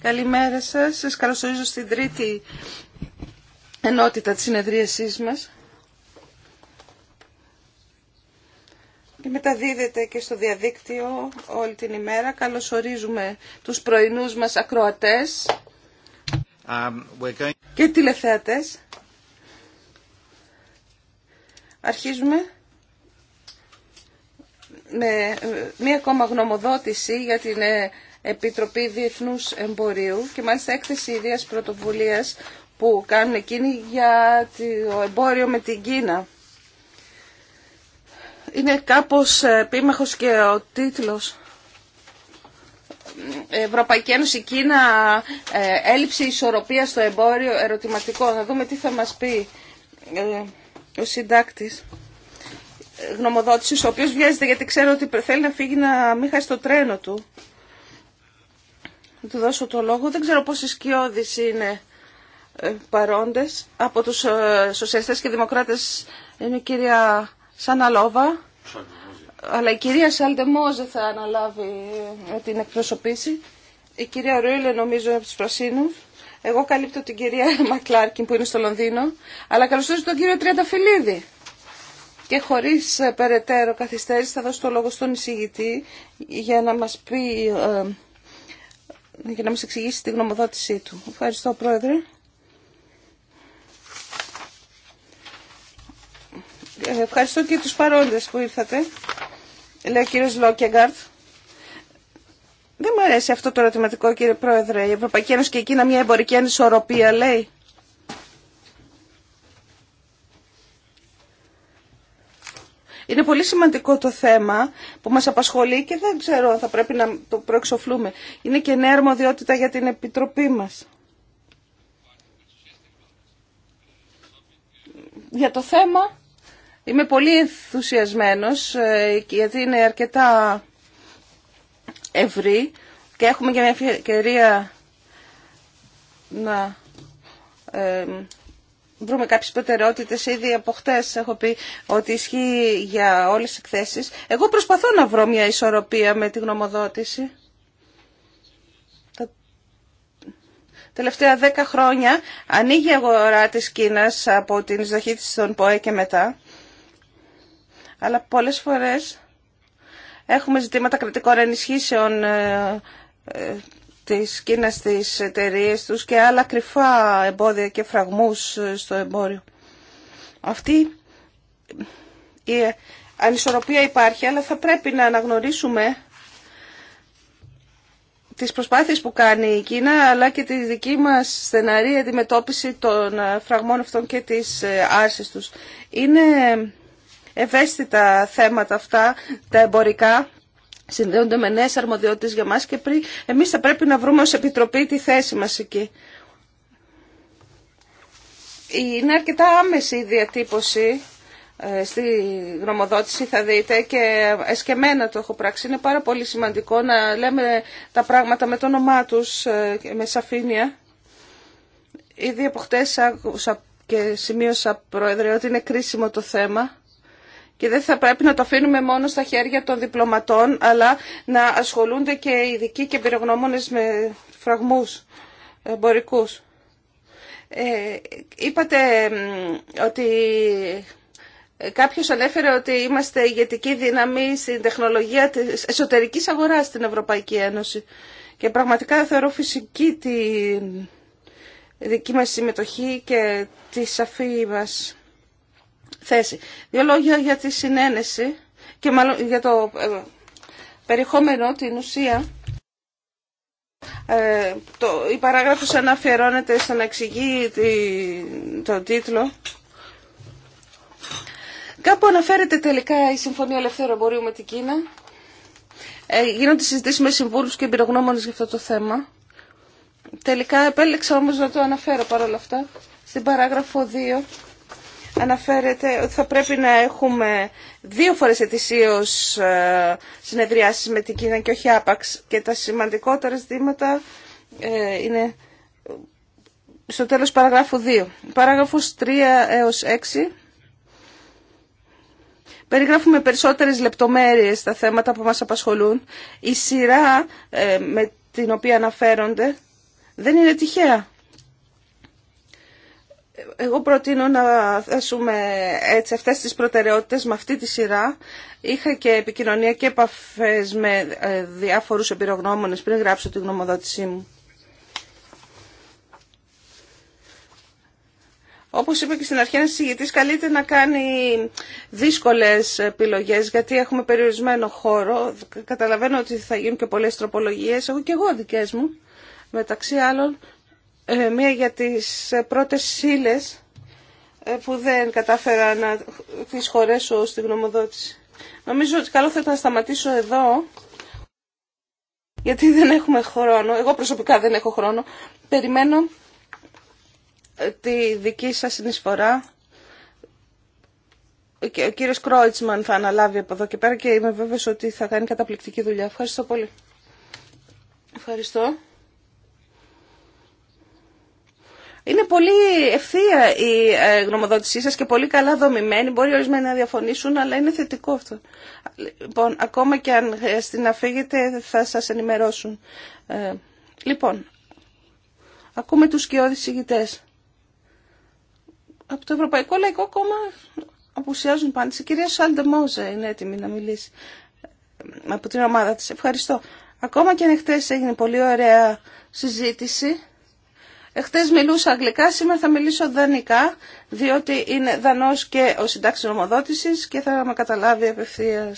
Καλημέρα σας. Σας καλωσορίζω στην τρίτη ενότητα της συνεδρίασής μας. Και μεταδίδεται και στο διαδίκτυο όλη την ημέρα. Καλωσορίζουμε τους πρωινούς μας ακροατές um, και τηλεθεατές. Αρχίζουμε με μία ακόμα γνωμοδότηση για την ε, Επιτροπή Διεθνούς Εμπορίου και μάλιστα έκθεση ιδίας πρωτοβουλίας που κάνουν εκείνοι για το εμπόριο με την Κίνα. Είναι κάπως ε, επίμαχος και ο τίτλος. Ευρωπαϊκή Ένωση Κίνα, ε, έλλειψη ισορροπίας στο εμπόριο, ερωτηματικό. Να δούμε τι θα μας πει ο συντάκτης γνωμοδότησης, ο οποίος βιάζεται γιατί ξέρω ότι θέλει να φύγει να μην χάσει το τρένο του. Να του δώσω το λόγο. Δεν ξέρω πόσοι σκιώδεις είναι ε, παρόντες. Από τους ε, σοσιαλιστές και δημοκράτες είναι η κυρία Σαναλόβα. Αλλά η κυρία Σαλτεμόζε θα αναλάβει ε, την εκπροσωπήση. Η κυρία Ρούιλε νομίζω από τους Πρασίνου. Εγώ καλύπτω την κυρία Μακλάρκιν που είναι στο Λονδίνο. Αλλά καλωσορίζω τον κύριο Τριανταφυλλίδη και χωρίς ε, περαιτέρω καθυστέρηση θα δώσω το λόγο στον εισηγητή για να μας πει ε, για να μας εξηγήσει τη γνωμοδότησή του. Ευχαριστώ Πρόεδρε. Ε, ευχαριστώ και τους παρόντες που ήρθατε. Λέει ο κύριος Λόκεγκαρτ. Δεν μου αρέσει αυτό το ερωτηματικό κύριε Πρόεδρε. Η Ευρωπαϊκή Ένωση και εκείνα μια εμπορική ανισορροπία λέει. Είναι πολύ σημαντικό το θέμα που μας απασχολεί και δεν ξέρω αν θα πρέπει να το προεξοφλούμε. Είναι και νέα αρμοδιότητα για την Επιτροπή μας. Για το θέμα είμαι πολύ ενθουσιασμένος ε, γιατί είναι αρκετά ευρύ και έχουμε και μια ευκαιρία να ε, βρούμε κάποιες προτεραιότητες. Ήδη από χτε έχω πει ότι ισχύει για όλες τις εκθέσεις. Εγώ προσπαθώ να βρω μια ισορροπία με τη γνωμοδότηση. Τα τελευταία δέκα χρόνια ανοίγει η αγορά της Κίνας από την εισδοχή της στον ΠΟΕ και μετά. Αλλά πολλές φορές έχουμε ζητήματα κρατικών ενισχύσεων ε, ε, της κίνα, στις εταιρείε τους και άλλα κρυφά εμπόδια και φραγμούς ε, στο εμπόριο. Αυτή η ε, ανισορροπία υπάρχει, αλλά θα πρέπει να αναγνωρίσουμε τις προσπάθειες που κάνει η Κίνα, αλλά και τη δική μας στεναρή αντιμετώπιση των ε, φραγμών αυτών και της άρσης τους. Είναι ευαίσθητα θέματα αυτά, τα εμπορικά συνδέονται με νέες αρμοδιότητες για μας και πριν εμείς θα πρέπει να βρούμε ως Επιτροπή τη θέση μας εκεί. Είναι αρκετά άμεση η διατύπωση ε, στη γνωμοδότηση θα δείτε και εσκεμένα το έχω πράξει. Είναι πάρα πολύ σημαντικό να λέμε τα πράγματα με το όνομά τους ε, με σαφήνεια. Ήδη από χτες και σημείωσα πρόεδρε ότι είναι κρίσιμο το θέμα και δεν θα πρέπει να το αφήνουμε μόνο στα χέρια των διπλωματών, αλλά να ασχολούνται και οι ειδικοί και πυρογνώμονες με φραγμούς εμπορικούς. Ε, είπατε ότι κάποιος ανέφερε ότι είμαστε ηγετική δύναμη στην τεχνολογία της εσωτερικής αγοράς στην Ευρωπαϊκή Ένωση και πραγματικά θεωρώ φυσική τη δική μας συμμετοχή και τη σαφή μας θέση. Δύο λόγια για τη συνένεση και μάλλον για το ε, περιεχόμενο, την ουσία. Ε, το, η παράγραφος αναφερόνεται στο να εξηγεί τη, το τίτλο. Κάπου αναφέρεται τελικά η Συμφωνία Ελευθέρω Εμπορίου με την Κίνα. Ε, γίνονται συζητήσεις με συμβούλους και εμπειρογνώμονες για αυτό το θέμα. Τελικά επέλεξα όμως να το αναφέρω παρόλα αυτά στην παράγραφο 2 αναφέρεται ότι θα πρέπει να έχουμε δύο φορές ετησίως ε, συνεδριάσεις με την Κίνα και όχι άπαξ. Και τα σημαντικότερα ζητήματα ε, είναι στο τέλος παραγράφου 2. Παράγραφος 3 έως 6. Περιγράφουμε περισσότερες λεπτομέρειες στα θέματα που μας απασχολούν. Η σειρά ε, με την οποία αναφέρονται δεν είναι τυχαία. Εγώ προτείνω να θέσουμε έτσι αυτές τις προτεραιότητες με αυτή τη σειρά. Είχα και επικοινωνία και επαφές με ε, διάφορους επιρρογνώμονες πριν γράψω τη γνωμοδότησή μου. Όπως είπα και στην αρχή, ένας συγγητής καλείται να κάνει δύσκολες επιλογές, γιατί έχουμε περιορισμένο χώρο. Καταλαβαίνω ότι θα γίνουν και πολλές τροπολογίες. Έχω και εγώ δικές μου, μεταξύ άλλων ε, μία για τις ε, πρώτες σύλλες ε, που δεν κατάφερα να τις χωρέσω στη γνωμοδότηση. Νομίζω ότι καλό θα ήταν να σταματήσω εδώ, γιατί δεν έχουμε χρόνο. Εγώ προσωπικά δεν έχω χρόνο. Περιμένω τη δική σας συνεισφορά. Ο κύριος Κρόιτσμαν θα αναλάβει από εδώ και πέρα και είμαι βέβαιος ότι θα κάνει καταπληκτική δουλειά. Ευχαριστώ πολύ. Ευχαριστώ. Είναι πολύ ευθεία η ε, γνωμοδότησή σας και πολύ καλά δομημένη. Μπορεί ορισμένοι να διαφωνήσουν, αλλά είναι θετικό αυτό. Λοιπόν, ακόμα και αν χρειαστεί να φύγετε, θα σας ενημερώσουν. Ε, λοιπόν, ακούμε τους σκιώδεις ηγητές. Από το Ευρωπαϊκό Λαϊκό Κόμμα απουσιάζουν πάντα. Η κυρία Σάλντε Μόζε είναι έτοιμη να μιλήσει ε, από την ομάδα της. Ευχαριστώ. Ακόμα και αν έγινε πολύ ωραία συζήτηση Εχθές μιλούσα αγγλικά, σήμερα θα μιλήσω δανεικά, διότι είναι δανός και ο συντάξης νομοδότησης και θα με καταλάβει απευθεία.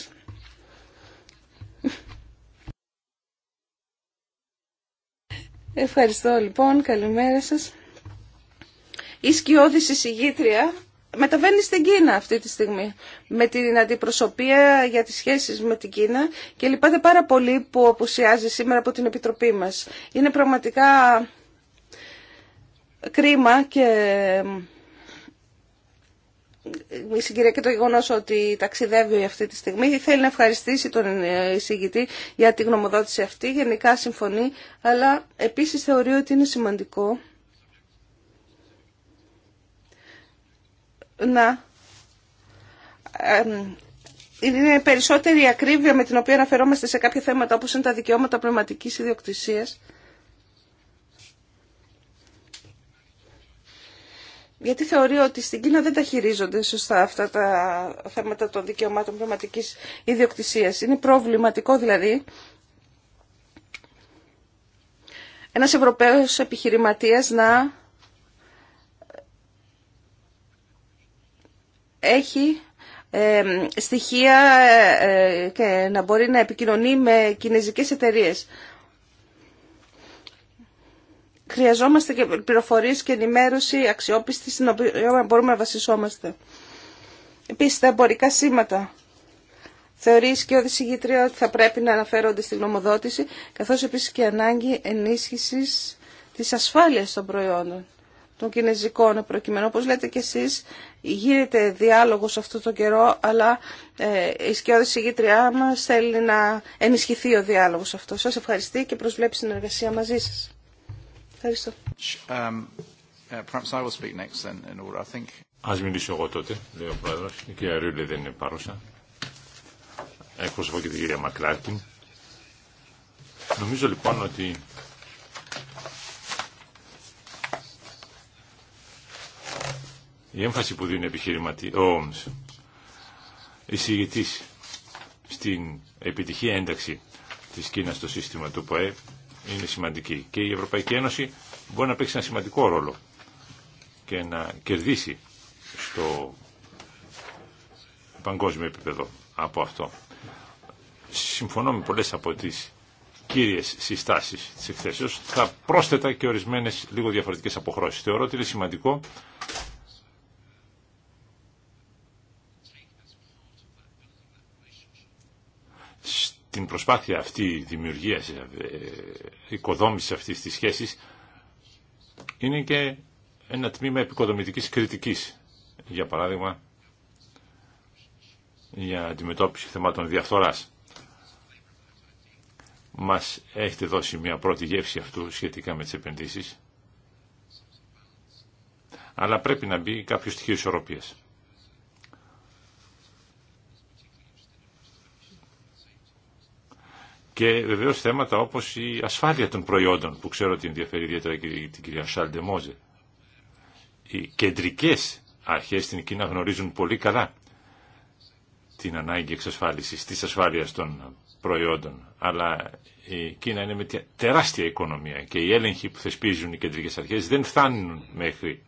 Ευχαριστώ λοιπόν, καλημέρα σας. Η σκιώδηση συγγήτρια μεταβαίνει στην Κίνα αυτή τη στιγμή με την αντιπροσωπεία για τις σχέσεις με την Κίνα και λυπάται πάρα πολύ που απουσιάζει σήμερα από την Επιτροπή μας. Είναι πραγματικά κρίμα και και το γεγονό ότι ταξιδεύει αυτή τη στιγμή. Θέλει να ευχαριστήσει τον ε, εισηγητή για τη γνωμοδότηση αυτή. Γενικά συμφωνεί, αλλά επίσης θεωρεί ότι είναι σημαντικό να ε, είναι περισσότερη η ακρίβεια με την οποία αναφερόμαστε σε κάποια θέματα όπως είναι τα δικαιώματα πνευματικής ιδιοκτησίας γιατί θεωρεί ότι στην Κίνα δεν τα χειρίζονται σωστά αυτά τα θέματα των δικαιωμάτων πνευματική ιδιοκτησίας. Είναι προβληματικό δηλαδή ένας Ευρωπαίος επιχειρηματίας να έχει στοιχεία ε, ε, και να μπορεί να επικοινωνεί με κινέζικες εταιρείες χρειαζόμαστε και πληροφορίες και ενημέρωση αξιόπιστη στην οποία μπορούμε να βασισόμαστε. Επίσης τα εμπορικά σήματα. Θεωρεί και ο δισηγήτρια ότι θα πρέπει να αναφέρονται στην νομοδότηση, καθώς επίσης και ανάγκη ενίσχυσης της ασφάλειας των προϊόντων των κινέζικων προκειμένου. Όπως λέτε και εσείς, γίνεται διάλογος αυτό το καιρό, αλλά ε, η σκιώδη συγγήτριά μας θέλει να ενισχυθεί ο διάλογος αυτό. Σας ευχαριστώ και προσβλέπει συνεργασία μαζί σας. Ευχαριστώ. Ας μιλήσω εγώ τότε, λέει ο Πρόεδρος. Η κυρία Ρούλε δεν είναι παρούσα. Εκπροσωπώ και την κυρία Μακράκιν. Νομίζω λοιπόν ότι η έμφαση που δίνει επιχειρηματή, ο εισηγητής στην επιτυχή ένταξη της Κίνας στο σύστημα του ΠΟΕ είναι σημαντική και η Ευρωπαϊκή Ένωση μπορεί να παίξει ένα σημαντικό ρόλο και να κερδίσει στο παγκόσμιο επίπεδο από αυτό. Συμφωνώ με πολλές από τις κύριες συστάσεις της εκθέσεως, θα πρόσθετα και ορισμένες λίγο διαφορετικές αποχρώσεις. Θεωρώ ότι είναι σημαντικό την προσπάθεια αυτή δημιουργίας, ε, ε, οικοδόμηση αυτή τη σχέση είναι και ένα τμήμα επικοδομητική κριτικής. Για παράδειγμα, για αντιμετώπιση θεμάτων διαφθορά. Μας έχετε δώσει μια πρώτη γεύση αυτού σχετικά με τι επενδύσει, αλλά πρέπει να μπει κάποιο στοιχείο ισορροπίας. και βεβαίω θέματα όπω η ασφάλεια των προϊόντων, που ξέρω ότι ενδιαφέρει ιδιαίτερα την κυρία Σάλντε Μόζε. Οι κεντρικέ αρχέ στην Κίνα γνωρίζουν πολύ καλά την ανάγκη εξασφάλιση τη ασφάλεια των προϊόντων. Αλλά η Κίνα είναι με τεράστια οικονομία και οι έλεγχοι που θεσπίζουν οι κεντρικέ αρχέ δεν φτάνουν μέχρι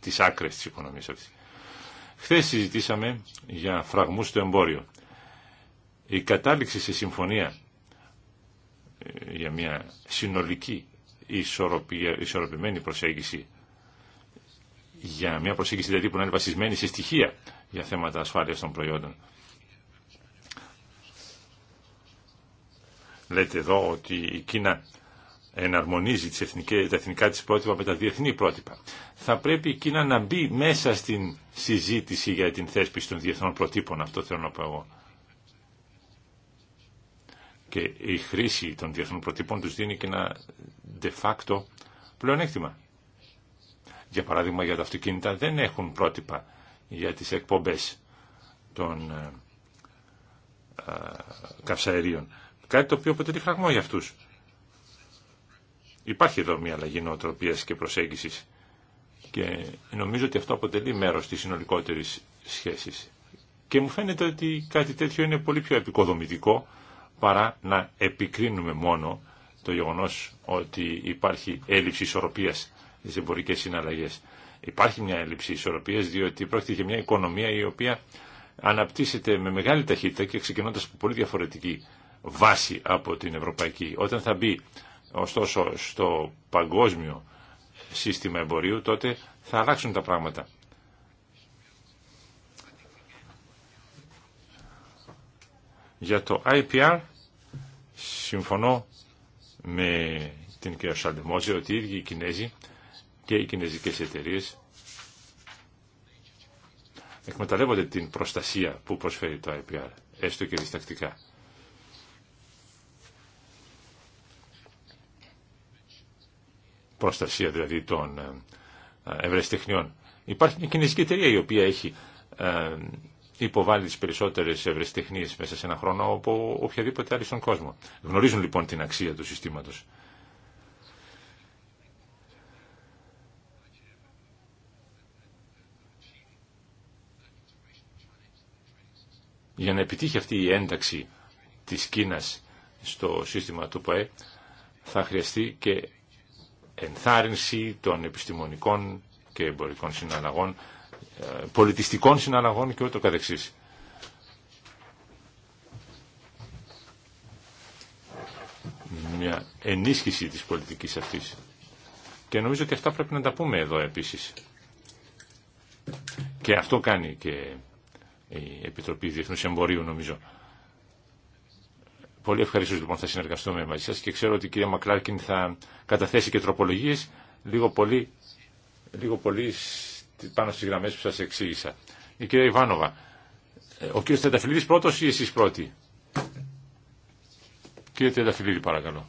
τι άκρε τη οικονομία αυτή. Χθε συζητήσαμε για φραγμού στο εμπόριο. Η κατάληξη σε συμφωνία ε, για μια συνολική ισορροπημένη προσέγγιση για μια προσέγγιση δηλαδή που να είναι βασισμένη σε στοιχεία για θέματα ασφάλειας των προϊόντων. Λέτε εδώ ότι η Κίνα εναρμονίζει τις εθνικές, τα εθνικά της πρότυπα με τα διεθνή πρότυπα. Θα πρέπει η Κίνα να μπει μέσα στην συζήτηση για την θέσπιση των διεθνών προτύπων, αυτό θέλω να πω εγώ και η χρήση των διεθνών προτύπων τους δίνει και ένα de facto πλεονέκτημα. Για παράδειγμα για τα αυτοκίνητα δεν έχουν πρότυπα για τις εκπομπές των ε, ε, καυσαερίων. Κάτι το οποίο αποτελεί φραγμό για αυτούς. Υπάρχει εδώ μια αλλαγή νοοτροπίας και προσέγγισης και νομίζω ότι αυτό αποτελεί μέρος της συνολικότερης σχέσης. Και μου φαίνεται ότι κάτι τέτοιο είναι πολύ πιο επικοδομητικό παρά να επικρίνουμε μόνο το γεγονός ότι υπάρχει έλλειψη ισορροπίας στις εμπορικές συναλλαγές. Υπάρχει μια έλλειψη ισορροπίας διότι πρόκειται για μια οικονομία η οποία αναπτύσσεται με μεγάλη ταχύτητα και ξεκινώντας από πολύ διαφορετική βάση από την ευρωπαϊκή. Όταν θα μπει ωστόσο στο παγκόσμιο σύστημα εμπορίου τότε θα αλλάξουν τα πράγματα. Για το IPR συμφωνώ με την κυρία Σαντεμόζε ότι οι ίδιοι οι Κινέζοι και οι κινέζικες εταιρείες εκμεταλλεύονται την προστασία που προσφέρει το IPR, έστω και διστακτικά. Προστασία δηλαδή των ε, ευρεσιτεχνιών. Υπάρχει μια κινέζικη εταιρεία η οποία έχει ε, υποβάλει τι περισσότερες ευρεσιτεχνίε μέσα σε ένα χρόνο από οποιαδήποτε άλλη στον κόσμο. Γνωρίζουν λοιπόν την αξία του συστήματος. Για να επιτύχει αυτή η ένταξη της Κίνας στο σύστημα του ΠΑΕ θα χρειαστεί και ενθάρρυνση των επιστημονικών και εμπορικών συναλλαγών ε, πολιτιστικών συναλλαγών και ούτω καθεξής. Μια ενίσχυση της πολιτικής αυτής. Και νομίζω ότι αυτά πρέπει να τα πούμε εδώ επίσης. Και αυτό κάνει και η Επιτροπή Διεθνούς Εμπορίου νομίζω. Πολύ ευχαριστώ λοιπόν θα συνεργαστούμε μαζί σας και ξέρω ότι η κυρία Μακλάρκιν θα καταθέσει και τροπολογίες λίγο πολύ, λίγο πολύ πάνω στι γραμμέ που σα εξήγησα. Η κυρία Ιβάνοβα, ε, ο κύριος Τενταφυλλίδης πρώτος ή εσείς πρώτοι. Κύριε Τενταφυλλίδη παρακαλώ.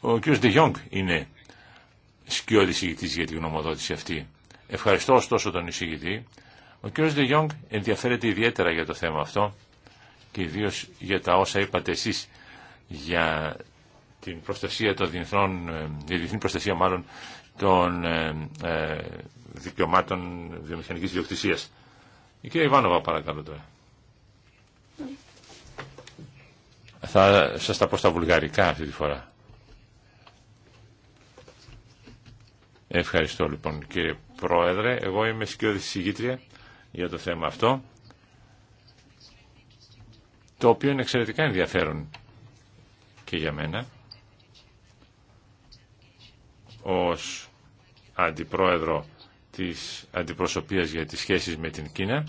Ο κύριος Ντεγιόγκ είναι σκιώδη ηγητής για την γνωμοδότηση αυτή. Ευχαριστώ ωστόσο τον εισηγητή. Ο κύριος De ενδιαφέρεται ιδιαίτερα για το θέμα αυτό και ιδίω για τα όσα είπατε εσείς για την προστασία των διεθνών, ε, διεθνή προστασία μάλλον των ε, ε, δικαιωμάτων βιομηχανικής διοκτησίας. Η κυρία Ιβάνοβα παρακαλώ τώρα. Θα σας τα πω στα βουλγαρικά αυτή τη φορά. Ευχαριστώ λοιπόν κύριε Πρόεδρε. Εγώ είμαι σκιώδη συγγήτρια για το θέμα αυτό, το οποίο είναι εξαιρετικά ενδιαφέρον και για μένα ως αντιπρόεδρο της αντιπροσωπείας για τις σχέσεις με την Κίνα.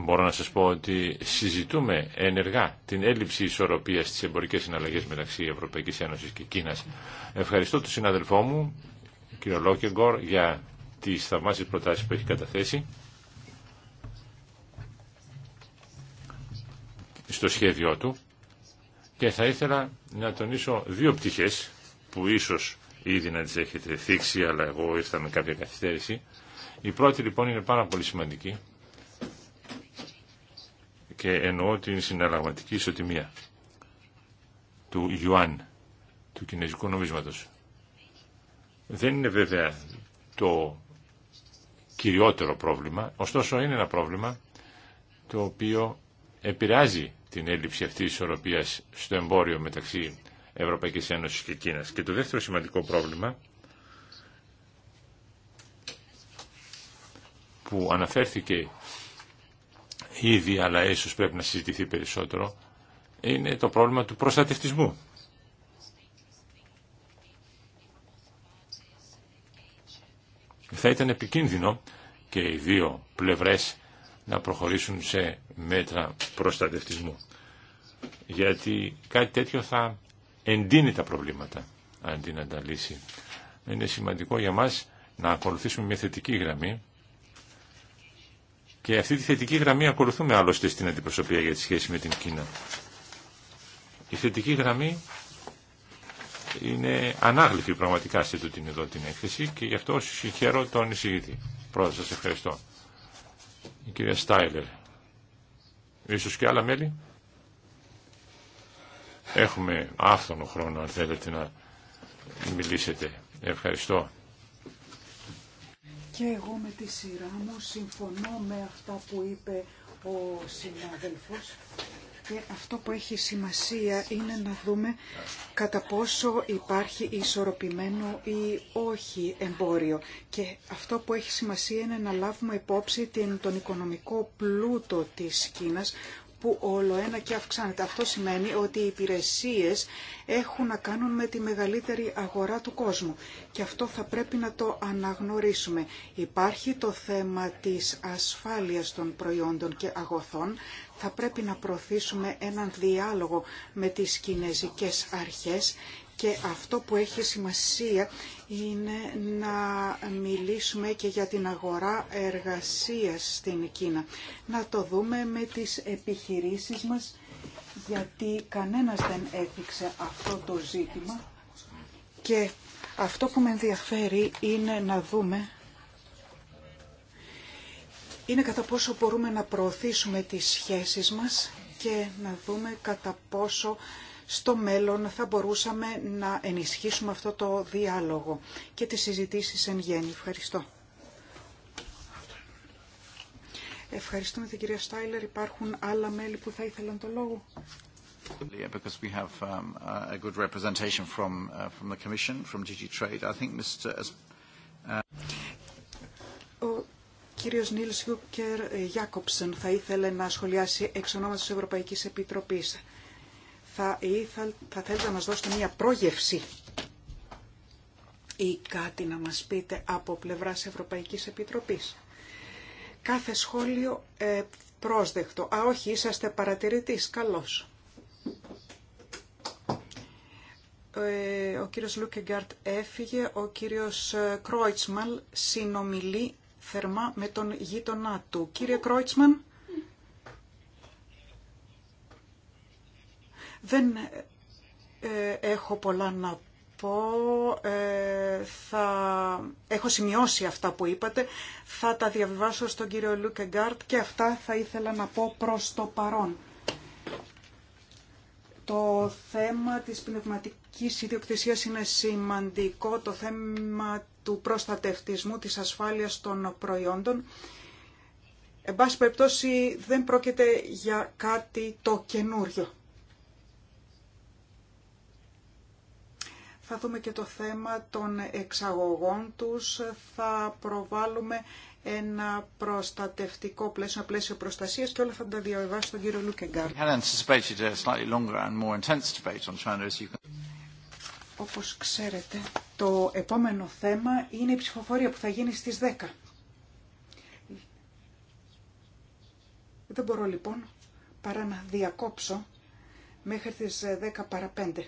Μπορώ να σας πω ότι συζητούμε ενεργά την έλλειψη ισορροπίας στις εμπορικές συναλλαγές μεταξύ Ευρωπαϊκής Ένωσης και Κίνας. Ευχαριστώ τον συνάδελφό μου, κύριο Λόκεγκορ, για τις θαυμάσιες προτάσεις που έχει καταθέσει. στο σχέδιό του και θα ήθελα να τονίσω δύο πτυχές που ίσως ήδη να τις έχετε θίξει, αλλά εγώ ήρθα με κάποια καθυστέρηση. Η πρώτη λοιπόν είναι πάρα πολύ σημαντική και εννοώ την συναλλαγματική ισοτιμία του Ιουάν, του κινέζικου νομίσματος. Δεν είναι βέβαια το κυριότερο πρόβλημα, ωστόσο είναι ένα πρόβλημα το οποίο επηρεάζει την έλλειψη αυτής της ισορροπίας στο εμπόριο μεταξύ Ευρωπαϊκής Ένωσης και Κίνας. Και το δεύτερο σημαντικό πρόβλημα που αναφέρθηκε ήδη αλλά ίσως πρέπει να συζητηθεί περισσότερο είναι το πρόβλημα του προστατευτισμού. Θα ήταν επικίνδυνο και οι δύο πλευρές να προχωρήσουν σε μέτρα προστατευτισμού γιατί κάτι τέτοιο θα εντείνει τα προβλήματα αντί να τα λύσει. Είναι σημαντικό για μας να ακολουθήσουμε μια θετική γραμμή και αυτή τη θετική γραμμή ακολουθούμε άλλωστε στην αντιπροσωπεία για τη σχέση με την Κίνα. Η θετική γραμμή είναι ανάγλυφη πραγματικά σε τούτην εδώ την έκθεση και γι' αυτό συγχαίρω τον εισηγητή. Πρώτα σας ευχαριστώ. Η κυρία Στάιλερ. Ίσως και άλλα μέλη. Έχουμε άφθονο χρόνο αν θέλετε να μιλήσετε. Ευχαριστώ. Και εγώ με τη σειρά μου συμφωνώ με αυτά που είπε ο συνάδελφος και αυτό που έχει σημασία είναι να δούμε κατά πόσο υπάρχει ισορροπημένο ή όχι εμπόριο. Και αυτό που έχει σημασία είναι να λάβουμε υπόψη την, τον οικονομικό πλούτο της Κίνας που όλο ένα και αυξάνεται. Αυτό σημαίνει ότι οι υπηρεσίες έχουν να κάνουν με τη μεγαλύτερη αγορά του κόσμου και αυτό θα πρέπει να το αναγνωρίσουμε. Υπάρχει το θέμα της ασφάλειας των προϊόντων και αγωθών. Θα πρέπει να προωθήσουμε έναν διάλογο με τις κινέζικες αρχές και αυτό που έχει σημασία είναι να μιλήσουμε και για την αγορά εργασίας στην Κίνα. Να το δούμε με τις επιχειρήσεις μας, γιατί κανένας δεν έθιξε αυτό το ζήτημα. Και αυτό που με ενδιαφέρει είναι να δούμε είναι κατά πόσο μπορούμε να προωθήσουμε τις σχέσεις μας και να δούμε κατά πόσο στο μέλλον θα μπορούσαμε να ενισχύσουμε αυτό το διάλογο και τις συζητήσεις εν γέννη. Ευχαριστώ. Ευχαριστούμε την κυρία Στάιλερ. Υπάρχουν άλλα μέλη που θα ήθελαν το λόγο. Ο κύριος Νίλς Γιούκερ ε, Γιάκοψεν θα ήθελε να σχολιάσει εξ ονόματος της Ευρωπαϊκής Επιτροπής θα, θα θέλετε να μας δώσετε μία πρόγευση ή κάτι να μας πείτε από πλευράς Ευρωπαϊκής Επιτροπής. Κάθε σχόλιο ε, πρόσδεκτο. Α, όχι, είσαστε παρατηρητής. Καλώς. Ε, ο κύριος Λούκεγκαρτ έφυγε, ο κύριος ε, Κρόιτσμαλ συνομιλεί θερμά με τον γείτονά του. Κύριε Κρόιτσμαλ. Δεν ε, έχω πολλά να πω. Ε, θα... Έχω σημειώσει αυτά που είπατε. Θα τα διαβιβάσω στον κύριο Λούκεγκάρτ και αυτά θα ήθελα να πω προς το παρόν. Το θέμα της πνευματικής ιδιοκτησίας είναι σημαντικό. Το θέμα του προστατευτισμού, της ασφάλειας των προϊόντων. Εν πάση περιπτώσει δεν πρόκειται για κάτι το καινούριο. θα δούμε και το θέμα των εξαγωγών τους, θα προβάλλουμε ένα προστατευτικό πλαίσιο, ένα πλαίσιο προστασίας και όλα θα τα διαβάσω στον κύριο Λούκεγκάρ. Όπως ξέρετε, το επόμενο θέμα είναι η ψηφοφορία που θα γίνει στις 10. Δεν μπορώ λοιπόν παρά να διακόψω μέχρι τις 10 παρα 5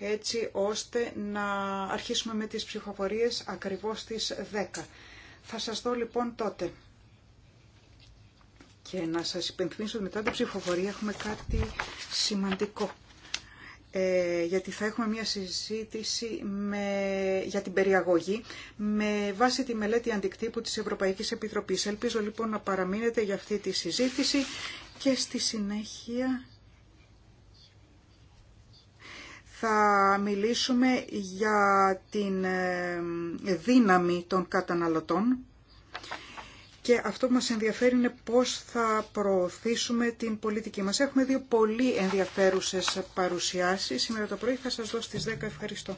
έτσι ώστε να αρχίσουμε με τις ψηφοφορίες ακριβώς στις 10. Θα σας δω λοιπόν τότε. Και να σας υπενθυμίσω ότι μετά την ψηφοφορία έχουμε κάτι σημαντικό. Ε, γιατί θα έχουμε μια συζήτηση με, για την περιαγωγή με βάση τη μελέτη αντικτύπου της Ευρωπαϊκής Επιτροπής. Ελπίζω λοιπόν να παραμείνετε για αυτή τη συζήτηση και στη συνέχεια θα μιλήσουμε για την ε, δύναμη των καταναλωτών και αυτό που μας ενδιαφέρει είναι πώς θα προωθήσουμε την πολιτική μας. Έχουμε δύο πολύ ενδιαφέρουσες παρουσιάσεις. Σήμερα το πρωί θα σας δώσω στις 10. Ευχαριστώ.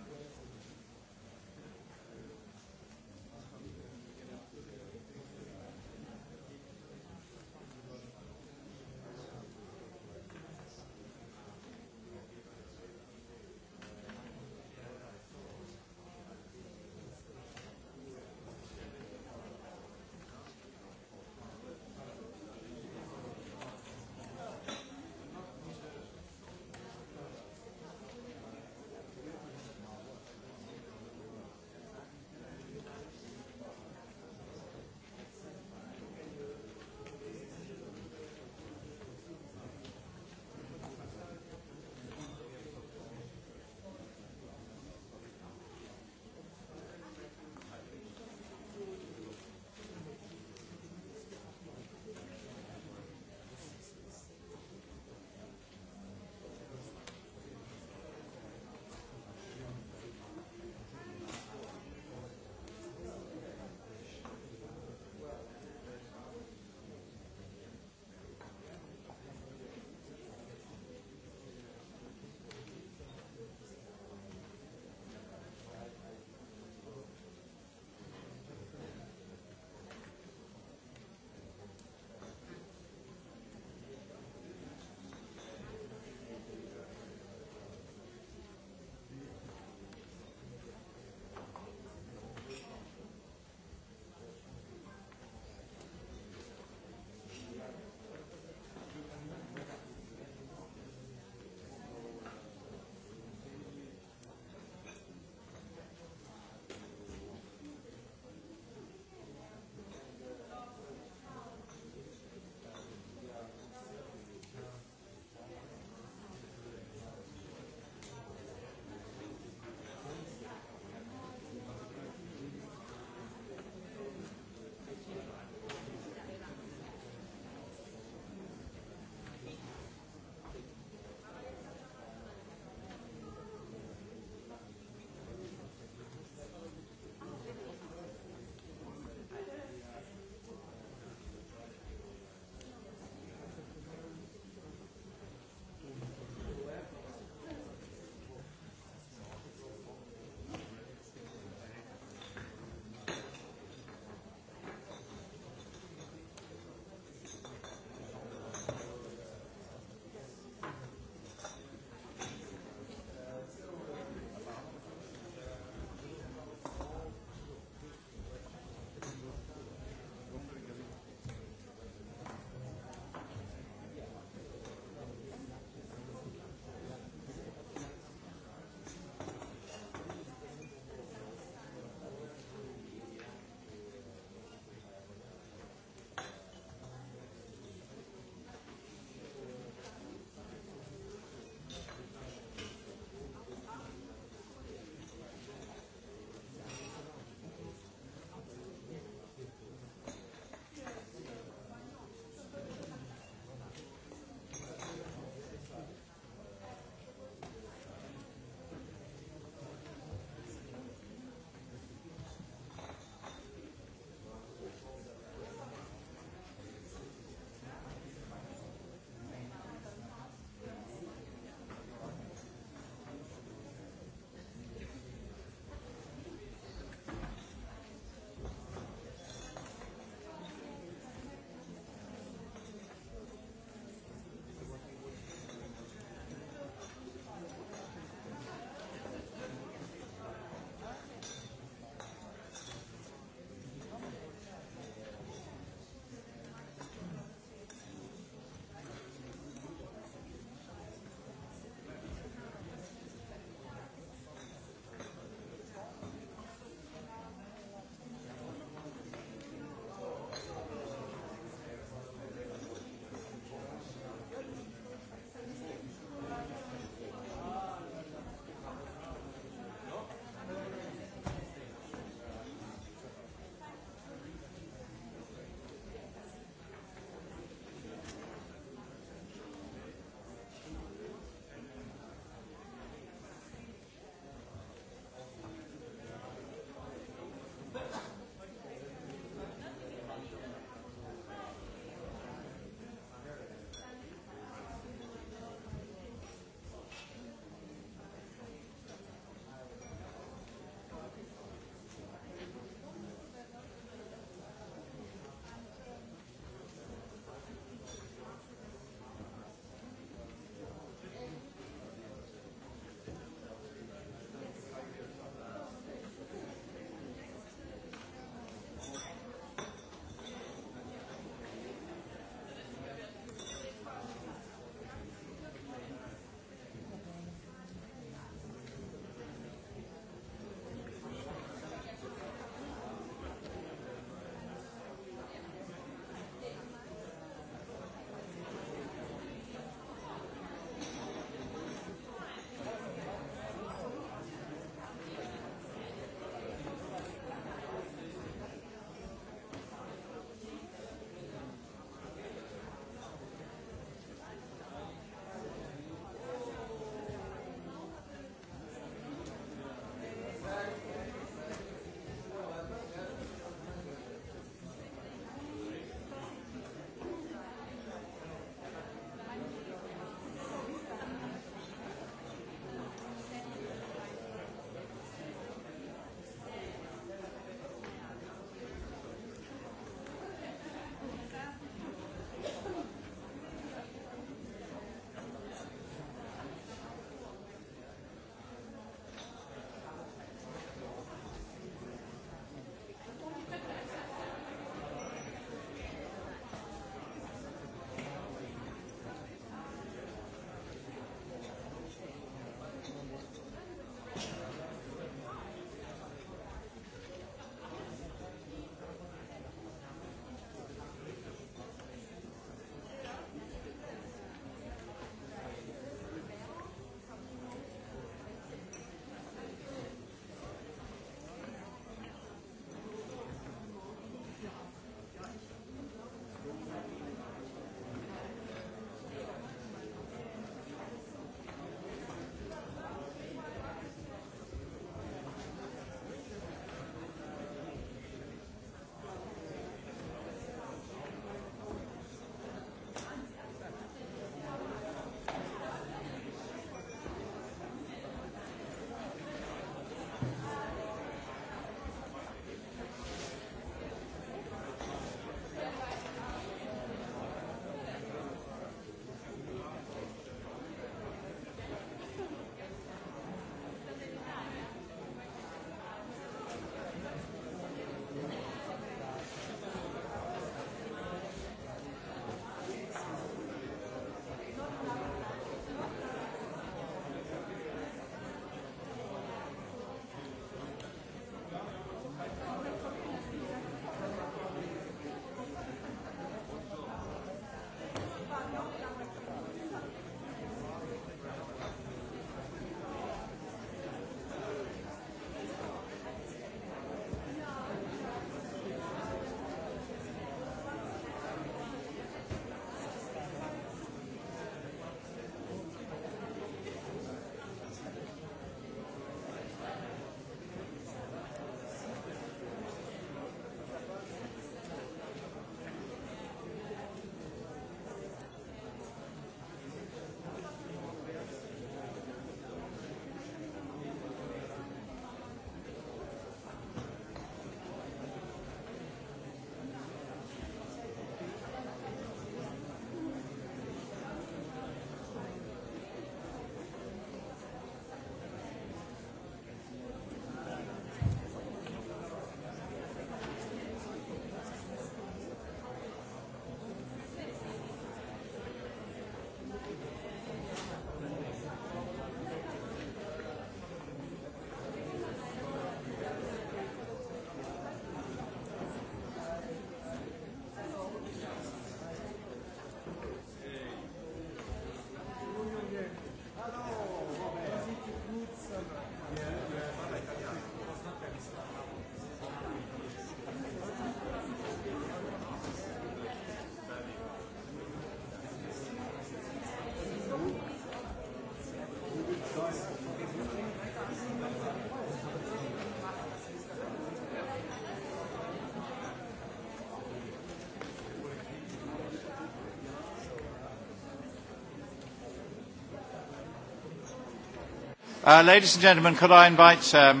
Uh, um,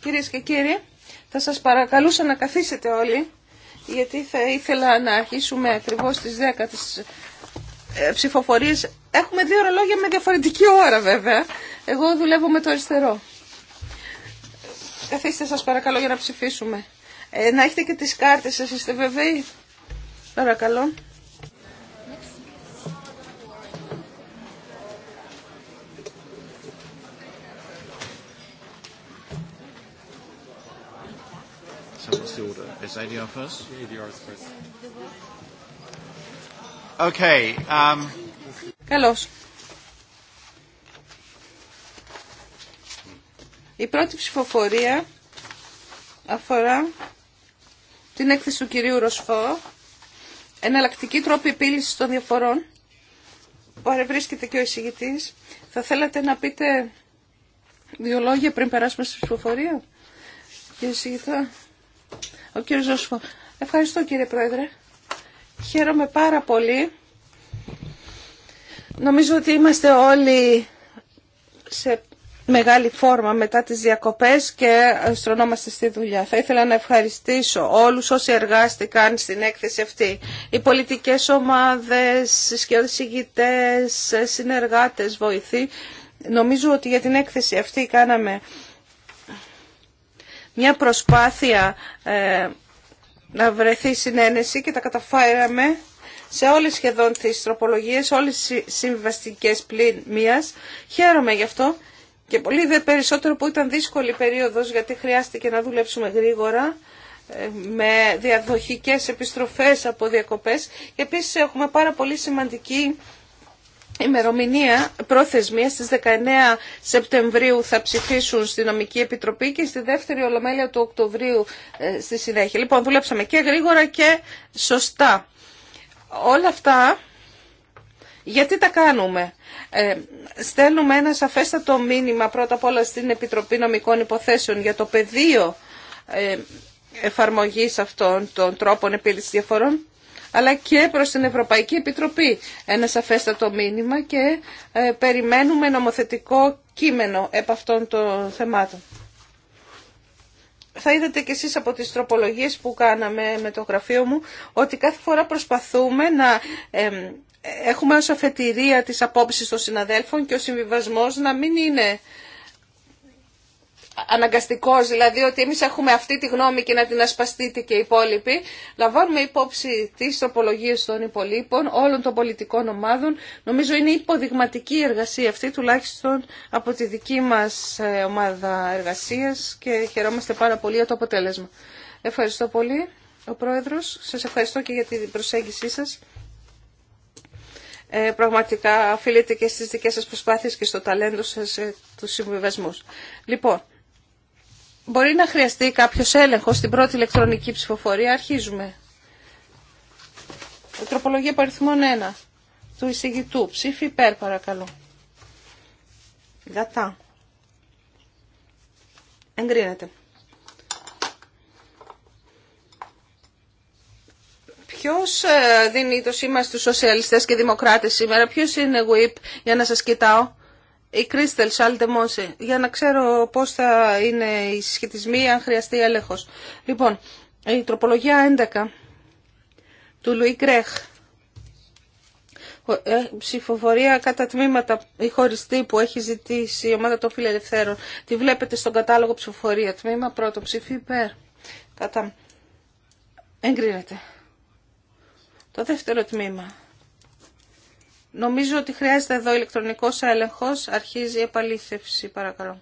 Κυρίες και κύριοι, θα σας παρακαλούσα να καθίσετε όλοι, γιατί θα ήθελα να αρχίσουμε ακριβώς στις 10 τις ε, ψηφοφορίες. Έχουμε δύο ρολόγια με διαφορετική ώρα βέβαια. Εγώ δουλεύω με το αριστερό. Καθίστε σας παρακαλώ για να ψηφίσουμε. Ε, να έχετε και τις κάρτες σας, είστε βέβαιοι. Παρακαλώ. ADR um, Καλώς. Η πρώτη ψηφοφορία αφορά την έκθεση του κυρίου Ροσφό, εναλλακτική τρόπη επίλυση των διαφορών. που αρευρίσκεται και ο εισηγητής. Θα θέλατε να πείτε δύο λόγια πριν περάσουμε στη ψηφοφορία, κύριε εισηγητά. Ο κύριος Ζωσφο. Ευχαριστώ κύριε Πρόεδρε. Χαίρομαι πάρα πολύ. Νομίζω ότι είμαστε όλοι σε μεγάλη φόρμα μετά τις διακοπές και στρωνόμαστε στη δουλειά. Θα ήθελα να ευχαριστήσω όλους όσοι εργάστηκαν στην έκθεση αυτή. Οι πολιτικές ομάδες, οι ηγητές, συνεργάτες, βοηθοί. Νομίζω ότι για την έκθεση αυτή κάναμε μια προσπάθεια ε, να βρεθεί συνένεση και τα καταφέραμε σε όλες σχεδόν τις τροπολογίες, όλες τις συμβαστικές πλην μίας. Χαίρομαι γι' αυτό και πολύ δε περισσότερο που ήταν δύσκολη περίοδος γιατί χρειάστηκε να δουλέψουμε γρήγορα ε, με διαδοχικές επιστροφές από διακοπές. Επίσης έχουμε πάρα πολύ σημαντική ημερομηνία προθεσμία στις 19 Σεπτεμβρίου θα ψηφίσουν στη Νομική Επιτροπή και στη δεύτερη Ολομέλεια του Οκτωβρίου ε, στη συνέχεια. Λοιπόν, δουλέψαμε και γρήγορα και σωστά. Όλα αυτά γιατί τα κάνουμε. Ε, στέλνουμε ένα σαφέστατο μήνυμα πρώτα απ' όλα στην Επιτροπή Νομικών Υποθέσεων για το πεδίο ε, εφαρμογής αυτών των τρόπων επίλυσης διαφορών αλλά και προς την Ευρωπαϊκή Επιτροπή ένα σαφέστατο μήνυμα και ε, περιμένουμε νομοθετικό κείμενο επ' αυτών των θεμάτων. Θα είδατε κι εσείς από τις τροπολογίες που κάναμε με το γραφείο μου ότι κάθε φορά προσπαθούμε να έχουμε ως αφετηρία της απόψεις των συναδέλφων και ο συμβιβασμός να μην είναι αναγκαστικός, δηλαδή ότι εμεί έχουμε αυτή τη γνώμη και να την ασπαστείτε και οι υπόλοιποι, λαμβάνουμε υπόψη τι τροπολογίε των υπολείπων, όλων των πολιτικών ομάδων. Νομίζω είναι υποδειγματική η εργασία αυτή, τουλάχιστον από τη δική μα ε, ομάδα εργασία και χαιρόμαστε πάρα πολύ για το αποτέλεσμα. Ευχαριστώ πολύ, ο πρόεδρο, σα ευχαριστώ και για την προσέγγισή σα. Ε, πραγματικά αφιλείτε και στις δικές σας προσπάθειες και στο ταλέντο σας ε, τους συμβιβασμούς. Λοιπόν, Μπορεί να χρειαστεί κάποιος έλεγχος στην πρώτη ηλεκτρονική ψηφοφορία. Αρχίζουμε. Τροπολογία παριθμών 1 του εισηγητού. Ψήφι υπέρ παρακαλώ. Δατά. Εγκρίνεται. Ποιος ε, δίνει το σήμα στους σοσιαλιστές και δημοκράτες σήμερα, ποιος είναι WIP για να σας κοιτάω. Η Κρίστελ Σάλτε για να ξέρω πώς θα είναι οι συσχετισμοί αν χρειαστεί έλεγχος. Λοιπόν, η τροπολογία 11 του Λουί Γκρέχ. Ε, ψηφοφορία κατά τμήματα η χωριστή που έχει ζητήσει η ομάδα των φιλελευθέρων. Τη βλέπετε στον κατάλογο ψηφοφορία. Τμήμα πρώτο ψηφί υπέρ. Εγκρίνεται. Το δεύτερο τμήμα Νομίζω ότι χρειάζεται εδώ ηλεκτρονικός έλεγχος. Αρχίζει η επαλήθευση, παρακαλώ.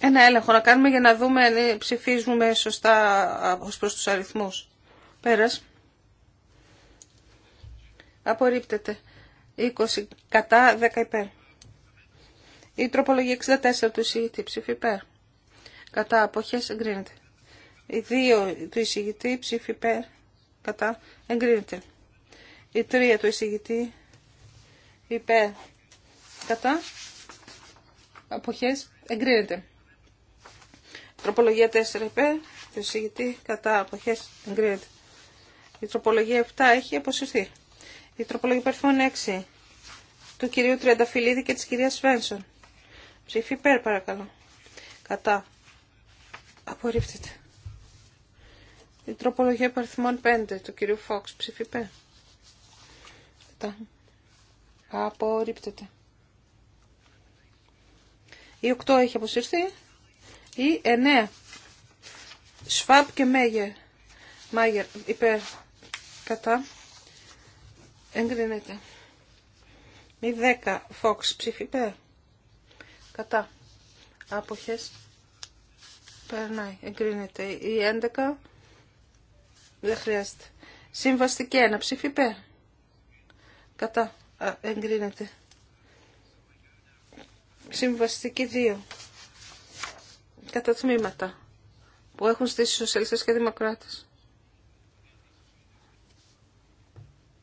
Ένα έλεγχο να κάνουμε για να δούμε αν ψηφίζουμε σωστά ως προς τους αριθμούς. Πέρας. Απορρίπτεται. 20 κατά 10 υπέρ. Η τροπολογία 64 του εισηγητή ψήφι υπέρ. Κατά αποχές εγκρίνεται. Η 2 του εισηγητή ψήφι υπέρ κατά εγκρίνεται. Η 3 του εισηγητή υπέρ κατά αποχές εγκρίνεται. Η Τροπολογία 4 υπέρ του εισηγητή κατά αποχές εγκρίνεται. Η τροπολογία 7 έχει αποσυρθεί. Η τροπολογία 6 του κυρίου Τριανταφυλλίδη και της κυρίας Σβένσον. Ψήφι υπέρ παρακαλώ. Κατά. Απορρίπτεται. Η τροπολογία παριθμών 5 του κυρίου Φόξ ψήφι π. Κατά. Απορρίπτεται. Η 8 έχει αποσυρθεί. Η 9. Σφάπ και Μέγερ. Μάγερ υπέρ. Κατά. Εγκρίνεται. Η 10. Φόξ ψήφι π. Κατά. Άποχες. Περνάει. Εγκρίνεται. Η 11. Δεν χρειάζεται. Συμβαστική ένα Ψήφι υπέρ. Κατά. Α, εγκρίνεται. Συμβαστική δύο. Κατά τμήματα που έχουν στήσει οι σοσιαλιστές και οι δημοκράτες.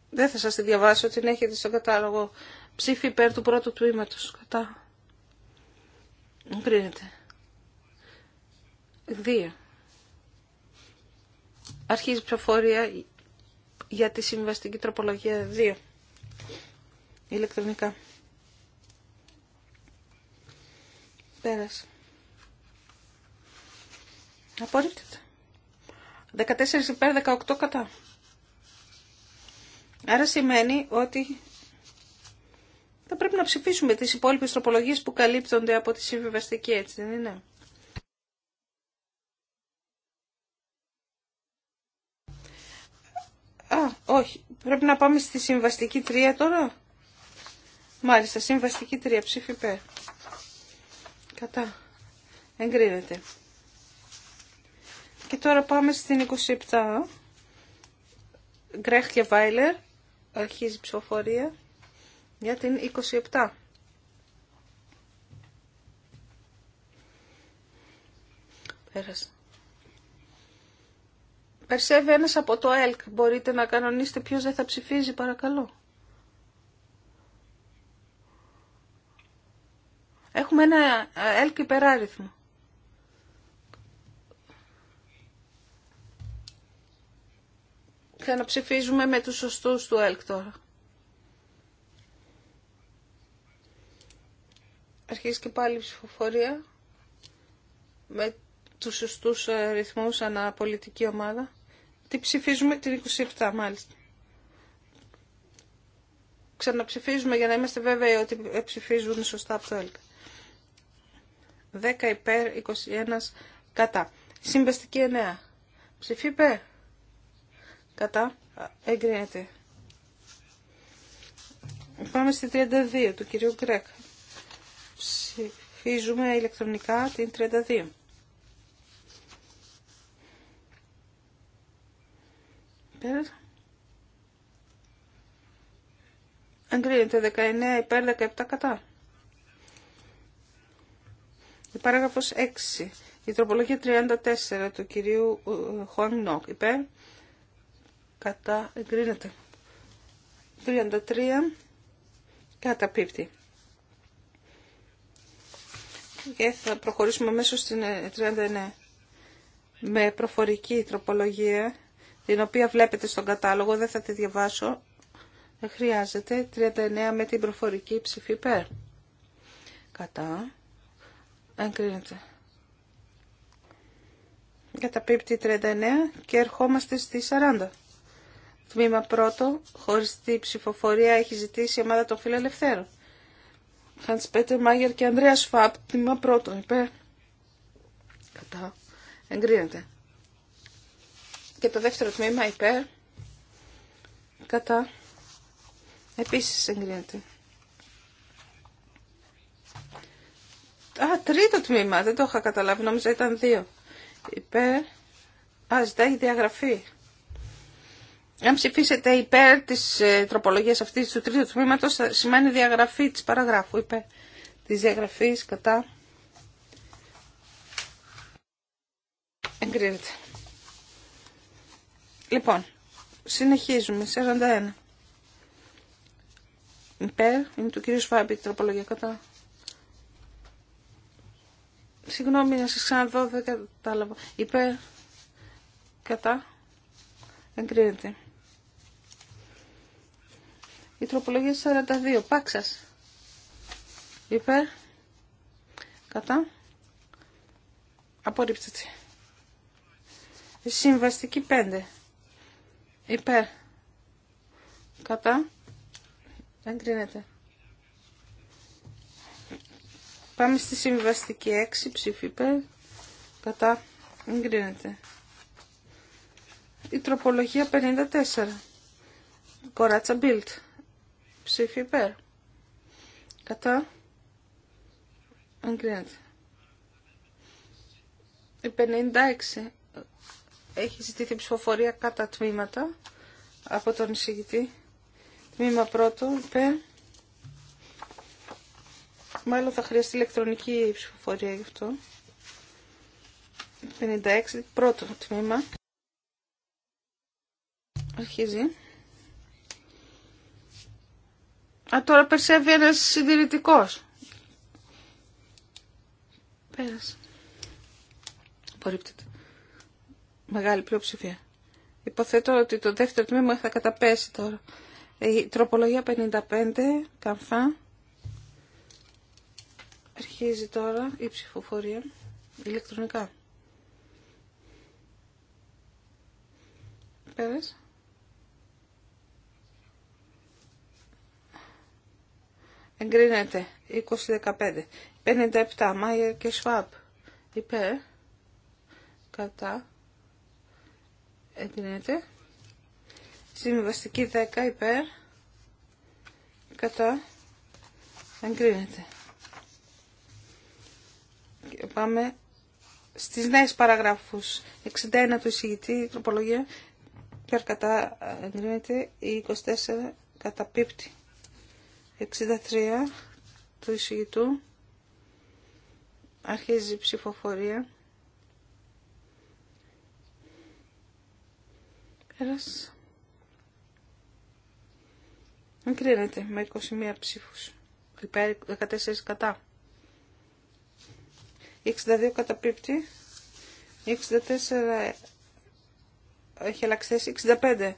Δεν θα σας τη διαβάσω, την έχετε στον κατάλογο ψήφι υπέρ του πρώτου τμήματος. Κατά. Εγκρίνεται. Δύο. Αρχίζει η ψηφοφορία για τη συμβαστική τροπολογία 2. Ηλεκτρονικά. Πέρασε. Απορρίπτεται. 14 υπέρ, 18 κατά. Άρα σημαίνει ότι θα πρέπει να ψηφίσουμε τις υπόλοιπες τροπολογίες που καλύπτονται από τη συμβιβαστική, έτσι δεν είναι. Όχι. Πρέπει να πάμε στη συμβαστική 3 τώρα. Μάλιστα, συμβαστική 3 ψήφι Κατά. Εγκρίνεται. Και τώρα πάμε στην 27. Γκρέχ και Βάιλερ. Αρχίζει η ψηφοφορία για την 27. Πέρασε. Περισσεύει ένας από το ΕΛΚ. Μπορείτε να κανονίσετε ποιος δεν θα ψηφίζει, παρακαλώ. Έχουμε ένα ΕΛΚ υπεράριθμο. Θα να ψηφίζουμε με τους σωστούς του ΕΛΚ τώρα. Αρχίζει και πάλι η ψηφοφορία με του σωστού ε, ρυθμού ανά πολιτική ομάδα. Τι ψηφίζουμε την 27 μάλιστα. Ξαναψηφίζουμε για να είμαστε βέβαιοι ότι ε, ψηφίζουν σωστά από το ΕΛΚ. 10 υπέρ, 21 κατά. Συμβαστική 9. Ψηφί υπέρ. Κατά. Εγκρίνεται. Πάμε στη 32 του κυρίου Γκρέκ. Ψηφίζουμε ηλεκτρονικά την 32. Εγκρίνεται 19 υπέρ 17 κατά. Η παράγραφος 6. Η τροπολογία 34 του κυρίου ε, Χουάν Νόκ υπέρ. Κατά εγκρίνεται. 33 καταπίπτει. Και θα προχωρήσουμε μέσω στην 39. Ε, Με προφορική τροπολογία την οποία βλέπετε στον κατάλογο, δεν θα τη διαβάσω, ε, χρειάζεται, 39 με την προφορική ψηφή υπέρ. Κατά, εγκρίνεται. Καταπίπτει 39 και ερχόμαστε στη 40. Τμήμα πρώτο, τη ψηφοφορία έχει ζητήσει η ομάδα των φιλελευθέρων. Χάντς Πέτερ Μάγερ και Ανδρέας Φαπ, τμήμα πρώτο, υπέρ. Κατά, εγκρίνεται και το δεύτερο τμήμα υπέρ κατά επίσης εγκρίνεται. Α, τρίτο τμήμα, δεν το είχα καταλάβει, νόμιζα ήταν δύο. Υπέρ, α, ζητάει διαγραφή. Αν ψηφίσετε υπέρ της ε, τροπολογίας αυτής του τρίτου τμήματος, σημαίνει διαγραφή της παραγράφου, υπέρ της διαγραφής κατά εγκρίνεται. Λοιπόν, συνεχίζουμε. 41. Υπέρ, είναι του κύριου Σφάμπη, τροπολογία κατά. Συγγνώμη να σας ξαναδώ, δεν κατάλαβα. Υπέρ, κατά, εγκρίνεται. Η τροπολογία 42, πάξας. Υπέρ, κατά, απορρίπτεται. Συμβαστική 5. Υπέρ. Κατά. Εγκρίνεται. Πάμε στη συμβιβαστική 6. Ψήφι υπέρ. Κατά. Εγκρίνεται. Η τροπολογία 54. Κοράτσα Μπίλτ. Ψήφι υπέρ. Κατά. Εγκρίνεται. Η 56. Έχει ζητήθει ψηφοφορία κατά τμήματα από τον εισηγητή. Τμήμα πρώτο, Μάλλον θα χρειαστεί ηλεκτρονική ψηφοφορία γι' αυτό. 56, πρώτο τμήμα. Αρχίζει. Α, τώρα περσεύει ένας συντηρητικός. Πέρασε. Απορρίπτεται. Μεγάλη πλειοψηφία. Υποθέτω ότι το δεύτερο τμήμα θα καταπέσει τώρα. Η τροπολογία 55, καμφά. Αρχίζει τώρα η ψηφοφορία ηλεκτρονικά. Πέρας. Εγκρίνεται 20-15. 57 Μάιερ και Σφάπ. Υπέρ. Κατά εγκρίνεται. Συμβιβαστική 10 υπέρ κατά εγκρίνεται. Και πάμε στις νέες παραγράφους. 61 του εισηγητή, τροπολογία, υπέρ κατά εγκρίνεται, η 24 κατά καταπίπτει. 63 του εισηγητού, αρχίζει η ψηφοφορία. Πέρας. Δεν κρίνεται με 21 ψήφους. Υπέρ 14 κατά. 62 καταπίπτει. 64 έχει αλλάξει θέση. 65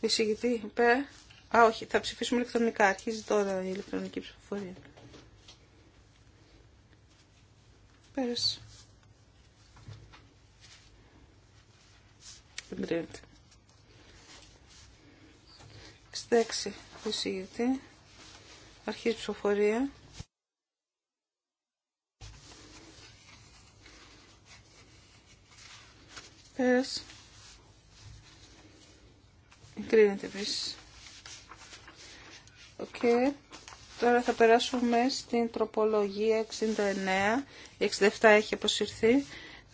εισηγητή υπέρ. Α, όχι, θα ψηφίσουμε ηλεκτρονικά. Αρχίζει τώρα η ηλεκτρονική ψηφοφορία. Πέρασε. Δεν κρίνεται. 6 εισηγητή. Αρχή ψηφοφορία. Πέρας. Εγκρίνεται επίση. Οκ. Τώρα θα περάσουμε στην τροπολογία 69. η 67 έχει αποσυρθεί.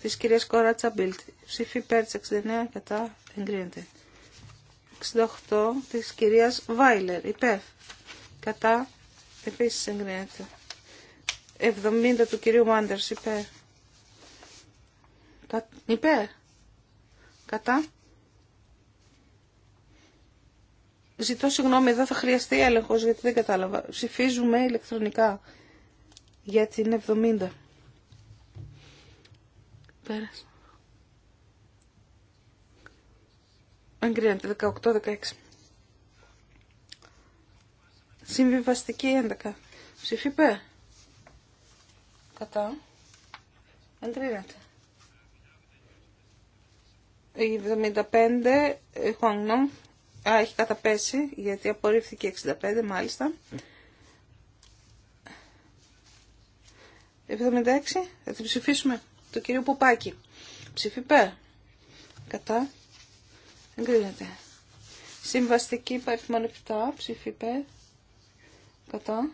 Της κυρίας Κόρατσα Μπίλτ. Ψήφι πέρας 69 κατά εγκρίνεται. 68 της κυρίας Βάιλερ, υπέρ. Κατά, επίσης εγκρίνεται. 70 του κυρίου Μάντερς, υπέρ. Κα... Κατά. Ζητώ συγγνώμη, εδώ θα χρειαστεί έλεγχος γιατί δεν κατάλαβα. Ψηφίζουμε ηλεκτρονικά για την 70. Πέρασε. Εγκρίνεται 18-16. Συμβιβαστική 11. Ψηφίπε. Κατά. Εγκρίνεται. 75 ε, Α, έχει καταπέσει γιατί απορρίφθηκε 65 μάλιστα. 76 θα την ψηφίσουμε. Το κύριο Πουπάκη. Ψηφίπε. Κατά. Εγκρίνεται. Συμβαστική παριθμόν 7, ψήφι υπέρ. Κατά.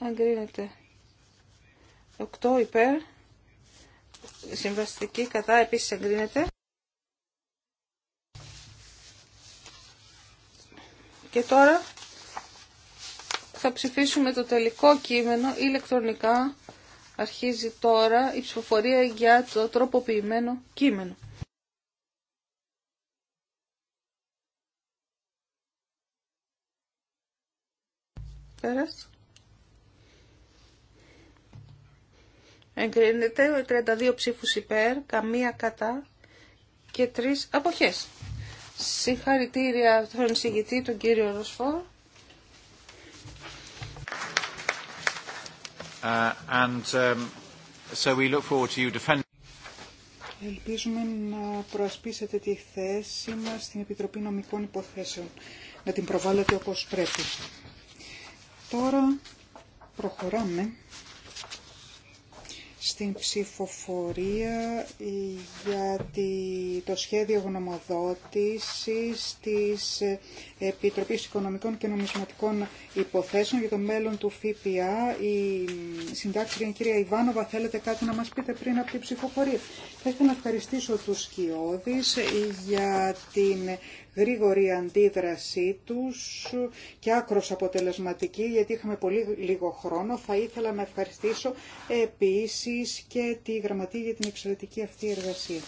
Εγκρίνεται. 8 υπέρ. Συμβαστική κατά επίσης εγκρίνεται. Και τώρα θα ψηφίσουμε το τελικό κείμενο ηλεκτρονικά. Αρχίζει τώρα η ψηφοφορία για το τροποποιημένο κείμενο. Πέρας. Εγκρίνεται 32 ψήφους υπέρ, καμία κατά και τρεις αποχές. Συγχαρητήρια τον εισηγητή, τον κύριο Ροσφό. Uh, and, um, so we look forward to you Ελπίζουμε να προασπίσετε τη θέση μας στην Επιτροπή Νομικών Υποθέσεων, να την προβάλλετε όπως πρέπει. Τώρα προχωράμε στην ψηφοφορία για το σχέδιο γνωμοδότησης της Επιτροπής Οικονομικών και Νομισματικών Υποθέσεων για το μέλλον του ΦΠΑ. Η συντάκτρια κυρία Ιβάνοβα, θέλετε κάτι να μας πείτε πριν από την ψηφοφορία. Θα ήθελα να ευχαριστήσω τους Κιώδης για την γρήγορη αντίδρασή τους και άκρος αποτελεσματική γιατί είχαμε πολύ λίγο χρόνο. Θα ήθελα να ευχαριστήσω επίσης και τη Γραμματή για την εξαιρετική αυτή εργασία.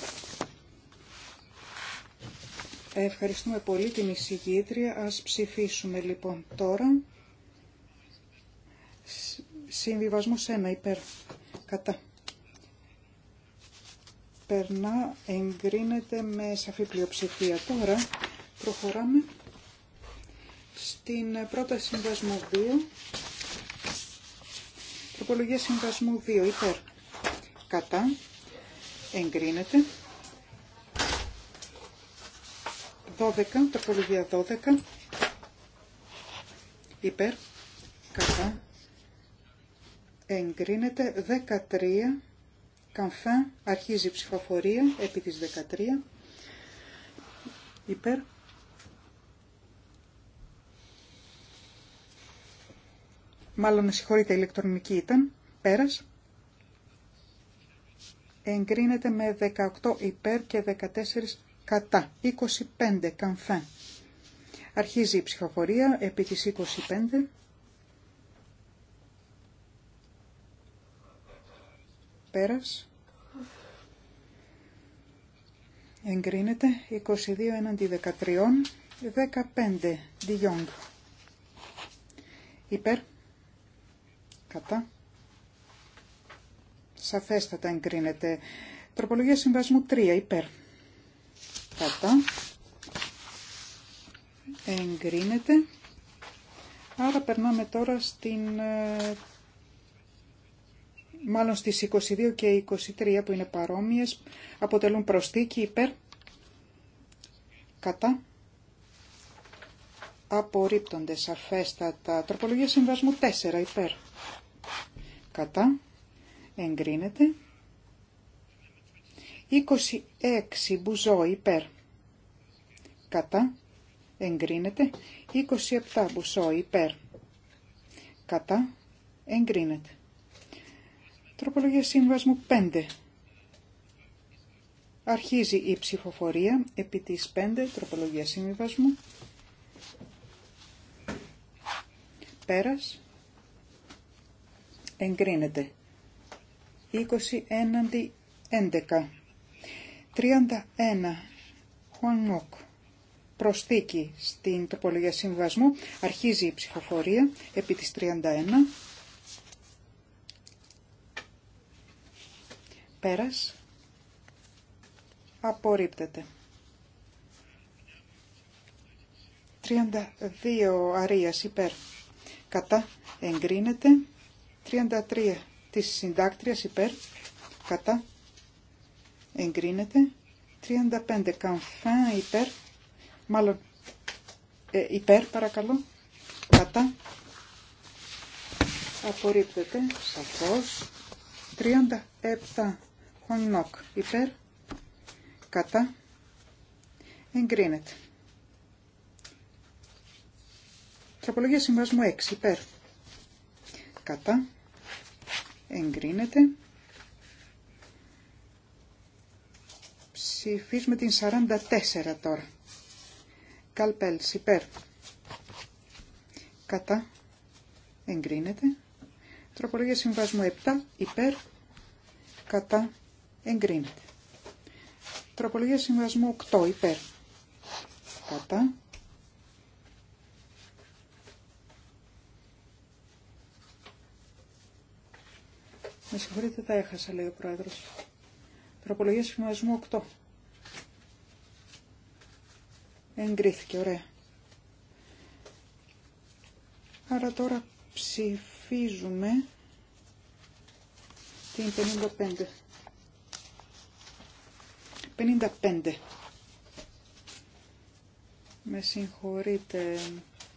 Ευχαριστούμε πολύ την εισηγήτρια. Ας ψηφίσουμε λοιπόν τώρα. Συμβιβασμός 1 υπέρ. Κατά. Περνά, εγκρίνεται με σαφή πλειοψηφία. Τώρα Προχωράμε στην πρόταση συμβασμού 2. Τροπολογία συμβασμού 2 υπέρ κατά εγκρίνεται. 12, τροπολογία 12 υπέρ κατά εγκρίνεται. 13 καμφά αρχίζει η ψηφοφορία επί της 13 υπέρ μάλλον με συγχωρείτε ηλεκτρονική ήταν, πέρας, εγκρίνεται με 18 υπέρ και 14 κατά, 25 καμφέ. Αρχίζει η ψηφοφορία επί της 25. Πέρας. Εγκρίνεται 22 έναντι 13, 15 Διόγκ. Υπέρ. Κατά. Σαφέστατα εγκρίνεται. Τροπολογία συμβασμού 3 υπέρ. Κατά. Εγκρίνεται. Άρα περνάμε τώρα στην, ε, μάλλον στις 22 και 23 που είναι παρόμοιες, αποτελούν προστίκη υπέρ, κατά, απορρίπτονται σαφέστατα. Τροπολογία συμβασμού 4 υπέρ. Κατά. Εγκρίνεται. 26 μπουζό υπέρ. Κατά. Εγκρίνεται. 27 μπουζό υπέρ. Κατά. Εγκρίνεται. Τροπολογία συμβασμού 5. Αρχίζει η ψηφοφορία επί της 5 τροπολογία συμβασμού. Πέρας. Εγκρίνεται. 20 έναντι 11. 31. Χουανόκ. Προσθήκη στην τροπολογία συμβασμού. Αρχίζει η ψυχοφορία επί της 31. Πέρας. Απορρίπτεται. 32 αρίας υπέρ κατά εγκρίνεται 33 της συντάκτριας υπέρ κατά εγκρίνεται 35 καμφά υπέρ μάλλον ε, υπέρ παρακαλώ κατά απορρίπτεται σαφώς 37 χονόκ υπέρ κατά εγκρίνεται Τροπολογία συμβάσμου 6 υπέρ. Κατά. Εγκρίνεται. Ψηφίζουμε την 44 τώρα. Καλπέλς υπέρ. Κατά. Εγκρίνεται. Τροπολογία συμβάσμου 7 υπέρ. Κατά. Εγκρίνεται. Τροπολογία συμβασμού 8 υπέρ. Κατά. Με συγχωρείτε, τα έχασα, λέει ο πρόεδρο. Τροπολογία συμβιβασμού 8. Εγκρίθηκε, ωραία. Άρα τώρα ψηφίζουμε την 55. 55. Με συγχωρείτε,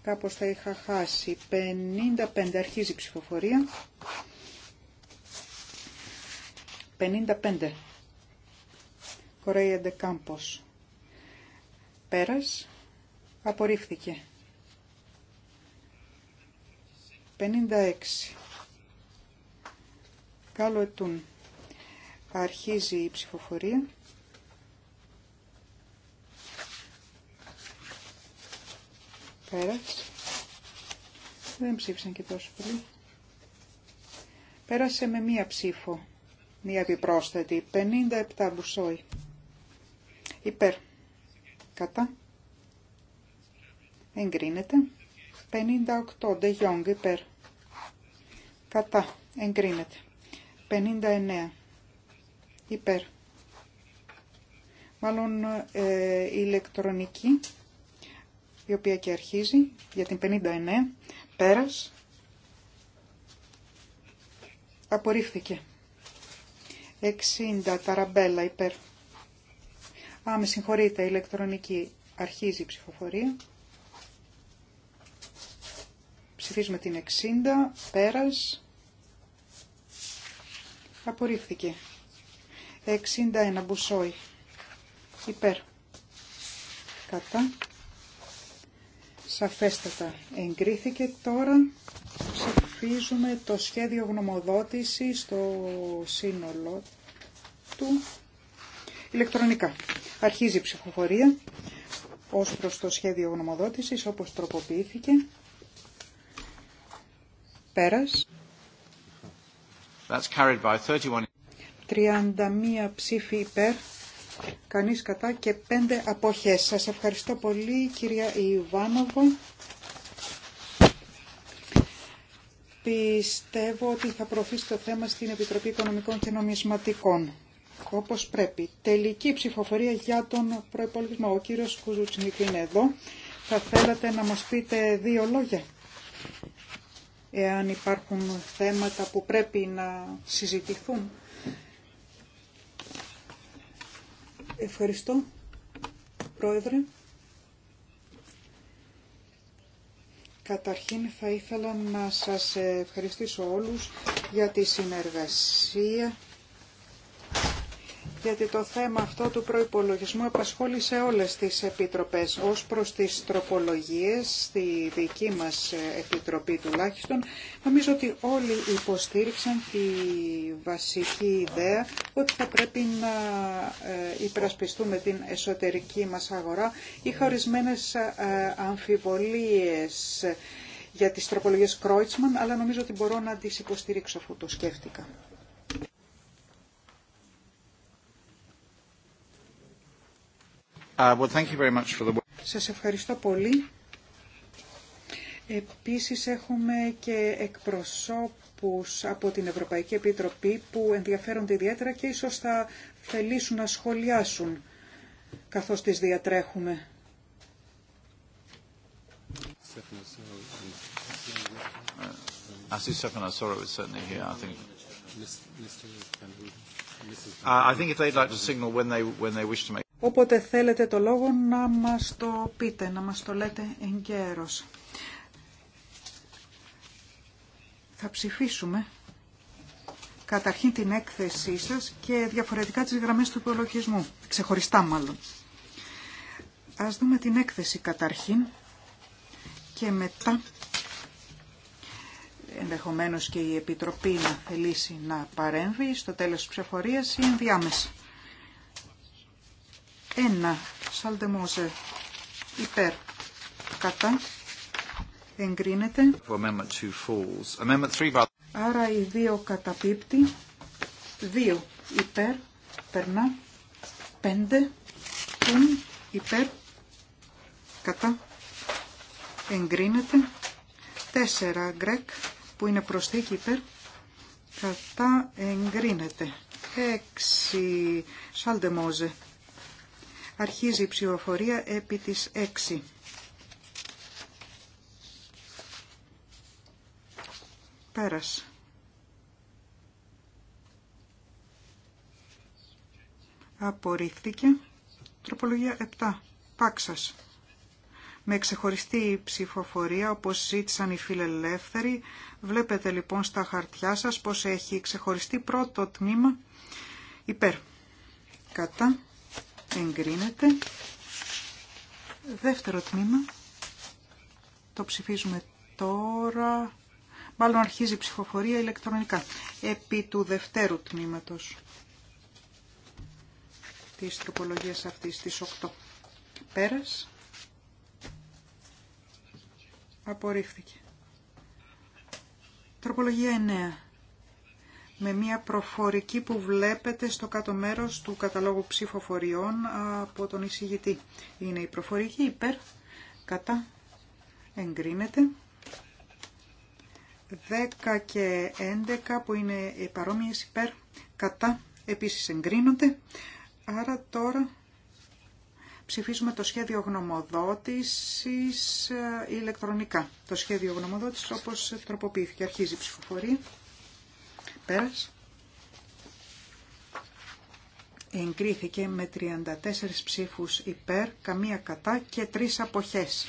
κάπως τα είχα χάσει. 55 αρχίζει η ψηφοφορία. 55. Κορέια Campos Πέρας. Απορρίφθηκε. 56. Κάλο ετούν. Αρχίζει η ψηφοφορία. Πέρας. Δεν ψήφισαν και τόσο πολύ. Πέρασε με μία ψήφο μία επιπρόσθετη. 57 μπουσόι. Υπέρ. Κατά. Εγκρίνεται. 58 Ντε Γιόγκ υπέρ. Κατά. Εγκρίνεται. 59 υπέρ. Μάλλον ε, ηλεκτρονική, η οποία και αρχίζει για την 59. Πέρας. Απορρίφθηκε. 60 ταραμπέλα υπέρ. Α, με συγχωρείτε, ηλεκτρονική αρχίζει η ψηφοφορία. Ψηφίζουμε την 60, πέρας. Απορρίφθηκε. 61 μπουσόι. Υπέρ. Κατά. Σαφέστατα εγκρίθηκε τώρα ψηφίζουμε το σχέδιο γνωμοδότηση στο σύνολο του ηλεκτρονικά. Αρχίζει η ψηφοφορία ως προς το σχέδιο γνωμοδότησης όπως τροποποιήθηκε. Πέρας. That's carried by 31... 31 ψήφοι υπέρ, κανείς κατά και 5 αποχές. Σας ευχαριστώ πολύ κυρία Ιβάνοβο πιστεύω ότι θα προωθήσει το θέμα στην Επιτροπή Οικονομικών και Νομισματικών. Όπως πρέπει. Τελική ψηφοφορία για τον προϋπολογισμό. Ο κύριος Κουζουτσινίκ είναι εδώ. Θα θέλατε να μας πείτε δύο λόγια. Εάν υπάρχουν θέματα που πρέπει να συζητηθούν. Ευχαριστώ, Πρόεδρε. Καταρχήν θα ήθελα να σας ευχαριστήσω όλους για τη συνεργασία γιατί το θέμα αυτό του προϋπολογισμού απασχόλησε όλες τις επιτροπές. Ως προς τις τροπολογίες, στη δική μας επιτροπή τουλάχιστον, νομίζω ότι όλοι υποστήριξαν τη βασική ιδέα ότι θα πρέπει να ε, υπερασπιστούμε την εσωτερική μας αγορά. Είχα ορισμένες ε, αμφιβολίες για τις τροπολογίες Κρόιτσμαν, αλλά νομίζω ότι μπορώ να τις υποστηρίξω αφού το σκέφτηκα. Uh, Σας ευχαριστώ πολύ. Επίσης έχουμε και εκπροσώπους από την Ευρωπαϊκή Επιτροπή που ενδιαφέρονται ιδιαίτερα και ίσως θα θελήσουν να σχολιάσουν καθώς τις διατρέχουμε. Uh, I see Stefan Asoro is certainly here, I think. Uh, I think if they'd like to signal when they, when they wish to make... Όποτε θέλετε το λόγο να μας το πείτε, να μας το λέτε εγκαίρως. Θα ψηφίσουμε καταρχήν την έκθεσή σας και διαφορετικά τις γραμμές του υπολογισμού, ξεχωριστά μάλλον. Ας δούμε την έκθεση καταρχήν και μετά ενδεχομένως και η Επιτροπή να θελήσει να παρέμβει στο τέλος της ψηφοφορίας ή ενδιάμεσα. Ένα σαλδεμόζε Υπέρ. Κατά. Εγκρίνεται. Άρα οι δύο καταπίπτει. 2. Υπέρ. Περνά. 5. Κουν. Υπέρ. Κατά. Εγκρίνεται. Τέσσερα Γκρέκ που είναι προσθήκη υπέρ. Κατά. Εγκρίνεται. Έξι. Σαλτεμόζε. Αρχίζει η ψηφοφορία επί της 6. Πέρας. Απορρίφθηκε. Τροπολογία 7. Πάξας. Με ξεχωριστή ψηφοφορία, όπως ζήτησαν οι φιλελεύθεροι, βλέπετε λοιπόν στα χαρτιά σας πως έχει ξεχωριστεί πρώτο τμήμα υπέρ. Κατά εγκρίνεται. Δεύτερο τμήμα. Το ψηφίζουμε τώρα. Μάλλον αρχίζει η ψηφοφορία ηλεκτρονικά. Επί του δευτέρου τμήματος της τροπολογίας αυτής, της 8. Πέρας. Απορρίφθηκε. Τροπολογία 9 με μια προφορική που βλέπετε στο κάτω μέρος του καταλόγου ψηφοφοριών από τον εισηγητή. Είναι η προφορική υπέρ, κατά, εγκρίνεται. 10 και 11 που είναι παρόμοιες υπέρ, κατά, επίσης εγκρίνονται. Άρα τώρα ψηφίζουμε το σχέδιο γνωμοδότησης ε, ηλεκτρονικά. Το σχέδιο γνωμοδότησης όπως τροποποιήθηκε. Αρχίζει η ψηφοφορία ενκρίθηκε Εγκρίθηκε με 34 ψήφους υπέρ, καμία κατά και τρεις αποχές.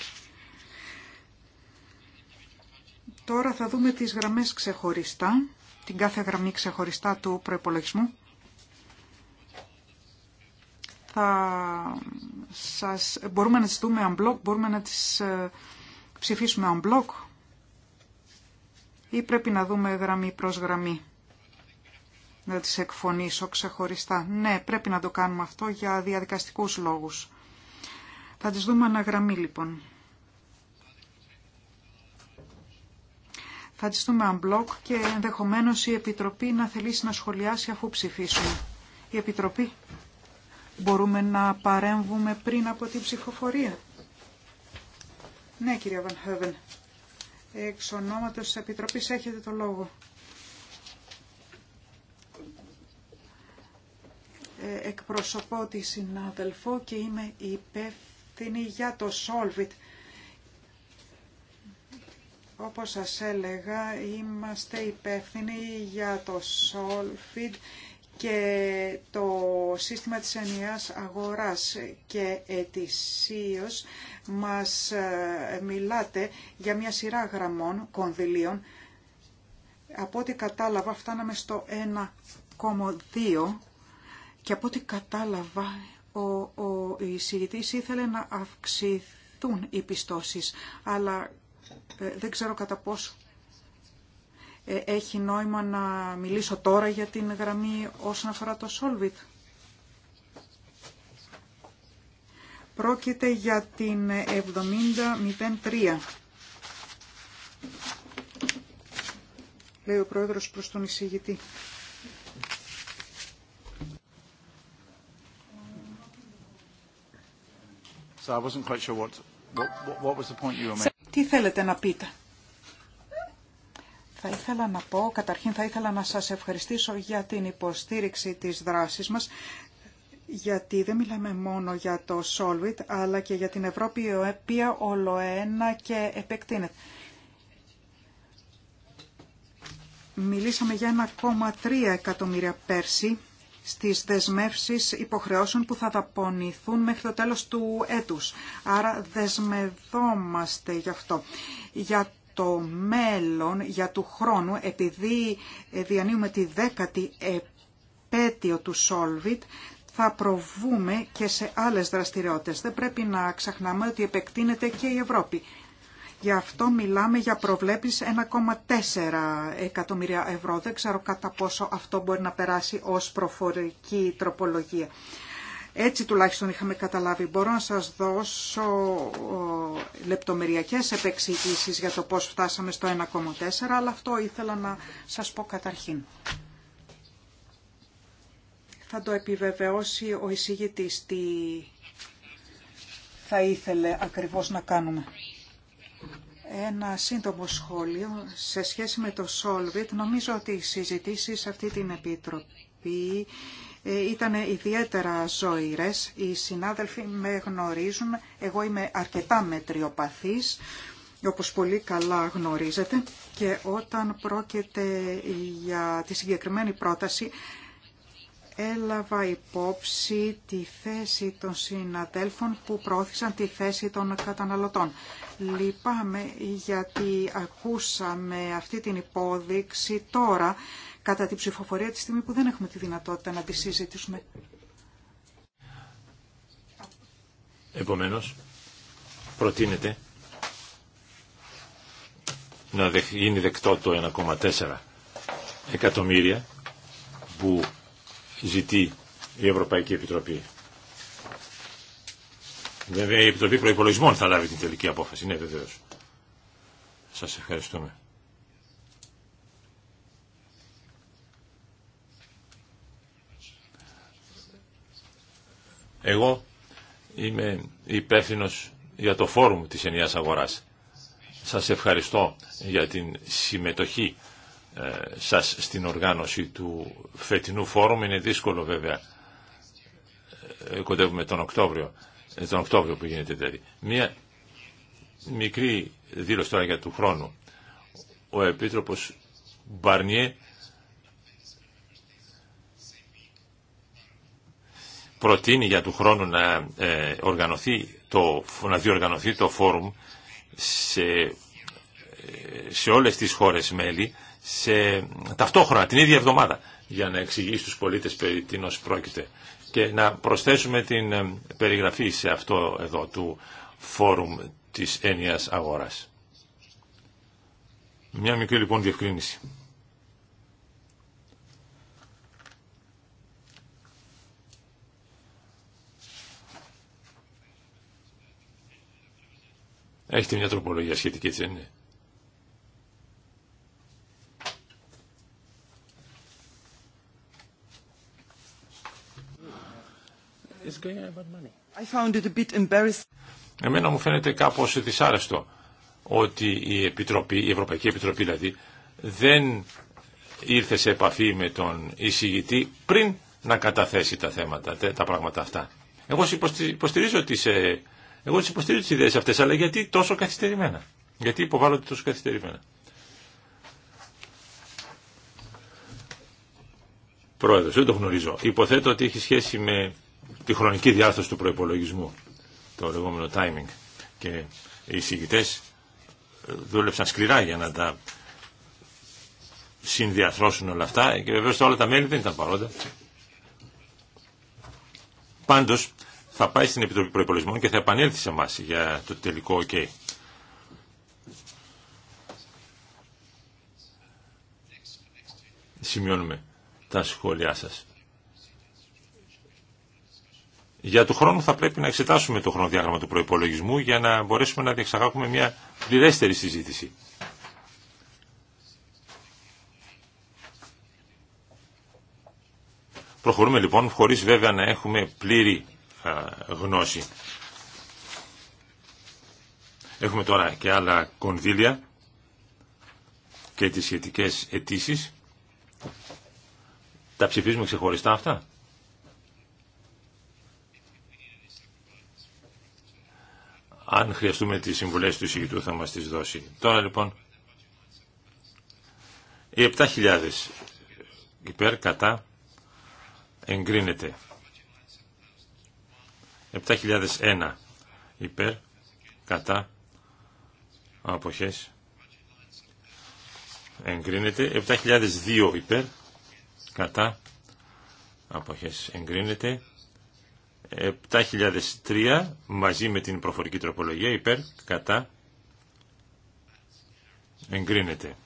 Τώρα θα δούμε τις γραμμές ξεχωριστά, την κάθε γραμμή ξεχωριστά του προϋπολογισμού. Θα σας, μπορούμε να τις δούμε unblock, μπορούμε να τις ε, ψηφίσουμε unblock ή πρέπει να δούμε γραμμή προς γραμμή να τις εκφωνήσω ξεχωριστά. Ναι, πρέπει να το κάνουμε αυτό για διαδικαστικούς λόγους. Θα τις δούμε αναγραμμή λοιπόν. Θα τις δούμε unblock και ενδεχομένως η Επιτροπή να θελήσει να σχολιάσει αφού ψηφίσουμε. Η Επιτροπή μπορούμε να παρέμβουμε πριν από την ψηφοφορία. Ναι, κυρία Βανχέβεν. Εξ ονόματος της Επιτροπής έχετε το λόγο. Ε, εκπροσωπώ τη συνάδελφο και είμαι υπεύθυνη για το Solvit. Όπως σας έλεγα, είμαστε υπεύθυνοι για το Solvit και το σύστημα της ενιαίας αγοράς και ετησίως μας ε, μιλάτε για μια σειρά γραμμών κονδυλίων. Από ό,τι κατάλαβα φτάναμε στο 1,2 και από ό,τι κατάλαβα, ο, ο εισηγητής ήθελε να αυξηθούν οι πιστώσεις, αλλά ε, δεν ξέρω κατά πόσο ε, έχει νόημα να μιλήσω τώρα για την γραμμή όσον αφορά το Solvit. Πρόκειται για την 7003. Λέει ο πρόεδρος προς τον εισηγητή. Τι θέλετε να πείτε. Θα ήθελα να πω, καταρχήν θα ήθελα να σας ευχαριστήσω για την υποστήριξη της δράσης μας, γιατί δεν μιλάμε μόνο για το Solvit, αλλά και για την Ευρώπη, η οποία ολοένα και επεκτείνεται. Μιλήσαμε για 1,3 εκατομμύρια πέρσι στις δεσμεύσεις υποχρεώσεων που θα δαπονηθούν μέχρι το τέλος του έτους. Άρα δεσμευόμαστε γι' αυτό. Για το μέλλον, για του χρόνου, επειδή διανύουμε τη δέκατη επέτειο του Solvit, θα προβούμε και σε άλλες δραστηριότητες. Δεν πρέπει να ξεχνάμε ότι επεκτείνεται και η Ευρώπη. Γι' αυτό μιλάμε για προβλέψεις 1,4 εκατομμύρια ευρώ. Δεν ξέρω κατά πόσο αυτό μπορεί να περάσει ως προφορική τροπολογία. Έτσι τουλάχιστον είχαμε καταλάβει. Μπορώ να σας δώσω λεπτομεριακές επεξηγήσεις για το πώς φτάσαμε στο 1,4, αλλά αυτό ήθελα να σας πω καταρχήν. Θα το επιβεβαιώσει ο εισηγητής τι θα ήθελε ακριβώς να κάνουμε ένα σύντομο σχόλιο σε σχέση με το Solvit. Νομίζω ότι οι συζητήσεις σε αυτή την Επιτροπή ε, ήταν ιδιαίτερα ζωηρές. Οι συνάδελφοι με γνωρίζουν. Εγώ είμαι αρκετά μετριοπαθής, όπως πολύ καλά γνωρίζετε. Και όταν πρόκειται για τη συγκεκριμένη πρόταση, έλαβα υπόψη τη θέση των συναδέλφων που πρόωθησαν τη θέση των καταναλωτών. Λυπάμαι γιατί ακούσαμε αυτή την υπόδειξη τώρα κατά την ψηφοφορία τη στιγμή που δεν έχουμε τη δυνατότητα να τη συζητήσουμε. Επομένως, προτείνεται να γίνει δεκτό το 1,4 εκατομμύρια που ζητεί η Ευρωπαϊκή Επιτροπή. Βέβαια η Επιτροπή Προϋπολογισμών θα λάβει την τελική απόφαση. Ναι βεβαίως. Σας ευχαριστούμε. Εγώ είμαι υπεύθυνο για το φόρουμ της ενιαίας αγοράς. Σας ευχαριστώ για την συμμετοχή ε, σας στην οργάνωση του φετινού φόρουμ. Είναι δύσκολο βέβαια, ε, κοντεύουμε τον Οκτώβριο τον Οκτώβριο που γίνεται δηλαδή. Μία μικρή δήλωση τώρα για του χρόνου. Ο Επίτροπος Μπαρνιέ προτείνει για του χρόνου να, ε, οργανωθεί το, να διοργανωθεί το φόρουμ σε, ε, σε όλες τις χώρες μέλη σε, ταυτόχρονα την ίδια εβδομάδα για να εξηγήσει στους πολίτες περί τίνος πρόκειται και να προσθέσουμε την ε, περιγραφή σε αυτό εδώ του φόρουμ της έννοιας αγοράς. Μια μικρή λοιπόν διευκρίνηση. Έχετε μια τροπολογία σχετική, έτσι δεν είναι. Εμένα μου φαίνεται κάπως δυσάρεστο ότι η, Επιτροπή, η Ευρωπαϊκή Επιτροπή δηλαδή, δεν ήρθε σε επαφή με τον εισηγητή πριν να καταθέσει τα θέματα, τα πράγματα αυτά. Εγώ υποστηρίζω τις, ε, εγώ τις υποστηρίζω τις ιδέες αυτές, αλλά γιατί τόσο καθυστερημένα. Γιατί υποβάλλονται τόσο καθυστερημένα. Πρόεδρος, δεν το γνωρίζω. Υποθέτω ότι έχει σχέση με τη χρονική διάρθρωση του προϋπολογισμού, το λεγόμενο timing. Και οι συγκητές ε, δούλεψαν σκληρά για να τα συνδιαθρώσουν όλα αυτά και βεβαίως όλα τα μέλη δεν ήταν παρόντα. Πάντως θα πάει στην Επιτροπή Προϋπολογισμών και θα επανέλθει σε εμά για το τελικό OK. Σημειώνουμε τα σχόλιά σας. Για το χρόνο θα πρέπει να εξετάσουμε το χρονοδιάγραμμα του προπολογισμού για να μπορέσουμε να διεξαγάγουμε μια πληρέστερη συζήτηση. Προχωρούμε λοιπόν χωρίς βέβαια να έχουμε πλήρη γνώση. Έχουμε τώρα και άλλα κονδύλια και τις σχετικές αιτήσει. Τα ψηφίζουμε ξεχωριστά αυτά. Αν χρειαστούμε τις συμβουλές του εισηγητού θα μας τις δώσει. Τώρα λοιπόν, οι 7.000 υπέρ κατά εγκρίνεται. 7.001 υπέρ κατά αποχές εγκρίνεται. 7.002 υπέρ κατά αποχές εγκρίνεται. 7003 μαζί με την προφορική τροπολογία υπέρ κατά εγκρίνεται.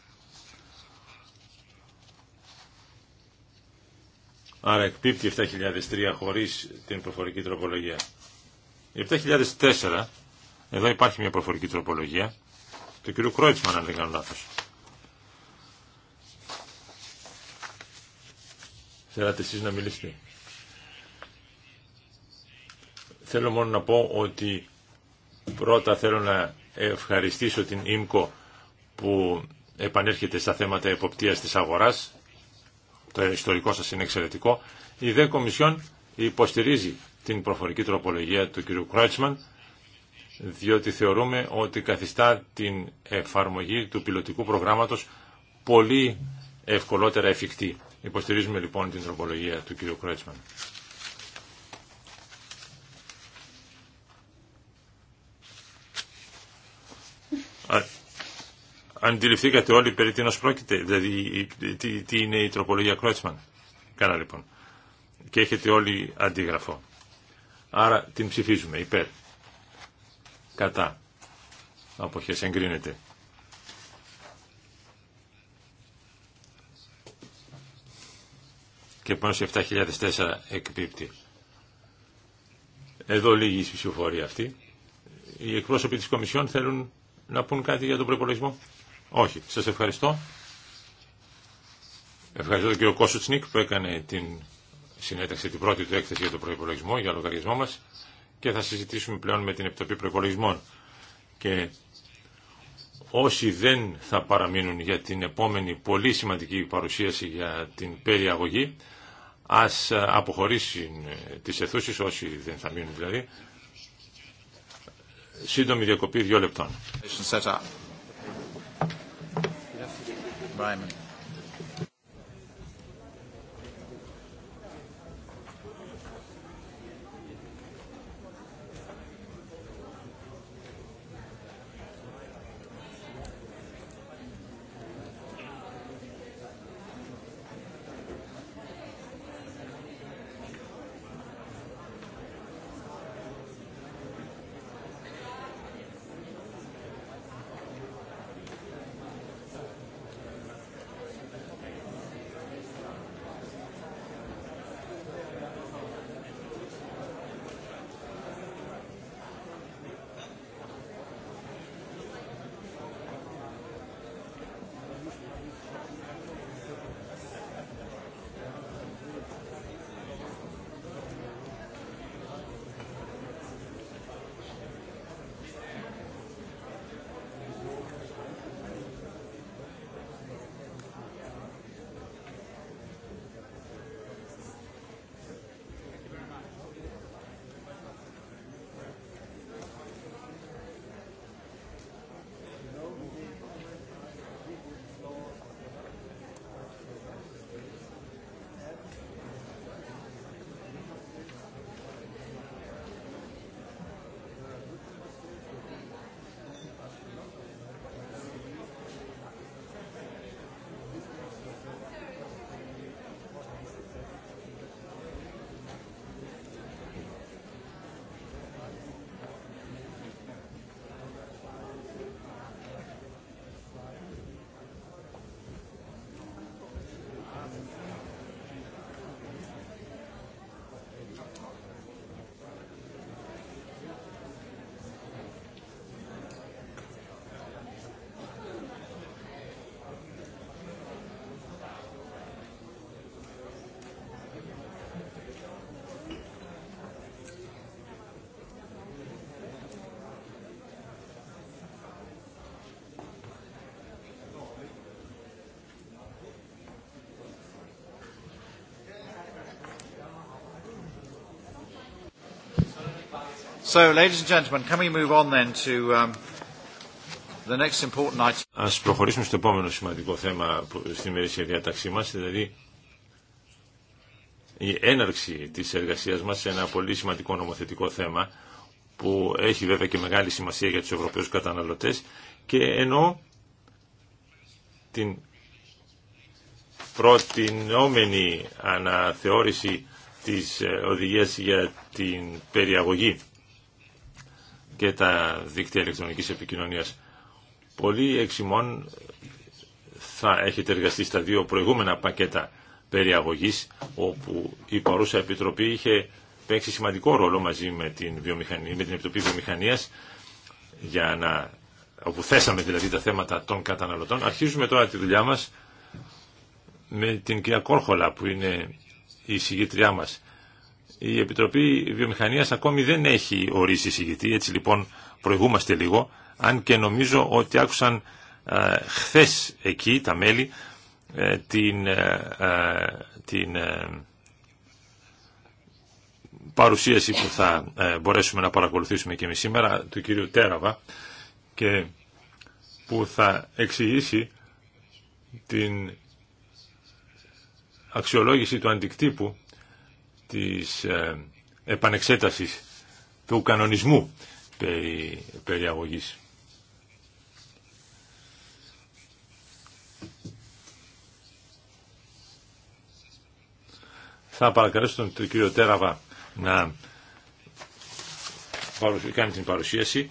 Άρα εκπίπτει 7003 χωρίς την προφορική τροπολογία. 7004 εδώ υπάρχει μια προφορική τροπολογία το κ. Κρόιτσμαν αν δεν κάνω λάθος. Θέλατε εσείς να μιλήσετε. Θέλω μόνο να πω ότι πρώτα θέλω να ευχαριστήσω την ΙΜΚΟ που επανέρχεται στα θέματα εποπτείας της αγοράς. Το ιστορικό σας είναι εξαιρετικό. Η ΔΕ Κομισιόν υποστηρίζει την προφορική τροπολογία του κ. Κρότσμαν διότι θεωρούμε ότι καθιστά την εφαρμογή του πιλωτικού προγράμματος πολύ ευκολότερα εφικτή. Υποστηρίζουμε λοιπόν την τροπολογία του κ. Κρότσμαν. Αντιληφθήκατε όλοι περί τίνο πρόκειται, δηλαδή τι, είναι η τροπολογία Κρότσμαν. Κάνα λοιπόν. Και έχετε όλοι αντίγραφο. Άρα την ψηφίζουμε υπέρ. Κατά. Αποχές εγκρίνεται. Και πάνω σε 7.004 εκπίπτει. Εδώ λίγη η ψηφοφορία αυτή. Οι εκπρόσωποι της Κομισιόν θέλουν να πούν κάτι για τον προπολογισμό. Όχι. Σας ευχαριστώ. Ευχαριστώ τον κύριο Κόσουτσνικ που έκανε την συνέταξη, την πρώτη του έκθεση για τον προπολογισμό, για λογαριασμό μας και θα συζητήσουμε πλέον με την Επιτροπή Προπολογισμών. Και όσοι δεν θα παραμείνουν για την επόμενη πολύ σημαντική παρουσίαση για την περιαγωγή, ας ε, αποχωρήσουν ε, τις αιθούσει, όσοι δεν θα μείνουν δηλαδή. Σύντομη διακοπή δύο λεπτών. Ryman. So, ladies and gentlemen, can we um, Ας προχωρήσουμε στο επόμενο σημαντικό θέμα στη μερική διάταξή μας, δηλαδή η έναρξη της εργασίας μας σε ένα πολύ σημαντικό νομοθετικό θέμα που έχει βέβαια και μεγάλη σημασία για τους Ευρωπαίους καταναλωτές και ενώ την προτινόμενη αναθεώρηση της ε, οδηγίας για την περιαγωγή και τα δίκτυα ηλεκτρονικής επικοινωνίας. Πολύ εξημών θα έχετε εργαστεί στα δύο προηγούμενα πακέτα περιαγωγής, όπου η παρούσα Επιτροπή είχε παίξει σημαντικό ρόλο μαζί με την, βιομηχανία, με την Επιτροπή Βιομηχανίας, για να, όπου θέσαμε δηλαδή τα θέματα των καταναλωτών. Αρχίζουμε τώρα τη δουλειά μας με την κυρία Κόρχολα, που είναι η συγγήτριά μας η Επιτροπή Βιομηχανίας ακόμη δεν έχει ορίσει εισηγητή, έτσι λοιπόν προηγούμαστε λίγο, αν και νομίζω ότι άκουσαν ε, χθες εκεί τα μέλη ε, την, ε, ε, την παρουσίαση που θα μπορέσουμε να παρακολουθήσουμε και εμείς σήμερα του κυρίου Τέραβα και που θα εξηγήσει την αξιολόγηση του αντικτύπου της ε, επανεξέτασης του κανονισμού περί περιαγωγής. Θα παρακαλέσω τον, τον κύριο Τέραβα να κάνει την παρουσίαση.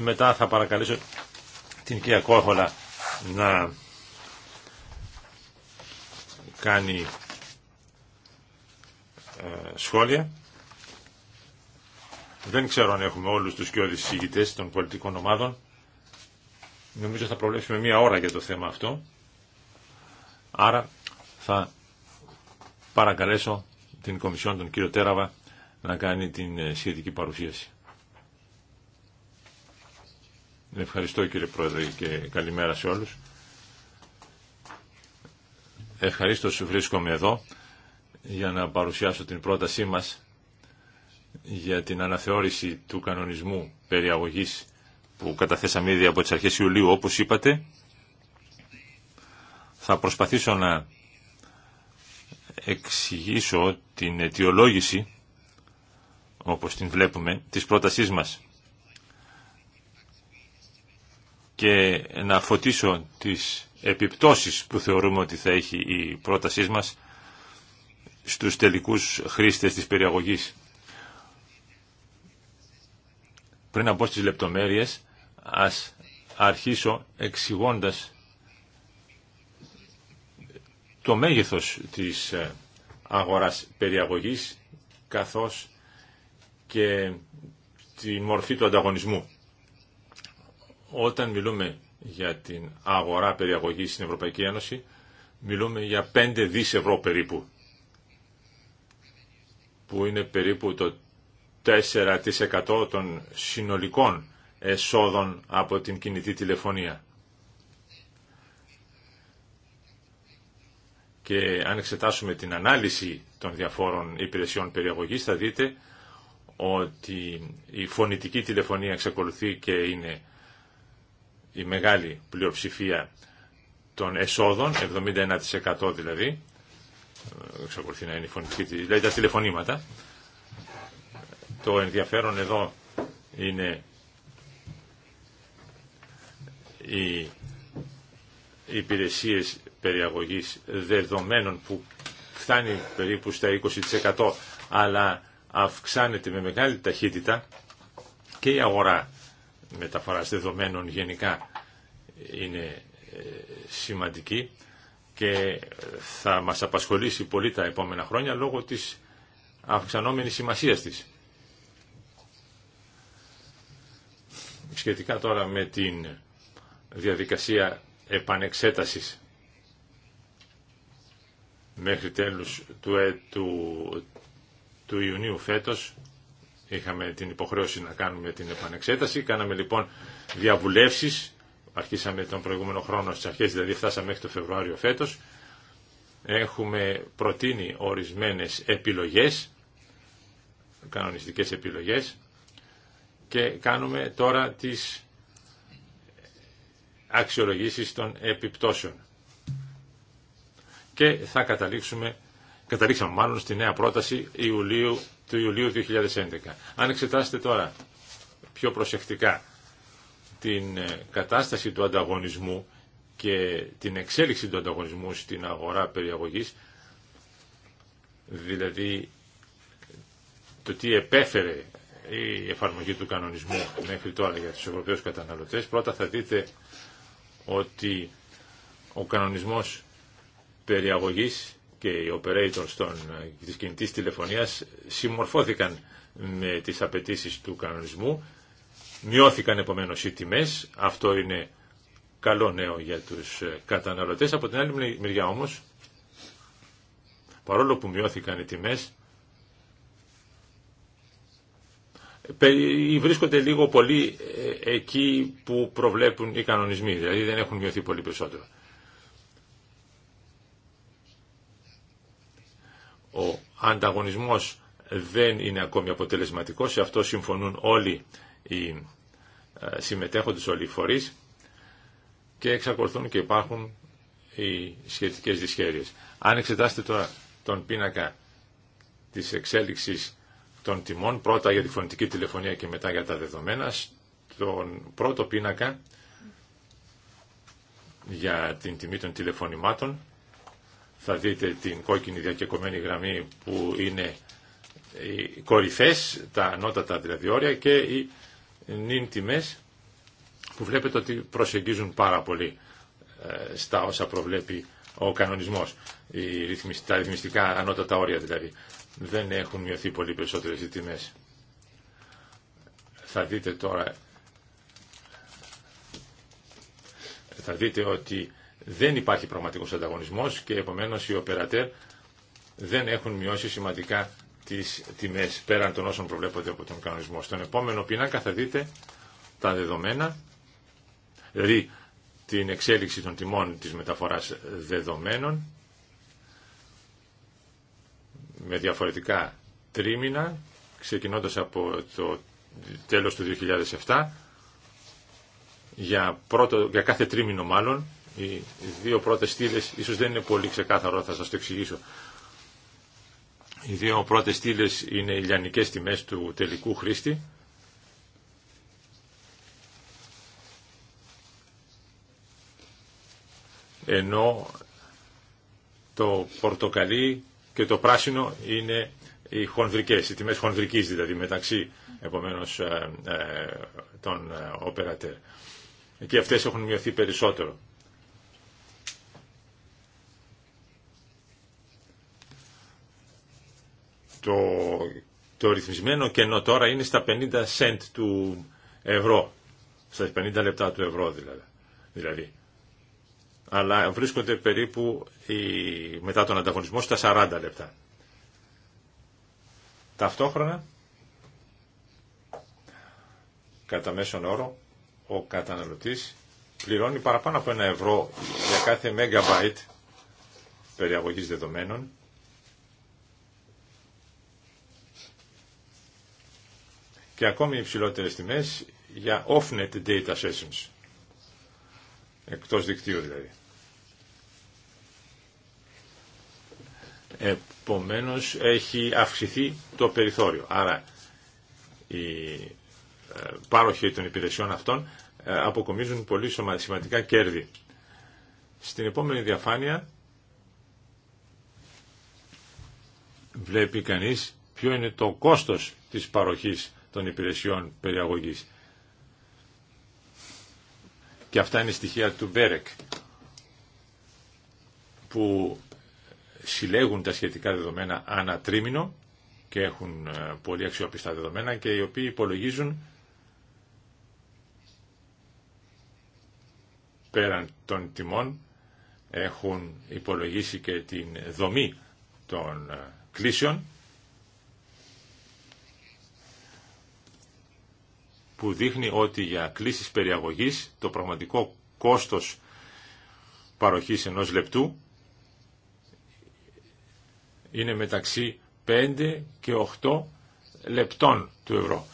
Μετά θα παρακαλέσω την κυρία Κόχολα να κάνει ε, σχόλια. Δεν ξέρω αν έχουμε όλους τους και όλες των πολιτικών ομάδων. Νομίζω θα προβλέψουμε μία ώρα για το θέμα αυτό. Άρα θα παρακαλέσω την Κομισιόν, τον κύριο Τέραβα, να κάνει την ε, σχετική παρουσίαση. Ευχαριστώ κύριε Πρόεδρε και καλημέρα σε όλους. Ευχαρίστως βρίσκομαι εδώ για να παρουσιάσω την πρότασή μας για την αναθεώρηση του κανονισμού περιαγωγής που καταθέσαμε ήδη από τις αρχές Ιουλίου, όπως είπατε. Θα προσπαθήσω να εξηγήσω την αιτιολόγηση, όπως την βλέπουμε, της πρότασής μας και να φωτίσω τις επιπτώσεις που θεωρούμε ότι θα έχει η πρότασή μας στους τελικούς χρήστες της περιαγωγής. Πριν από μπω στις λεπτομέρειες, ας αρχίσω εξηγώντας το μέγεθος της ε, αγοράς περιαγωγής καθώς και τη μορφή του ανταγωνισμού. Όταν μιλούμε για την αγορά περιαγωγής στην Ευρωπαϊκή Ένωση, μιλούμε για 5 δις ευρώ περίπου που είναι περίπου το 4% των συνολικών εσόδων από την κινητή τηλεφωνία. Και αν εξετάσουμε την ανάλυση των διαφόρων υπηρεσιών περιαγωγής θα δείτε ότι η φωνητική τηλεφωνία εξακολουθεί και είναι η μεγάλη πλειοψηφία των εσόδων, 71% δηλαδή, εξακολουθεί να είναι η φωνή, δηλαδή τα τηλεφωνήματα. Το ενδιαφέρον εδώ είναι οι υπηρεσίες περιαγωγής δεδομένων που φτάνει περίπου στα 20% αλλά αυξάνεται με μεγάλη ταχύτητα και η αγορά μεταφοράς δεδομένων γενικά είναι ε, σημαντική και θα μας απασχολήσει πολύ τα επόμενα χρόνια λόγω της αυξανόμενης σημασίας της. Σχετικά τώρα με την διαδικασία επανεξέτασης μέχρι τέλους του, Ιουνίου φέτος είχαμε την υποχρέωση να κάνουμε την επανεξέταση. Κάναμε λοιπόν διαβουλεύσεις αρχίσαμε τον προηγούμενο χρόνο στις αρχές, δηλαδή φτάσαμε μέχρι το Φεβρουάριο φέτος, έχουμε προτείνει ορισμένες επιλογές, κανονιστικές επιλογές και κάνουμε τώρα τις αξιολογήσεις των επιπτώσεων. Και θα καταλήξουμε, καταλήξαμε μάλλον στη νέα πρόταση Ιουλίου, του Ιουλίου 2011. Αν εξετάσετε τώρα πιο προσεκτικά την ε, κατάσταση του ανταγωνισμού και την εξέλιξη του ανταγωνισμού στην αγορά περιαγωγής, δηλαδή το τι επέφερε η εφαρμογή του κανονισμού μέχρι τώρα για τους Ευρωπαίους καταναλωτές, πρώτα θα δείτε ότι ο κανονισμός περιαγωγής και οι operators των, ε, της κινητής τηλεφωνίας συμμορφώθηκαν με τις απαιτήσεις του κανονισμού Μειώθηκαν επομένω οι τιμές, αυτό είναι καλό νέο για τους ε, καταναλωτές. Από την άλλη μεριά όμω, παρόλο που μειώθηκαν οι τιμέ. βρίσκονται λίγο πολύ ε, εκεί που προβλέπουν οι κανονισμοί, δηλαδή δεν έχουν μειωθεί πολύ περισσότερο. Ο ανταγωνισμός δεν είναι ακόμη αποτελεσματικός, σε αυτό συμφωνούν όλοι οι ε, συμμετέχοντες όλοι οι φορείς και εξακολουθούν και υπάρχουν οι σχετικές δυσχέρειες. Αν εξετάσετε τώρα τον πίνακα της εξέλιξης των τιμών, πρώτα για τη φωνητική τηλεφωνία και μετά για τα δεδομένα, στον πρώτο πίνακα για την τιμή των τηλεφωνημάτων, θα δείτε την κόκκινη διακεκομένη γραμμή που είναι οι κορυφές, τα ανώτατα δηλαδή όρια και οι νυν τιμές που βλέπετε ότι προσεγγίζουν πάρα πολύ ε, στα όσα προβλέπει ο κανονισμός, τα ρυθμιστικά ανώτατα όρια δηλαδή. Δεν έχουν μειωθεί πολύ περισσότερες οι τιμές. Θα δείτε τώρα, θα δείτε ότι δεν υπάρχει πραγματικός ανταγωνισμός και επομένως οι οπερατέρ δεν έχουν μειώσει σημαντικά τις τιμές πέραν των όσων προβλέπονται από τον κανονισμό. Στον επόμενο πίνακα θα δείτε τα δεδομένα, δηλαδή την εξέλιξη των τιμών της μεταφοράς δεδομένων με διαφορετικά τρίμηνα, ξεκινώντας από το τέλος του 2007, για, πρώτο, για κάθε τρίμηνο μάλλον, οι δύο πρώτες στήλες, ίσως δεν είναι πολύ ξεκάθαρο, θα σας το εξηγήσω, οι δύο πρώτες στήλε είναι οι λιανικές τιμές του τελικού χρήστη. Ενώ το πορτοκαλί και το πράσινο είναι οι χονδρικές, οι τιμές χονδρικής δηλαδή μεταξύ επομένως ε, ε, των οπερατέρ. Και αυτές έχουν μειωθεί περισσότερο. Το, το ρυθμισμένο κενό τώρα είναι στα 50 cent του ευρώ. Στα 50 λεπτά του ευρώ δηλαδή. δηλαδή. Αλλά βρίσκονται περίπου μετά τον ανταγωνισμό στα 40 λεπτά. Ταυτόχρονα, κατά μέσον όρο, ο καταναλωτής πληρώνει παραπάνω από ένα ευρώ για κάθε megabyte περιαγωγής δεδομένων και ακόμη υψηλότερες τιμές για off-net data sessions, εκτός δικτύου δηλαδή. Επομένως έχει αυξηθεί το περιθώριο. Άρα οι ε, πάροχοι των υπηρεσιών αυτών ε, αποκομίζουν πολύ σημαντικά κέρδη. Στην επόμενη διαφάνεια βλέπει κανείς ποιο είναι το κόστος της παροχής των υπηρεσιών περιαγωγής. Και αυτά είναι στοιχεία του Μπέρεκ που συλλέγουν τα σχετικά δεδομένα ανά και έχουν ε, πολύ αξιόπιστα δεδομένα και οι οποίοι υπολογίζουν πέραν των τιμών έχουν υπολογίσει και την δομή των ε, κλήσεων που δείχνει ότι για κλήσεις περιαγωγής το πραγματικό κόστος παροχής ενός λεπτού είναι μεταξύ 5 και 8 λεπτών του ευρώ.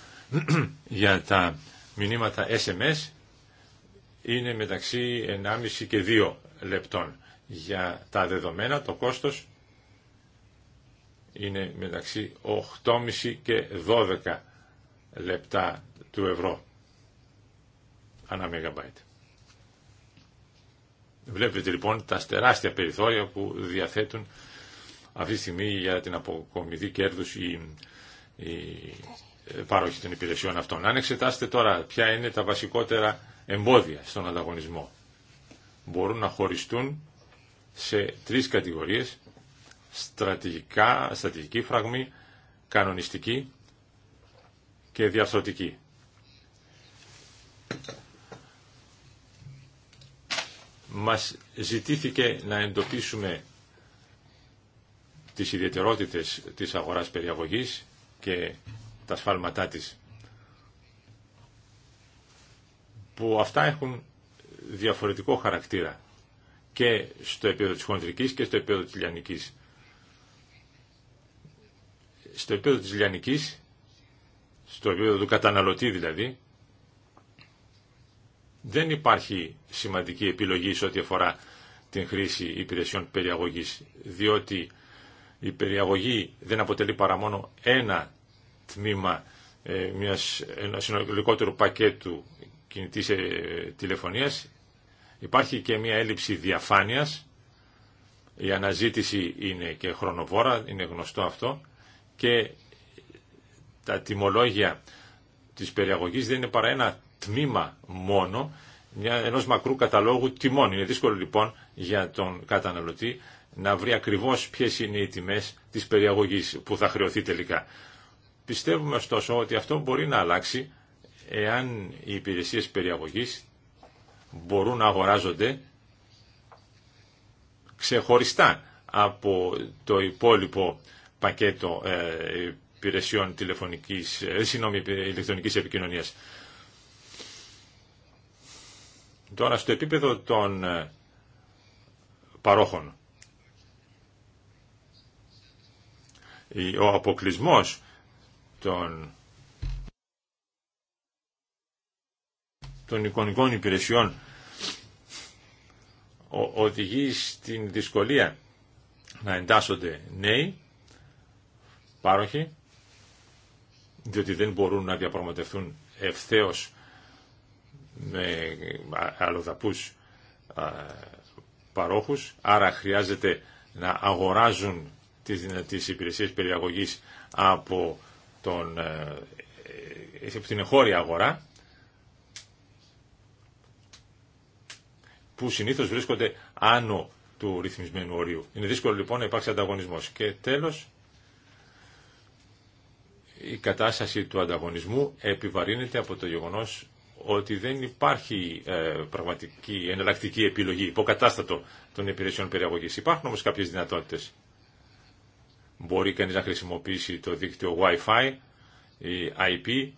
για τα μηνύματα SMS είναι μεταξύ 1,5 και 2 λεπτών. Για τα δεδομένα το κόστος είναι μεταξύ 8,5 και 12 λεπτά του ευρώ ανά μεγαμπάιτ. Βλέπετε λοιπόν τα τεράστια περιθώρια που διαθέτουν αυτή τη στιγμή για την αποκομιδή κέρδους η, η παρόχη των υπηρεσιών αυτών. Αν εξετάσετε τώρα ποια είναι τα βασικότερα εμπόδια στον ανταγωνισμό. Μπορούν να χωριστούν σε τρεις κατηγορίες στρατηγικά, στρατηγική φραγμή, κανονιστική και διαρθρωτική. Μας ζητήθηκε να εντοπίσουμε τις ιδιαιτερότητες της αγοράς περιαγωγής και τα σφάλματά της που αυτά έχουν διαφορετικό χαρακτήρα και στο επίπεδο της χοντρικής και στο επίπεδο της λιανικής. Στο επίπεδο της λιανικής στο επίπεδο του καταναλωτή δηλαδή, δεν υπάρχει σημαντική επιλογή σε ό,τι αφορά την χρήση υπηρεσιών περιαγωγής, διότι η περιαγωγή δεν αποτελεί παρά μόνο ένα τμήμα ε, μιας, ενός συνολικότερου πακέτου κινητής ε, τηλεφωνίας. Υπάρχει και μια έλλειψη διαφάνειας, η αναζήτηση είναι και χρονοβόρα, είναι γνωστό αυτό, και τα τιμολόγια της περιαγωγής δεν είναι παρά ένα τμήμα μόνο μια, ενός μακρού καταλόγου τιμών. Είναι δύσκολο λοιπόν για τον καταναλωτή να βρει ακριβώς ποιες είναι οι τιμές της περιαγωγής που θα χρεωθεί τελικά. Πιστεύουμε ωστόσο ότι αυτό μπορεί να αλλάξει εάν οι υπηρεσίες περιαγωγής μπορούν να αγοράζονται ξεχωριστά από το υπόλοιπο πακέτο ε, υπηρεσιών τηλεφωνικής, ε, συγνώμη, ε, ηλεκτρονικής επικοινωνίας. Τώρα στο επίπεδο των ε, παρόχων. Ο αποκλισμός των, των εικονικών υπηρεσιών οδηγεί στην δυσκολία να εντάσσονται νέοι πάροχοι διότι δεν μπορούν να διαπραγματευτούν ευθέω με αλλοδαπούς παρόχους, άρα χρειάζεται να αγοράζουν τις, τις υπηρεσίες περιαγωγής από, τον, ε, ε, από την εγχώρια αγορά, που συνήθως βρίσκονται άνω του ρυθμισμένου ορίου. Είναι δύσκολο λοιπόν να υπάρξει ανταγωνισμός. Και τέλος, η κατάσταση του ανταγωνισμού επιβαρύνεται από το γεγονός ότι δεν υπάρχει ε, πραγματική εναλλακτική επιλογή, υποκατάστατο των υπηρεσιών περιαγωγής. Υπάρχουν όμως κάποιες δυνατότητες. Μπορεί κανείς να χρησιμοποιήσει το δίκτυο Wi-Fi ή IP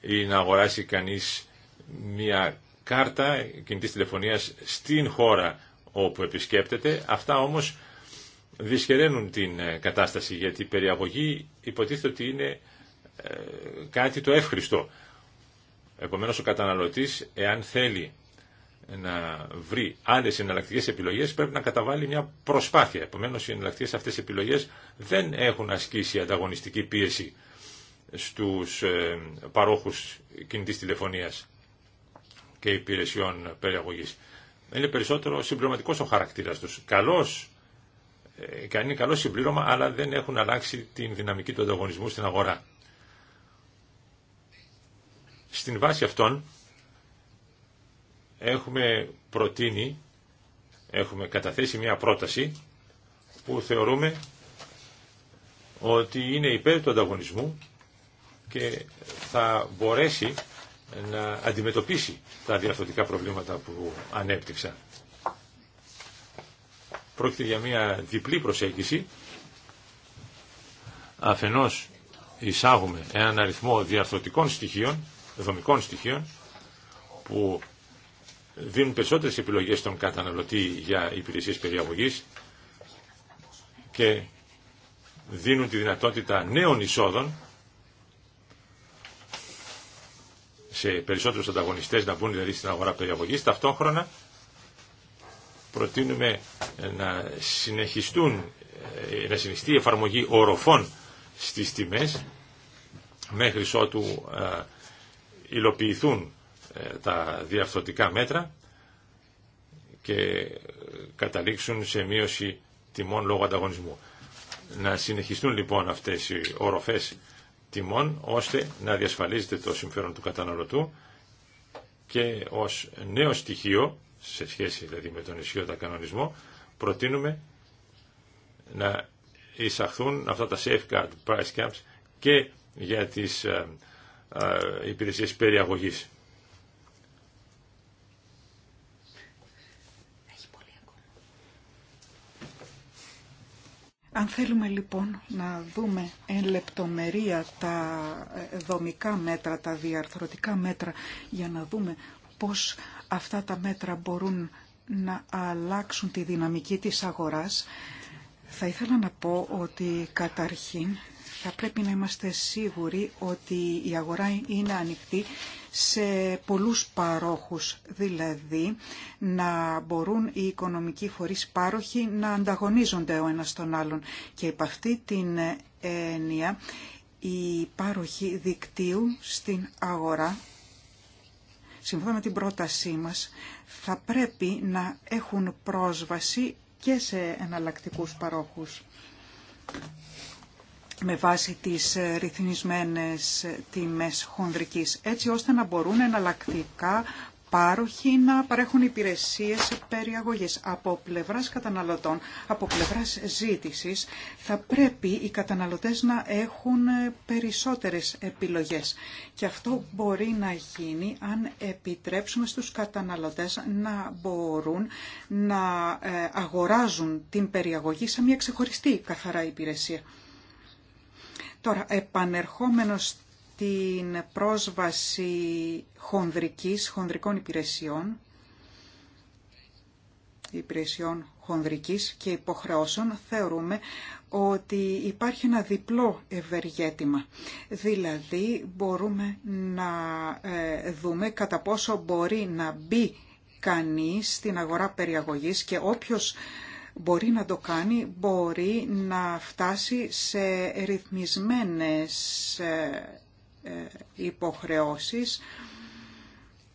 ή να αγοράσει κανείς μια κάρτα κινητής τηλεφωνίας στην χώρα όπου επισκέπτεται. Αυτά όμως δυσχεραίνουν την ε, κατάσταση γιατί η περιαγωγή υποτίθεται ότι είναι ε, κάτι το εύχριστο. Επομένως ο καταναλωτής εάν θέλει να βρει άλλες εναλλακτικέ επιλογές πρέπει να καταβάλει μια προσπάθεια. Επομένως οι εναλλακτικέ αυτές επιλογές δεν έχουν ασκήσει ανταγωνιστική πίεση στους ε, παρόχους κινητής τηλεφωνίας και υπηρεσιών περιαγωγής. Είναι περισσότερο συμπληρωματικός ο χαρακτήρας τους. Καλώ. Ε, κάνει καλό συμπλήρωμα, αλλά δεν έχουν αλλάξει την δυναμική του ανταγωνισμού στην αγορά. Στην βάση αυτών έχουμε προτείνει, έχουμε καταθέσει μια πρόταση που θεωρούμε ότι είναι υπέρ του ανταγωνισμού και θα μπορέσει να αντιμετωπίσει τα διαφορετικά προβλήματα που ανέπτυξα. Πρόκειται για μια διπλή προσέγγιση. Αφενός εισάγουμε έναν αριθμό διαρθρωτικών στοιχείων, δομικών στοιχείων, που δίνουν περισσότερες επιλογές στον καταναλωτή για υπηρεσίες περιαγωγής και δίνουν τη δυνατότητα νέων εισόδων σε περισσότερους ανταγωνιστές να μπουν δηλαδή στην αγορά περιαγωγής. Ταυτόχρονα προτείνουμε να συνεχιστούν, ε, να συνεχιστεί η εφαρμογή οροφών στις τιμές μέχρι ότου ε, υλοποιηθούν ε, τα διαφθορτικά μέτρα και καταλήξουν σε μείωση τιμών λόγω ανταγωνισμού. Να συνεχιστούν λοιπόν αυτές οι οροφές τιμών ώστε να διασφαλίζεται το συμφέρον του καταναλωτού και ως νέο στοιχείο σε σχέση δηλαδή με τον ισχύοντα κανονισμό, προτείνουμε να εισαχθούν αυτά τα safeguard price caps και για τις ε, ε, υπηρεσίες περιαγωγής. Έχει πολύ ακόμα. Αν θέλουμε λοιπόν να δούμε εν λεπτομερία τα ε, δομικά μέτρα, τα διαρθρωτικά μέτρα, για να δούμε πώς αυτά τα μέτρα μπορούν να αλλάξουν τη δυναμική της αγοράς, θα ήθελα να πω ότι καταρχήν θα πρέπει να είμαστε σίγουροι ότι η αγορά είναι ανοιχτή σε πολλούς παρόχους, δηλαδή να μπορούν οι οικονομικοί φορείς πάροχοι να ανταγωνίζονται ο ένας τον άλλον. Και υπ' αυτή την έννοια η πάροχη δικτύου στην αγορά σύμφωνα με την πρότασή μας, θα πρέπει να έχουν πρόσβαση και σε εναλλακτικούς παρόχους με βάση τις ε, ρυθμισμένες τιμές χονδρικής, έτσι ώστε να μπορούν εναλλακτικά πάροχοι να παρέχουν υπηρεσίες σε περιαγωγές. Από πλευράς καταναλωτών, από πλευράς ζήτησης, θα πρέπει οι καταναλωτές να έχουν περισσότερες επιλογές. Και αυτό μπορεί να γίνει αν επιτρέψουμε στους καταναλωτές να μπορούν να ε, αγοράζουν την περιαγωγή σε μια ξεχωριστή καθαρά υπηρεσία. Τώρα, επανερχόμενος την πρόσβαση χονδρικής, χονδρικών υπηρεσιών, υπηρεσιών χονδρικής και υποχρεώσεων, θεωρούμε ότι υπάρχει ένα διπλό ευεργέτημα. Δηλαδή μπορούμε να ε, δούμε κατά πόσο μπορεί να μπει κανείς στην αγορά περιαγωγής και όποιος μπορεί να το κάνει, μπορεί να φτάσει σε ρυθμισμένες ε, ε, υποχρεώσεις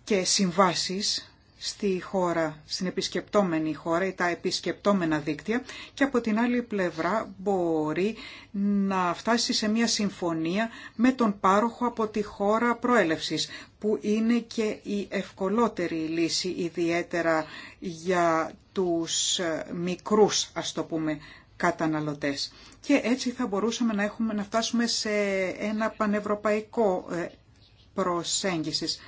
και συμβάσεις στη χώρα, στην επισκεπτόμενη χώρα ή τα επισκεπτόμενα δίκτυα και από την άλλη πλευρά μπορεί να φτάσει σε μια συμφωνία με τον πάροχο από τη χώρα προέλευσης που είναι και η ευκολότερη λύση ιδιαίτερα για τους ε, μικρούς ας το πούμε καταναλωτές και έτσι θα μπορούσαμε να, έχουμε, να φτάσουμε σε ένα πανευρωπαϊκό ε, προσέγγισης.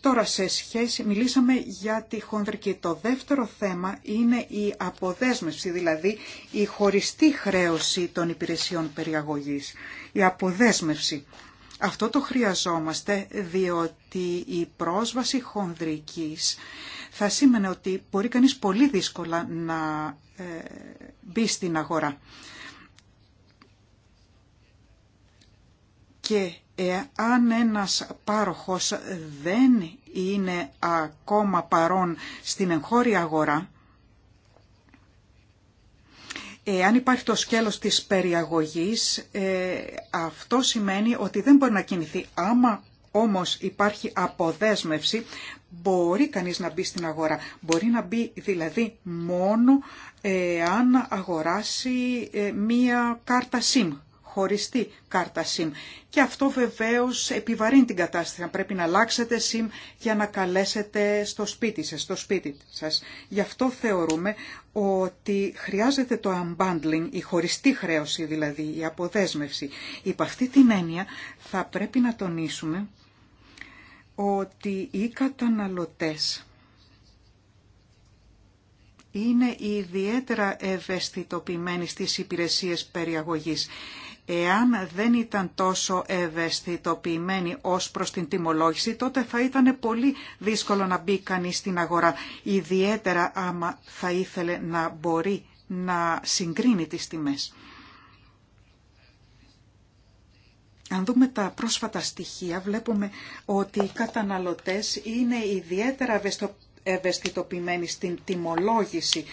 Τώρα σε σχέση, μιλήσαμε για τη χονδρική. Το δεύτερο θέμα είναι η αποδέσμευση, δηλαδή η χωριστή χρέωση των υπηρεσιών περιαγωγής. Η αποδέσμευση. Αυτό το χρειαζόμαστε διότι η πρόσβαση χονδρικής θα σήμαινε ότι μπορεί κανείς πολύ δύσκολα να ε, μπει στην αγορά. και ε, αν ένας πάροχος δεν είναι ακόμα παρόν στην εγχώρια αγορά, εάν υπάρχει το σκέλος της περιαγωγής, ε, αυτό σημαίνει ότι δεν μπορεί να κινηθεί. Άμα όμως υπάρχει αποδέσμευση, μπορεί κανείς να μπει στην αγορά. Μπορεί να μπει δηλαδή μόνο ε, αν αγοράσει μία κάρτα SIM χωριστή κάρτα SIM. Και αυτό βεβαίως επιβαρύνει την κατάσταση. Αν πρέπει να αλλάξετε SIM για να καλέσετε στο σπίτι σας, στο σπίτι σας. Γι' αυτό θεωρούμε ότι χρειάζεται το unbundling, η χωριστή χρέωση δηλαδή, η αποδέσμευση. Υπ' αυτή την έννοια θα πρέπει να τονίσουμε ότι οι καταναλωτές είναι ιδιαίτερα ευαισθητοποιημένοι στις υπηρεσίες περιαγωγής Εάν δεν ήταν τόσο ευαισθητοποιημένοι ως προς την τιμολόγηση, τότε θα ήταν πολύ δύσκολο να μπει κανεί στην αγορά, ιδιαίτερα άμα θα ήθελε να μπορεί να συγκρίνει τις τιμές. Αν δούμε τα πρόσφατα στοιχεία, βλέπουμε ότι οι καταναλωτές είναι ιδιαίτερα ευαισθητοποιημένοι στην τιμολόγηση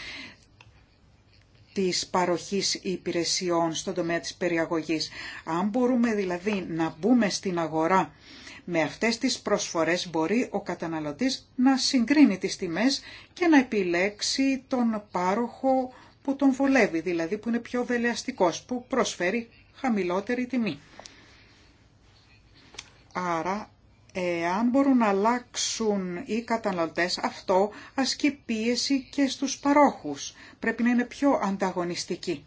της παροχής υπηρεσιών στον τομέα της περιαγωγής. Αν μπορούμε δηλαδή να μπούμε στην αγορά με αυτές τις προσφορές μπορεί ο καταναλωτής να συγκρίνει τις τιμές και να επιλέξει τον πάροχο που τον βολεύει, δηλαδή που είναι πιο δελεαστικός, που προσφέρει χαμηλότερη τιμή. Άρα αν μπορούν να αλλάξουν οι καταναλωτές, αυτό ασκεί πίεση και στους παρόχους. Πρέπει να είναι πιο ανταγωνιστικοί.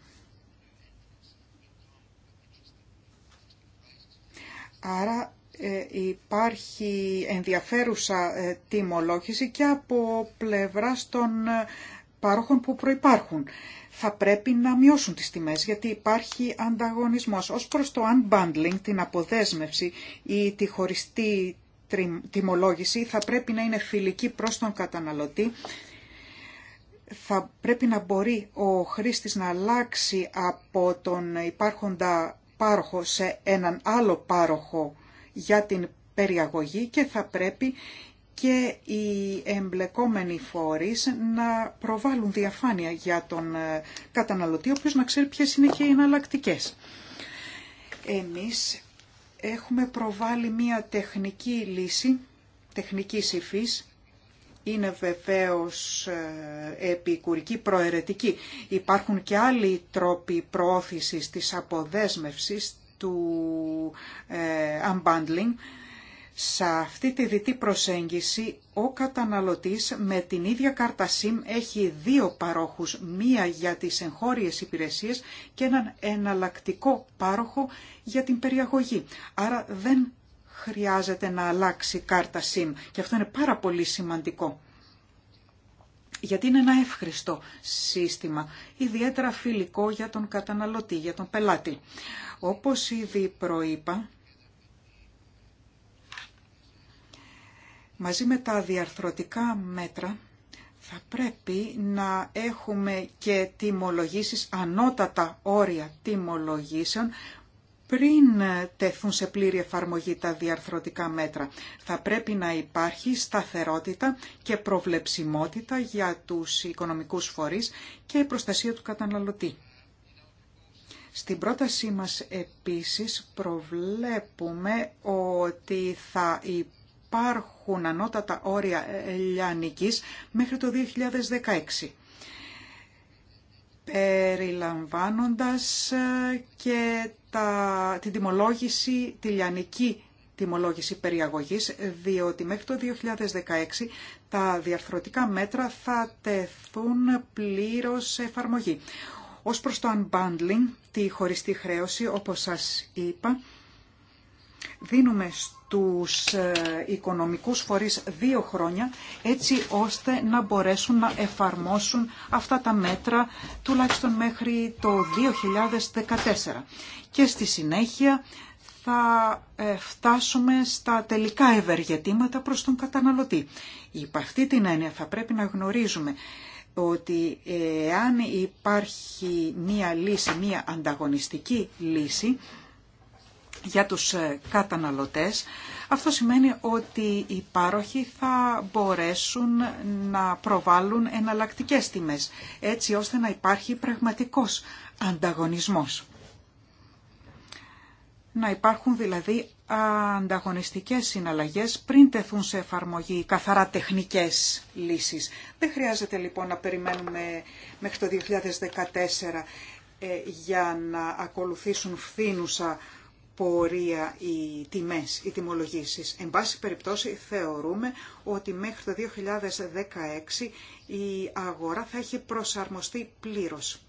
Άρα ε, υπάρχει ενδιαφέρουσα ε, τιμολόγηση και από πλευράς των ε, παρόχων που προϋπάρχουν θα πρέπει να μειώσουν τις τιμές γιατί υπάρχει ανταγωνισμός. Ως προς το unbundling, την αποδέσμευση ή τη χωριστή τιμολόγηση θα πρέπει να είναι φιλική προς τον καταναλωτή. Θα πρέπει να μπορεί ο χρήστης να αλλάξει από τον υπάρχοντα πάροχο σε έναν άλλο πάροχο για την περιαγωγή και θα πρέπει και οι εμπλεκόμενοι φορείς να προβάλλουν διαφάνεια για τον ε, καταναλωτή, ο οποίος να ξέρει ποιες είναι και οι εναλλακτικέ. Εμείς έχουμε προβάλει μία τεχνική λύση, τεχνική υφής, είναι βεβαίως ε, επικουρική, προαιρετική. Υπάρχουν και άλλοι τρόποι προώθησης της αποδέσμευσης, του ε, unbundling σε αυτή τη διτή προσέγγιση, ο καταναλωτής με την ίδια κάρτα SIM έχει δύο παρόχους, μία για τις εγχώριες υπηρεσίες και έναν εναλλακτικό πάροχο για την περιαγωγή. Άρα δεν χρειάζεται να αλλάξει κάρτα SIM και αυτό είναι πάρα πολύ σημαντικό. Γιατί είναι ένα εύχριστο σύστημα, ιδιαίτερα φιλικό για τον καταναλωτή, για τον πελάτη. Όπως ήδη προείπα, Μαζί με τα διαρθρωτικά μέτρα θα πρέπει να έχουμε και τιμολογήσεις, ανώτατα όρια τιμολογήσεων, πριν τεθούν σε πλήρη εφαρμογή τα διαρθρωτικά μέτρα. Θα πρέπει να υπάρχει σταθερότητα και προβλεψιμότητα για τους οικονομικούς φορείς και η προστασία του καταναλωτή. Στην πρότασή μας επίσης προβλέπουμε ότι θα υπάρχει υπάρχουν ανώτατα όρια λιανικής μέχρι το 2016 περιλαμβάνοντας ε, και τα, την τιμολόγηση, τη λιανική τιμολόγηση περιαγωγής, διότι μέχρι το 2016 τα διαρθρωτικά μέτρα θα τεθούν πλήρως σε εφαρμογή. Ως προς το unbundling, τη χωριστή χρέωση, όπως σας είπα, Δίνουμε στους ε, οικονομικούς φορείς δύο χρόνια έτσι ώστε να μπορέσουν να εφαρμόσουν αυτά τα μέτρα τουλάχιστον μέχρι το 2014. Και στη συνέχεια θα ε, φτάσουμε στα τελικά ευεργετήματα προς τον καταναλωτή. Υπ' αυτή την έννοια θα πρέπει να γνωρίζουμε ότι ε, εάν υπάρχει μία λύση, μία ανταγωνιστική λύση, για τους ε, καταναλωτές. Αυτό σημαίνει ότι οι πάροχοι θα μπορέσουν να προβάλλουν εναλλακτικές τιμές, έτσι ώστε να υπάρχει πραγματικός ανταγωνισμός. Να υπάρχουν δηλαδή ανταγωνιστικές συναλλαγές πριν τεθούν σε εφαρμογή καθαρά τεχνικές λύσεις. Δεν χρειάζεται λοιπόν να περιμένουμε μέχρι το 2014 ε, για να ακολουθήσουν φθήνουσα πορεία οι τιμές, οι τιμολογήσεις. Εν πάση περιπτώσει θεωρούμε ότι μέχρι το 2016 η αγορά θα έχει προσαρμοστεί πλήρως.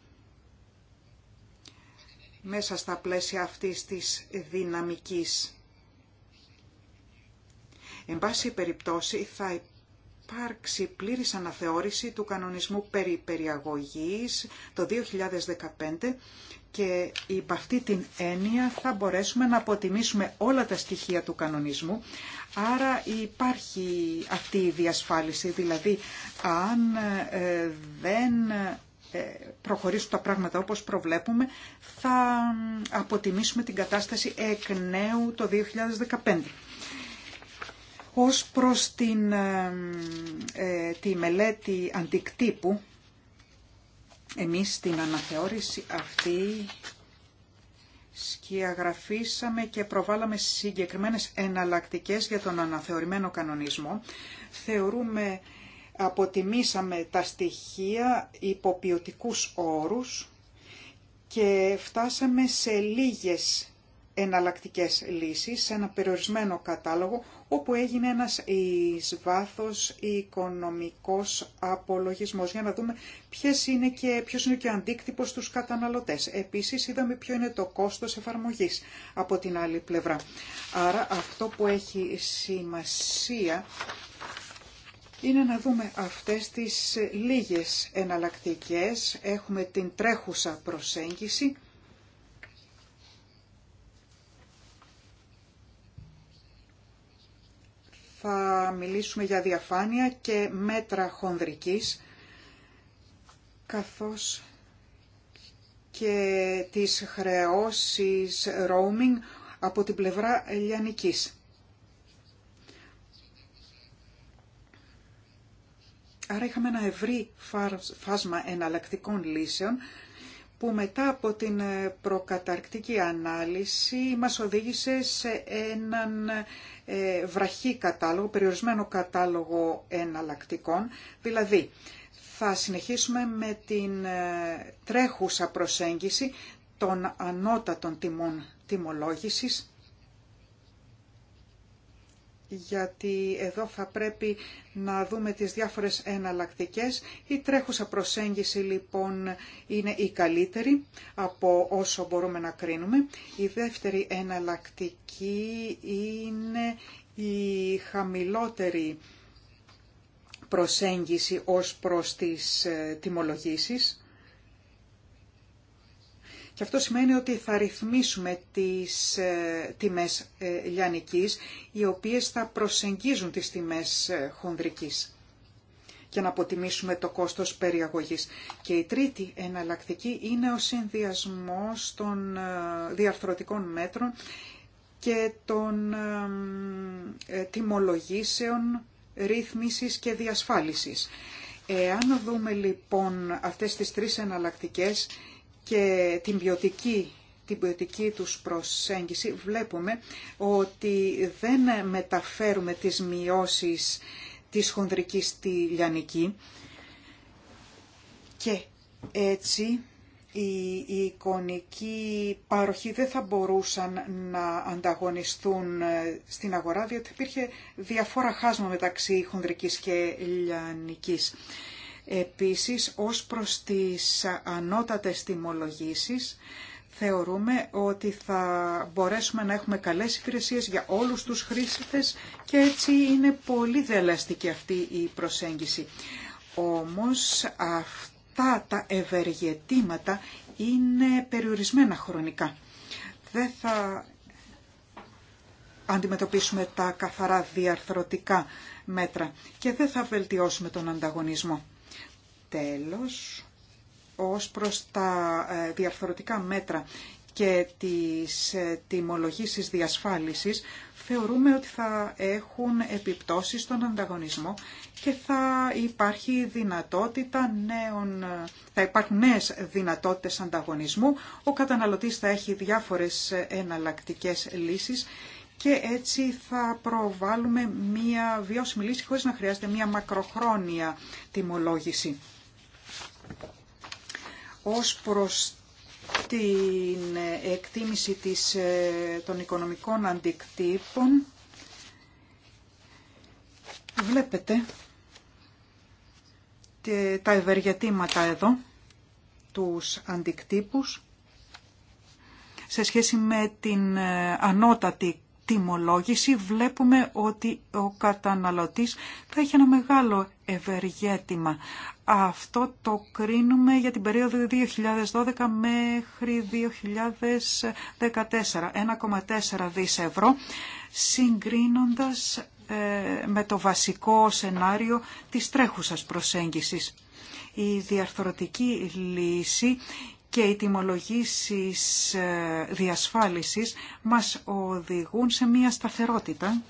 Μέσα στα πλαίσια αυτής της δυναμικής. Εν πάση περιπτώσει θα υπάρξει πλήρης αναθεώρηση του κανονισμού περί περιαγωγής το 2015 και υπ' αυτή την έννοια θα μπορέσουμε να αποτιμήσουμε όλα τα στοιχεία του κανονισμού. Άρα υπάρχει αυτή η διασφάλιση, δηλαδή αν ε, δεν ε, προχωρήσουν τα πράγματα όπως προβλέπουμε, θα αποτιμήσουμε την κατάσταση εκ νέου το 2015. Ως προς την, ε, τη μελέτη αντικτύπου, εμείς την αναθεώρηση αυτή σκιαγραφίσαμε και προβάλαμε συγκεκριμένες εναλλακτικές για τον αναθεωρημένο κανονισμό. Θεωρούμε, αποτιμήσαμε τα στοιχεία υποποιωτικούς όρους και φτάσαμε σε λίγες εναλλακτικές λύσεις, σε ένα περιορισμένο κατάλογο, όπου έγινε ένας εις βάθος οικονομικός απολογισμός για να δούμε ποιες είναι και, ποιος είναι και ο αντίκτυπος στους καταναλωτές. Επίσης είδαμε ποιο είναι το κόστος εφαρμογής από την άλλη πλευρά. Άρα αυτό που έχει σημασία είναι να δούμε αυτές τις λίγες εναλλακτικές. Έχουμε την τρέχουσα προσέγγιση θα μιλήσουμε για διαφάνεια και μέτρα χονδρικής, καθώς και τις χρεώσεις roaming από την πλευρά λιανικής. Άρα είχαμε ένα ευρύ φάσμα εναλλακτικών λύσεων που μετά από την ε, προκαταρκτική ανάλυση μας οδήγησε σε έναν ε, βραχή κατάλογο, περιορισμένο κατάλογο εναλλακτικών, δηλαδή θα συνεχίσουμε με την ε, τρέχουσα προσέγγιση των ανώτατων τιμών τιμολόγησης γιατί εδώ θα πρέπει να δούμε τις διάφορες εναλλακτικές. Η τρέχουσα προσέγγιση λοιπόν είναι η καλύτερη από όσο μπορούμε να κρίνουμε. Η δεύτερη εναλλακτική είναι η χαμηλότερη προσέγγιση ως προς τις ε, τιμολογήσεις και αυτό σημαίνει ότι θα ρυθμίσουμε τις ε, τιμές ε, λιανικής, οι οποίες θα προσεγγίζουν τις τιμές ε, χονδρικής για να αποτιμήσουμε το κόστος περιαγωγής. Και η τρίτη εναλλακτική είναι ο συνδυασμός των διαρθρωτικών μέτρων και των τιμολογήσεων ρύθμισης και διασφάλισης. Εάν δούμε λοιπόν αυτές τις τρεις εναλλακτικές, και την ποιοτική την ποιοτική τους προσέγγιση βλέπουμε ότι δεν μεταφέρουμε τις μειώσεις της χονδρικής στη λιανική και έτσι η, η εικονική παροχή δεν θα μπορούσαν να ανταγωνιστούν ε, στην αγορά διότι υπήρχε διαφορά χάσμα μεταξύ χονδρικής και λιανικής. Επίσης, ως προς τις ανώτατες τιμολογήσεις, θεωρούμε ότι θα μπορέσουμε να έχουμε καλές υπηρεσίες για όλους τους χρήστες και έτσι είναι πολύ δελαστική αυτή η προσέγγιση. Όμως αυτά τα ευεργετήματα είναι περιορισμένα χρονικά. Δεν θα αντιμετωπίσουμε τα καθαρά διαρθρωτικά μέτρα και δεν θα βελτιώσουμε τον ανταγωνισμό. Τέλος, ως προς τα ε, διαρθρωτικά μέτρα και τις ε, τιμολογήσεις διασφάλισης, θεωρούμε ότι θα έχουν επιπτώσεις στον ανταγωνισμό και θα υπάρχει δυνατότητα νέων, θα υπάρχουν νέες δυνατότητες ανταγωνισμού. Ο καταναλωτής θα έχει διάφορες εναλλακτικές λύσεις και έτσι θα προβάλλουμε μία βιώσιμη λύση χωρίς να χρειάζεται μία μακροχρόνια τιμολόγηση ως προς την εκτίμηση της, ε, των οικονομικών αντικτύπων βλέπετε τα ευεργετήματα εδώ, τους αντικτύπους, σε σχέση με την ε, ανώτατη τιμολόγηση βλέπουμε ότι ο καταναλωτής θα έχει ένα μεγάλο ευεργέτημα. Αυτό το κρίνουμε για την περίοδο 2012 μέχρι 2014, 1,4 δις ευρώ, συγκρίνοντας ε, με το βασικό σενάριο της τρέχουσας προσέγγισης. Η διαρθρωτική λύση και οι τιμολογήσεις ε, διασφάλισης μας οδηγούν σε μία σταθερότητα.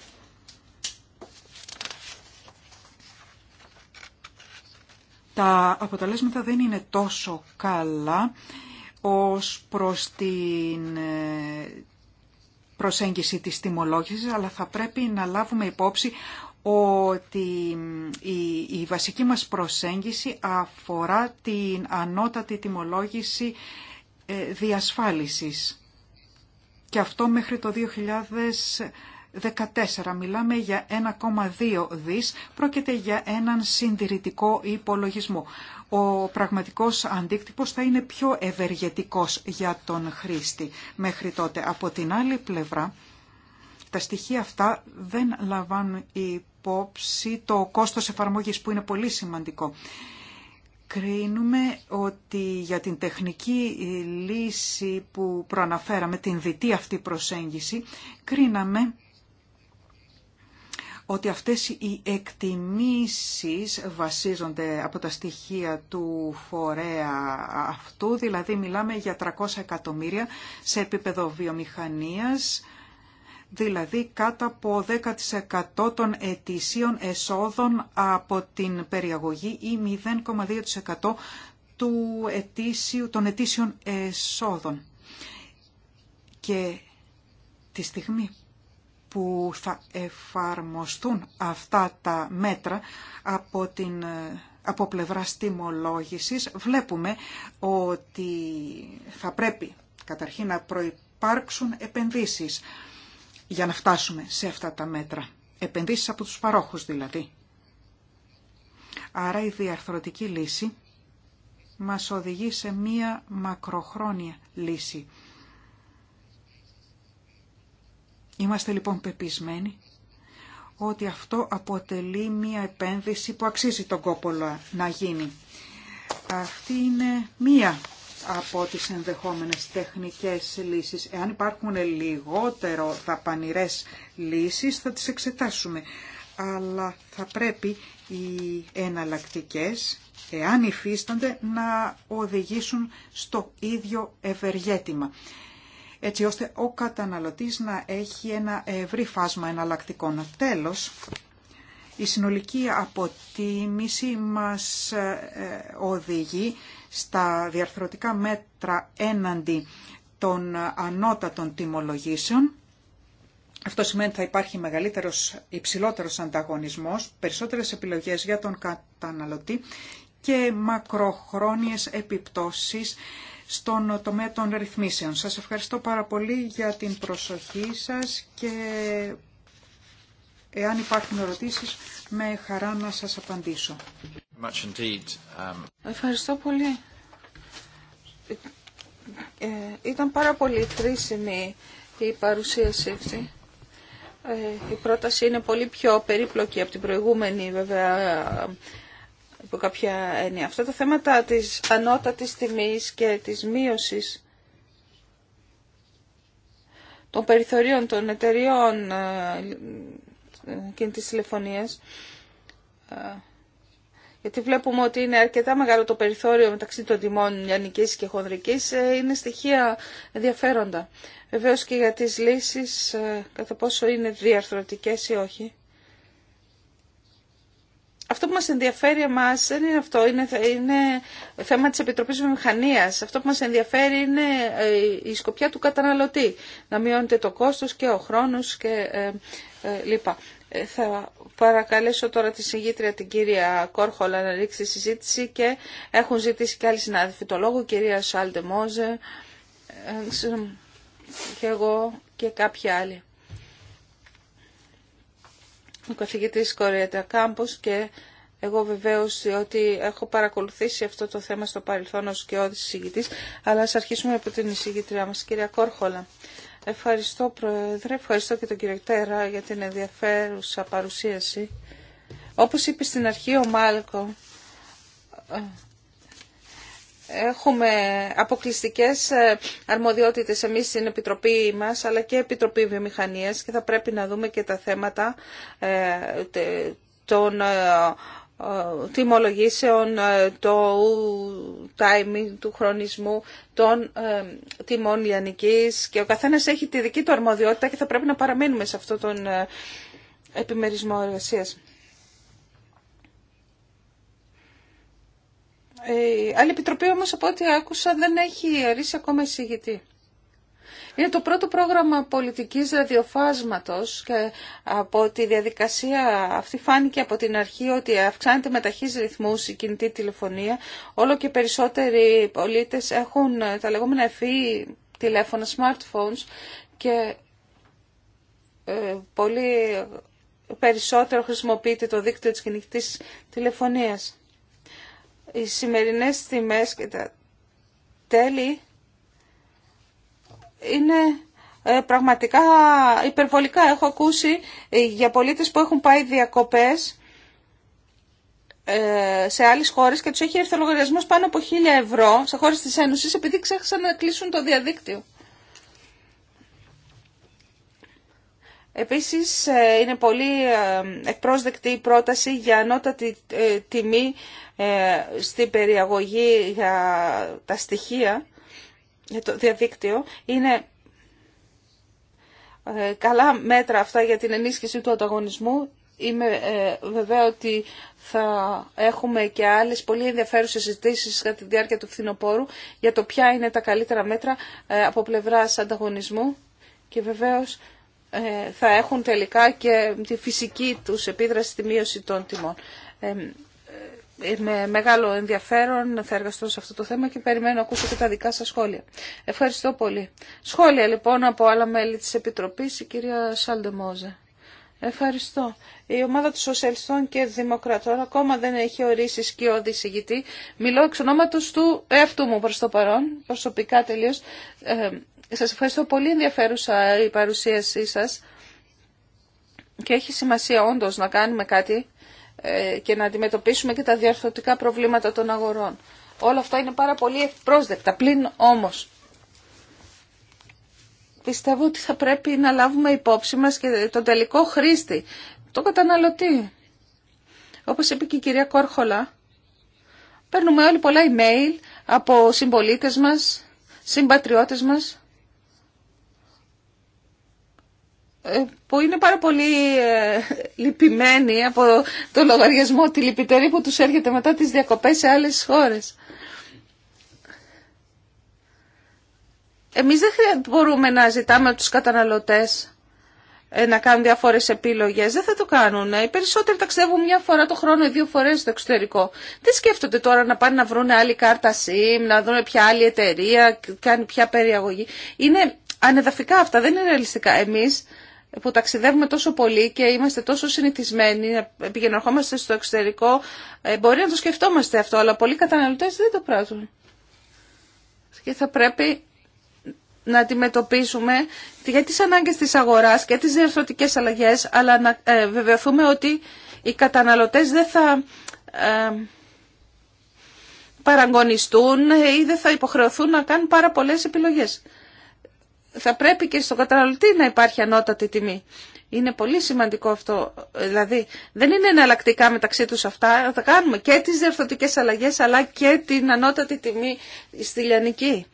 Τα αποτελέσματα δεν είναι τόσο καλά ως προς την ε, προσέγγιση της τιμολόγησης, αλλά θα πρέπει να λάβουμε υπόψη ότι η, βασική μας προσέγγιση αφορά την ανώτατη τιμολόγηση ε, διασφάλισης. Και αυτό μέχρι το 2014. Μιλάμε για 1,2 δις. Πρόκειται για έναν συντηρητικό υπολογισμό. Ο πραγματικός αντίκτυπος θα είναι πιο ευεργετικός για τον χρήστη μέχρι τότε. Από την άλλη πλευρά τα στοιχεία αυτά δεν λαμβάνουν υπόψη το κόστος εφαρμογής που είναι πολύ σημαντικό. Κρίνουμε ότι για την τεχνική λύση που προαναφέραμε, την δυτή αυτή προσέγγιση, κρίναμε ότι αυτές οι εκτιμήσεις βασίζονται από τα στοιχεία του φορέα αυτού, δηλαδή μιλάμε για 300 εκατομμύρια σε επίπεδο βιομηχανίας, δηλαδή κάτω από 10% των ετησίων εσόδων από την περιαγωγή ή 0,2% του ετήσιου, των ετήσιων εσόδων. Και τη στιγμή που θα εφαρμοστούν αυτά τα μέτρα από την από πλευράς τιμολόγησης βλέπουμε ότι θα πρέπει καταρχήν να προϋπάρξουν επενδύσεις για να φτάσουμε σε αυτά τα μέτρα. Επενδύσεις από τους παρόχους δηλαδή. Άρα η διαρθρωτική λύση μας οδηγεί σε μία μακροχρόνια λύση. Είμαστε λοιπόν πεπισμένοι ότι αυτό αποτελεί μία επένδυση που αξίζει τον κόπολο να γίνει. Αυτή είναι μία από τις ενδεχόμενες τεχνικές λύσεις. Εάν υπάρχουν λιγότερο δαπανηρές λύσεις θα τις εξετάσουμε. Αλλά θα πρέπει οι εναλλακτικές, εάν υφίστανται, να οδηγήσουν στο ίδιο ευεργέτημα έτσι ώστε ο καταναλωτής να έχει ένα ευρύ φάσμα εναλλακτικών. Τέλος, η συνολική αποτίμηση μας ε, ε, οδηγεί στα διαρθρωτικά μέτρα έναντι των ανώτατων τιμολογήσεων. Αυτό σημαίνει ότι θα υπάρχει μεγαλύτερος, υψηλότερος ανταγωνισμός, περισσότερες επιλογές για τον καταναλωτή και μακροχρόνιες επιπτώσεις στον τομέα των ρυθμίσεων. Σας ευχαριστώ πάρα πολύ για την προσοχή σας και Εάν υπάρχουν ερωτήσεις, με χαρά να σας απαντήσω. Um, Ευχαριστώ πολύ. Ε, ήταν πάρα πολύ χρήσιμη η παρουσίαση αυτή. Ε, η πρόταση είναι πολύ πιο περίπλοκη από την προηγούμενη βέβαια από κάποια έννοια. Αυτά τα θέματα της ανώτατης τιμής και της μείωσης των περιθωρίων των εταιριών ε, κινητής τηλεφωνίας. Γιατί βλέπουμε ότι είναι αρκετά μεγάλο το περιθώριο μεταξύ των τιμών λιανικής και χονδρικής. Ε, είναι στοιχεία ενδιαφέροντα. Βεβαίω και για τις λύσεις, ε, κατά πόσο είναι διαρθρωτικές ή όχι. Αυτό που μας ενδιαφέρει εμά δεν είναι αυτό, είναι, είναι θέμα της Επιτροπής Μηχανίας. Αυτό που μας ενδιαφέρει είναι ε, η σκοπιά του καταναλωτή, να μειώνεται το κόστος και ο χρόνος και ε, ε, λοιπά. Ε, θα παρακαλέσω τώρα τη συγγήτρια την κυρία Κόρχολα να ρίξει συζήτηση και έχουν ζητήσει και άλλοι συνάδελφοι το λόγο, κυρία Σάλτε Μόζε ε, και εγώ και κάποιοι άλλοι. Ο καθηγητής Κορέτα Κάμπος και εγώ βεβαίω ότι έχω παρακολουθήσει αυτό το θέμα στο παρελθόν ως και συγητή, αλλά ας αρχίσουμε από την συγγητρία μας, κυρία Κόρχολα. Ευχαριστώ Πρόεδρε, ευχαριστώ και τον κύριο για την ενδιαφέρουσα παρουσίαση. Όπως είπε στην αρχή ο Μάλκο, έχουμε αποκλειστικές ε, αρμοδιότητες εμείς στην Επιτροπή μας, αλλά και Επιτροπή Βιομηχανίας και θα πρέπει να δούμε και τα θέματα ε, των ε, τιμολογήσεων, ε, το timing του χρονισμού, των ε, τιμών λιανικής και ο καθένας έχει τη δική του αρμοδιότητα και θα πρέπει να παραμείνουμε σε αυτό τον ε, επιμερισμό εργασίας. Η άλλη επιτροπή όμως από ό,τι άκουσα δεν έχει αρίσει ακόμα εισηγητή. Είναι το πρώτο πρόγραμμα πολιτικής ραδιοφάσματος και από τη διαδικασία αυτή φάνηκε από την αρχή ότι αυξάνεται με ταχύς ρυθμούς η κινητή τηλεφωνία. Όλο και περισσότεροι πολίτες έχουν τα λεγόμενα ευφύ τηλέφωνα, smartphones και ε, πολύ περισσότερο χρησιμοποιείται το δίκτυο της κινητής τηλεφωνίας. Οι σημερινές τιμές και τα τέλη είναι ε, πραγματικά υπερβολικά. Έχω ακούσει ε, για πολίτες που έχουν πάει διακοπές ε, σε άλλες χώρες και τους έχει έρθει ο λογαριασμός πάνω από 1000 ευρώ σε χώρες της Ένωσης επειδή ξέχασαν να κλείσουν το διαδίκτυο. Επίσης είναι πολύ εκπρόσδεκτη η πρόταση για ανώτατη τιμή στην περιαγωγή για τα στοιχεία για ε, το διαδίκτυο είναι ε, καλά μέτρα αυτά για την ενίσχυση του ανταγωνισμού. Είμαι ε, βέβαια ότι θα έχουμε και άλλες πολύ ενδιαφέρουσες συζητήσεις κατά τη διάρκεια του φθινοπόρου για το ποια είναι τα καλύτερα μέτρα ε, από πλευράς ανταγωνισμού και βεβαίως θα έχουν τελικά και τη φυσική τους επίδραση στη μείωση των τιμών με μεγάλο ενδιαφέρον θα εργαστώ σε αυτό το θέμα και περιμένω να ακούσω και τα δικά σας σχόλια. Ευχαριστώ πολύ. Σχόλια λοιπόν από άλλα μέλη της Επιτροπής, η κυρία Σαλντεμόζα. Ευχαριστώ. Η ομάδα των Σοσιαλιστών και Δημοκρατών ακόμα δεν έχει ορίσει σκιώδη συγητή. Μιλώ εξ ονόματο του εαυτού μου προ το παρόν, προσωπικά τελείω. Ε, σας ευχαριστώ πολύ ενδιαφέρουσα η παρουσίασή σα και έχει σημασία όντω να κάνουμε κάτι ε, και να αντιμετωπίσουμε και τα διαρθρωτικά προβλήματα των αγορών. Όλα αυτά είναι πάρα πολύ ευπρόσδεκτα. Πλην όμως πιστεύω ότι θα πρέπει να λάβουμε υπόψη μας και τον τελικό χρήστη, τον καταναλωτή. Όπως είπε και η κυρία Κόρχολα, παίρνουμε όλοι πολλά email από συμπολίτες μας, συμπατριώτες μας, που είναι πάρα πολύ ε, λυπημένοι από το λογαριασμό τη λυπητερή που τους έρχεται μετά τις διακοπές σε άλλες χώρες. Εμείς δεν μπορούμε να ζητάμε από τους καταναλωτές ε, να κάνουν διάφορες επιλογές. Δεν θα το κάνουν. Οι περισσότεροι ταξιδεύουν μια φορά το χρόνο ή δύο φορές στο εξωτερικό. Τι σκέφτονται τώρα να πάνε να βρουν άλλη κάρτα SIM, να δουν ποια άλλη εταιρεία κάνει ποια περιαγωγή. Είναι ανεδαφικά αυτά, δεν είναι ρεαλιστικά. Εμείς που ταξιδεύουμε τόσο πολύ και είμαστε τόσο συνηθισμένοι να πηγαινοχόμαστε στο εξωτερικό, ε, μπορεί να το σκεφτόμαστε αυτό, αλλά πολλοί καταναλωτές δεν το πράττουν. Και θα πρέπει να αντιμετωπίσουμε για τις ανάγκες της αγοράς και τις διαρθρωτικέ αλλαγές, αλλά να ε, βεβαιωθούμε ότι οι καταναλωτές δεν θα ε, παραγωνιστούν ή δεν θα υποχρεωθούν να κάνουν πάρα πολλές επιλογές θα πρέπει και στον καταναλωτή να υπάρχει ανώτατη τιμή. Είναι πολύ σημαντικό αυτό. Δηλαδή, δεν είναι εναλλακτικά μεταξύ τους αυτά. Θα κάνουμε και τι διορθωτικέ αλλαγές, αλλά και την ανώτατη τιμή στη λιανική.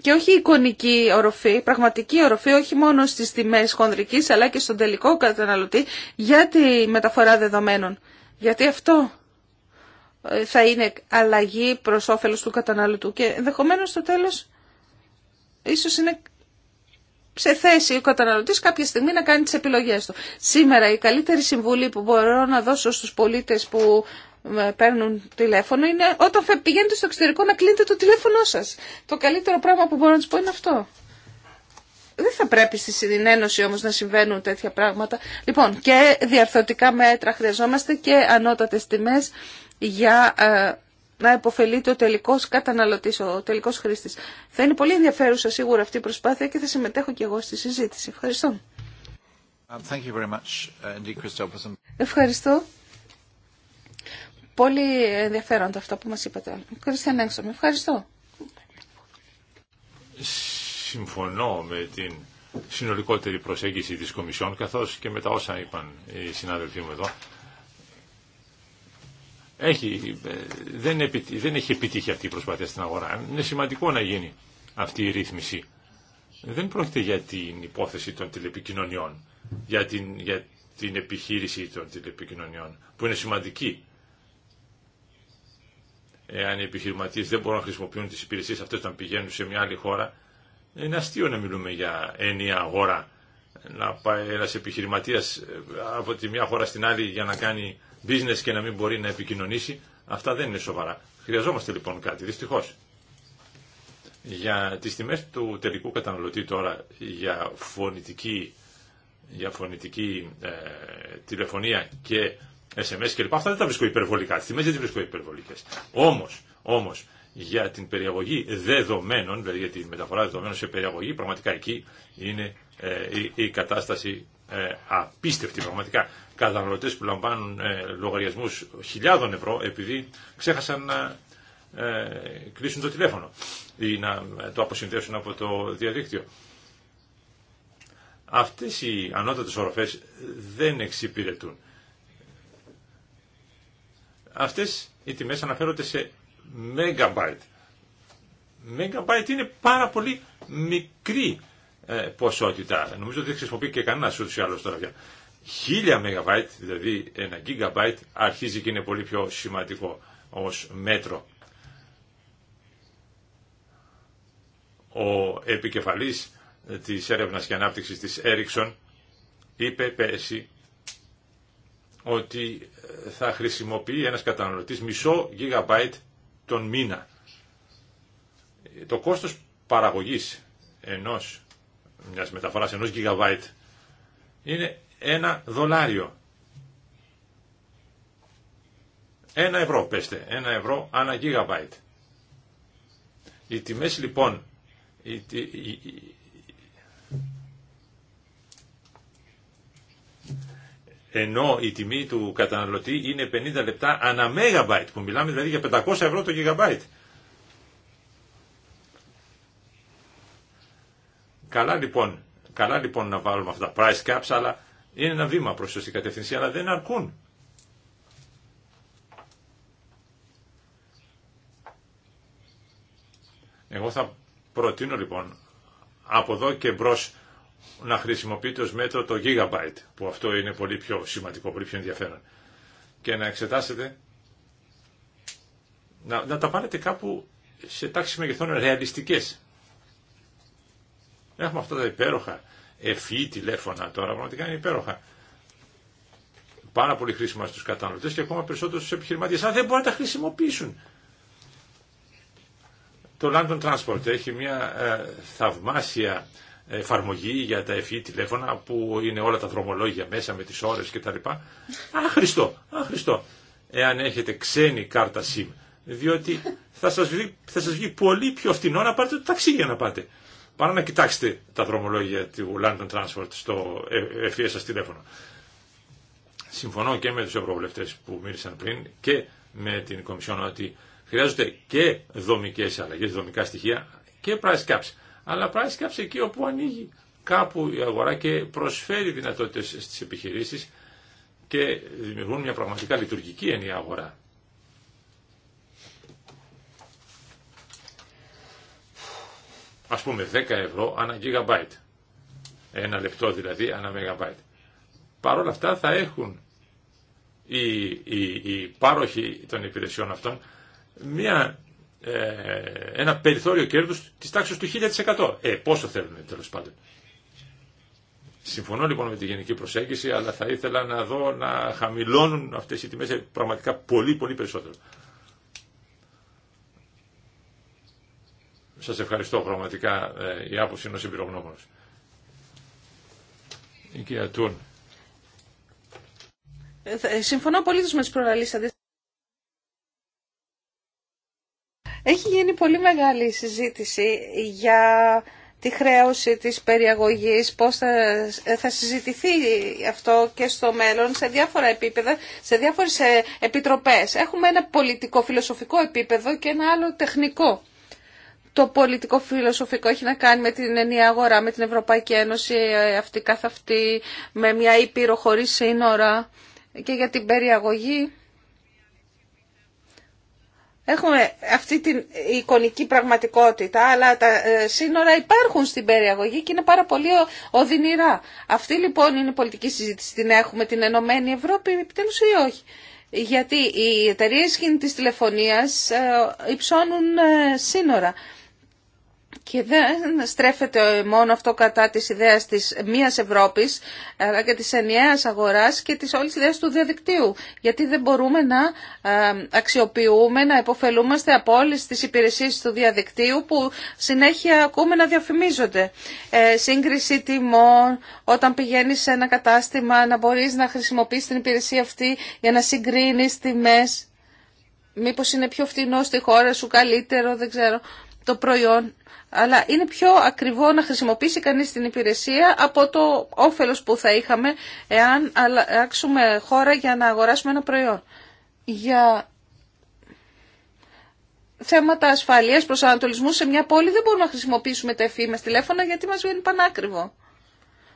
Και όχι εικονική οροφή, πραγματική οροφή, όχι μόνο στις τιμέ χονδρικής, αλλά και στον τελικό καταναλωτή για τη μεταφορά δεδομένων. Γιατί αυτό θα είναι αλλαγή προς όφελος του καταναλωτού και ενδεχομένω στο τέλος ίσως είναι σε θέση ο καταναλωτής κάποια στιγμή να κάνει τις επιλογές του. Σήμερα η καλύτερη συμβουλή που μπορώ να δώσω στους πολίτες που ε, παίρνουν τηλέφωνο είναι όταν πηγαίνετε στο εξωτερικό να κλείνετε το τηλέφωνό σας. Το καλύτερο πράγμα που μπορώ να τους πω είναι αυτό. Δεν θα πρέπει στη συνένωση όμως να συμβαίνουν τέτοια πράγματα. Λοιπόν, και διαρθωτικά μέτρα χρειαζόμαστε και ανώτατες τιμές για ε, να υποφελεί ο τελικό καταναλωτή, ο τελικό χρήστη. Θα είναι πολύ ενδιαφέρουσα σίγουρα αυτή η προσπάθεια και θα συμμετέχω και εγώ στη συζήτηση. Ευχαριστώ. Um, thank you very much, uh, Ευχαριστώ. Πολύ ενδιαφέροντα αυτό που μας είπατε. Κριστιαν Έγκστομ, ευχαριστώ. Συμφωνώ με την συνολικότερη προσέγγιση της Κομισιόν καθώς και με τα όσα είπαν οι συνάδελφοί μου εδώ. Έχει, ε, δεν, δεν έχει επιτύχει αυτή η προσπάθεια στην αγορά. Είναι σημαντικό να γίνει αυτή η ρύθμιση. Δεν πρόκειται για την υπόθεση των τηλεπικοινωνιών, για την, για την επιχείρηση των τηλεπικοινωνιών, που είναι σημαντική. Εάν οι επιχειρηματίε δεν μπορούν να χρησιμοποιούν τι υπηρεσίε αυτέ όταν πηγαίνουν σε μια άλλη χώρα, είναι αστείο να μιλούμε για ενιαία αγορά. Να πάει ένα επιχειρηματία ε, από τη μια χώρα στην άλλη για να κάνει business και να μην μπορεί να επικοινωνήσει, αυτά δεν είναι σοβαρά. Χρειαζόμαστε λοιπόν κάτι, δυστυχώ. Για τις τιμές του τελικού καταναλωτή τώρα για φωνητική, για φωνητική ε, τηλεφωνία και SMS κλπ. Αυτά δεν τα βρίσκω υπερβολικά. Τις τιμές δεν τις βρίσκω υπερβολικές. Όμως, όμως, για την περιαγωγή δεδομένων, δηλαδή για τη μεταφορά δεδομένων σε περιαγωγή, πραγματικά εκεί είναι ε, η, η κατάσταση ε, απίστευτοι πραγματικά καταναλωτές που λαμβάνουν ε, λογαριασμούς χιλιάδων ευρώ επειδή ξέχασαν να ε, κλείσουν το τηλέφωνο ή να ε, το αποσυνδέσουν από το διαδίκτυο. Αυτές οι ανώτατες οροφές δεν εξυπηρετούν. Αυτές οι τιμές αναφέρονται σε megabyte. Megabyte είναι πάρα πολύ μικρή ε, ποσότητα. Νομίζω ότι δεν χρησιμοποιεί και κανένα ούτω ή άλλω τώρα πια. 1000 MB, δηλαδή ένα GB, αρχίζει και είναι πολύ πιο σημαντικό ως μέτρο. Ο επικεφαλής της έρευνας και ανάπτυξης της Ericsson είπε πέρσι ότι ε, θα χρησιμοποιεί ένας καταναλωτής μισό γιγαμπάιτ τον μήνα. Το κόστος παραγωγής ενός μια μεταφορά ενό γιγαβάιτ είναι ένα δολάριο. Ένα ευρώ, πέστε, ένα ευρώ ανά γιγαβάιτ. Οι τιμέ λοιπόν, ενώ η τιμή του καταναλωτή είναι 50 λεπτά ανά μεγαμπάιτ, που μιλάμε δηλαδή για 500 ευρώ το γιγαμπάιτ. Καλά λοιπόν, καλά λοιπόν να βάλουμε αυτά τα price caps, αλλά είναι ένα βήμα προς σωστή κατεύθυνση, αλλά δεν αρκούν. Εγώ θα προτείνω λοιπόν από εδώ και μπρο να χρησιμοποιείτε ως μέτρο το gigabyte, που αυτό είναι πολύ πιο σημαντικό, πολύ πιο ενδιαφέρον. Και να εξετάσετε, να, τα πάρετε κάπου σε τάξεις μεγεθών ρεαλιστικές. Έχουμε αυτά τα υπέροχα ευφυή τηλέφωνα τώρα, πραγματικά είναι υπέροχα. Πάρα πολύ χρήσιμα στους καταναλωτές και ακόμα περισσότερο στους επιχειρηματίες. Αν δεν μπορούν να τα χρησιμοποιήσουν. Το London Transport έχει μια ε, θαυμάσια εφαρμογή για τα ευφυή τηλέφωνα που είναι όλα τα δρομολόγια μέσα με τις ώρες κτλ. Άχρηστο, άχρηστο. Εάν έχετε ξένη κάρτα SIM, διότι θα σας βγει, βγει πολύ πιο φτηνό να πάρετε το ταξί για να πάτε. Πάνω να κοιτάξετε τα δρομολόγια του London Transport στο ε, ευφύε σας τηλέφωνο. Συμφωνώ και με τους ευρωβουλευτές που μίλησαν πριν και με την Κομισιόν ότι χρειάζονται και δομικές αλλαγές, δομικά στοιχεία και price caps. Αλλά price caps εκεί όπου ανοίγει κάπου η αγορά και προσφέρει δυνατότητες στις επιχειρήσεις και δημιουργούν μια πραγματικά λειτουργική ενιαία αγορά. ας πούμε 10 ευρώ ανά gigabyte. Ένα λεπτό δηλαδή ανά megabyte. Παρ' όλα αυτά θα έχουν οι, οι, πάροχοι των υπηρεσιών αυτών μια, ε, ένα περιθώριο κέρδους της τάξης του 1000%. Ε, πόσο θέλουν τέλο πάντων. Συμφωνώ λοιπόν με τη γενική προσέγγιση, αλλά θα ήθελα να δω να χαμηλώνουν αυτές οι τιμές πραγματικά πολύ πολύ περισσότερο. Σας ευχαριστώ πραγματικά ε, η άποψη ο εμπειρογνώμου. Η κυρία Τούν. Ε, ε, συμφωνώ πολύ με τις προλαλήσαντες. Έχει γίνει πολύ μεγάλη συζήτηση για τη χρέωση της περιαγωγής, πώς θα, θα συζητηθεί αυτό και στο μέλλον σε διάφορα επίπεδα, σε διάφορες επιτροπές. Έχουμε ένα πολιτικό-φιλοσοφικό επίπεδο και ένα άλλο τεχνικό το πολιτικό φιλοσοφικό έχει να κάνει με την ενιαία αγορά, με την Ευρωπαϊκή Ένωση ε, αυτή καθ' αυτή, με μια ήπειρο χωρί σύνορα και για την περιαγωγή. Έχουμε αυτή την εικονική πραγματικότητα, αλλά τα ε, σύνορα υπάρχουν στην περιαγωγή και είναι πάρα πολύ οδυνηρά. Αυτή λοιπόν είναι η πολιτική συζήτηση. Την έχουμε την Ενωμένη Ευρώπη επιτέλους ή όχι. Γιατί οι εταιρείε κινητής τηλεφωνίας ε, υψώνουν σύνορα. Και δεν στρέφεται μόνο αυτό κατά της ιδέας της μίας Ευρώπης, αλλά και της ενιαίας αγοράς και της όλης ιδέας του διαδικτύου. Γιατί δεν μπορούμε να ε, αξιοποιούμε, να υποφελούμαστε από όλες τις υπηρεσίες του διαδικτύου που συνέχεια ακούμε να διαφημίζονται. Ε, σύγκριση τιμών, όταν πηγαίνεις σε ένα κατάστημα να μπορείς να χρησιμοποιείς την υπηρεσία αυτή για να συγκρίνεις τιμές. Μήπως είναι πιο φτηνό στη χώρα σου, καλύτερο, δεν ξέρω, το προϊόν αλλά είναι πιο ακριβό να χρησιμοποιήσει κανείς την υπηρεσία από το όφελος που θα είχαμε εάν αλλάξουμε χώρα για να αγοράσουμε ένα προϊόν. Για θέματα ασφαλείας ανατολισμού σε μια πόλη δεν μπορούμε να χρησιμοποιήσουμε τα εφή τηλέφωνα γιατί μας βγαίνει πανάκριβο.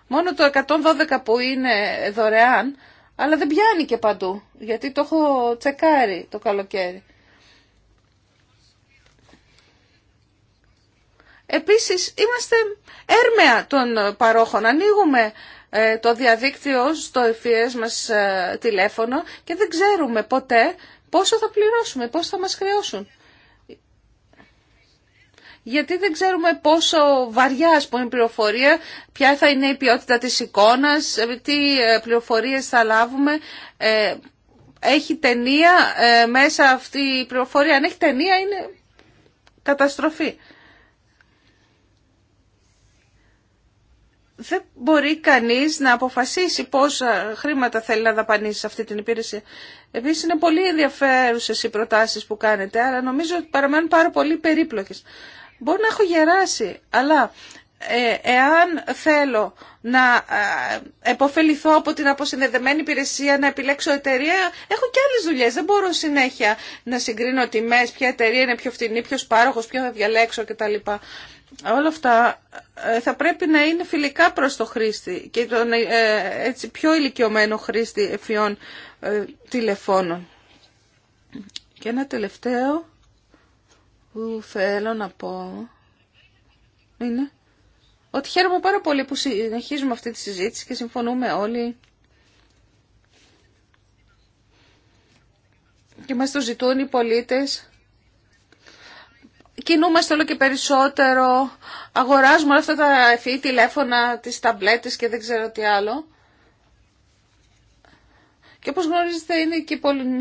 Μόνο το 112 που είναι δωρεάν, αλλά δεν πιάνει και παντού, γιατί το έχω τσεκάρει το καλοκαίρι. Επίσης είμαστε έρμεα των παρόχων. Ανοίγουμε ε, το διαδίκτυο στο ευφυές μας ε, τηλέφωνο και δεν ξέρουμε ποτέ πόσο θα πληρώσουμε, πόσο θα μας χρεώσουν. Γιατί δεν ξέρουμε πόσο βαριά που πούμε, η πληροφορία, ποια θα είναι η ποιότητα της εικόνας, ε, τι πληροφορίες θα λάβουμε. Έχει ταινία μέσα αυτή η πληροφορία. Αν έχει ταινία είναι καταστροφή. δεν μπορεί κανείς να αποφασίσει πόσα χρήματα θέλει να δαπανίσει σε αυτή την υπηρεσία. Επίσης είναι πολύ ενδιαφέρουσε οι προτάσεις που κάνετε, αλλά νομίζω ότι παραμένουν πάρα πολύ περίπλοκες. Μπορεί να έχω γεράσει, αλλά ε, εάν θέλω να ε, επωφεληθώ από την αποσυνδεδεμένη υπηρεσία, να επιλέξω εταιρεία, έχω και άλλες δουλειές. Δεν μπορώ συνέχεια να συγκρίνω τιμές, ποια εταιρεία είναι πιο φτηνή, ποιος πάροχος, ποιο θα διαλέξω κτλ όλα αυτά ε, θα πρέπει να είναι φιλικά προς το χρήστη και τον ε, ε, έτσι, πιο ηλικιωμένο χρήστη εφιών τηλεφώνων. Και ένα τελευταίο που θέλω να πω είναι ότι χαίρομαι πάρα πολύ που συνεχίζουμε αυτή τη συζήτηση και συμφωνούμε όλοι και μας το ζητούν οι πολίτες κινούμαστε όλο και περισσότερο, αγοράζουμε όλα αυτά τα εφή τηλέφωνα, τις ταμπλέτες και δεν ξέρω τι άλλο. Και όπως γνωρίζετε είναι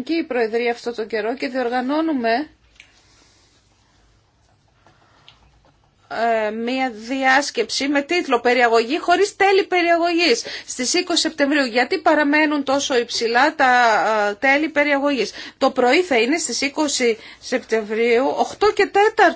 και η Προεδρία αυτό το καιρό και διοργανώνουμε Ε, μία διάσκεψη με τίτλο «Περιαγωγή χωρίς τέλη περιαγωγής» στις 20 Σεπτεμβρίου. Γιατί παραμένουν τόσο υψηλά τα ε, τέλη περιαγωγής. Το πρωί θα είναι στις 20 Σεπτεμβρίου, 8 και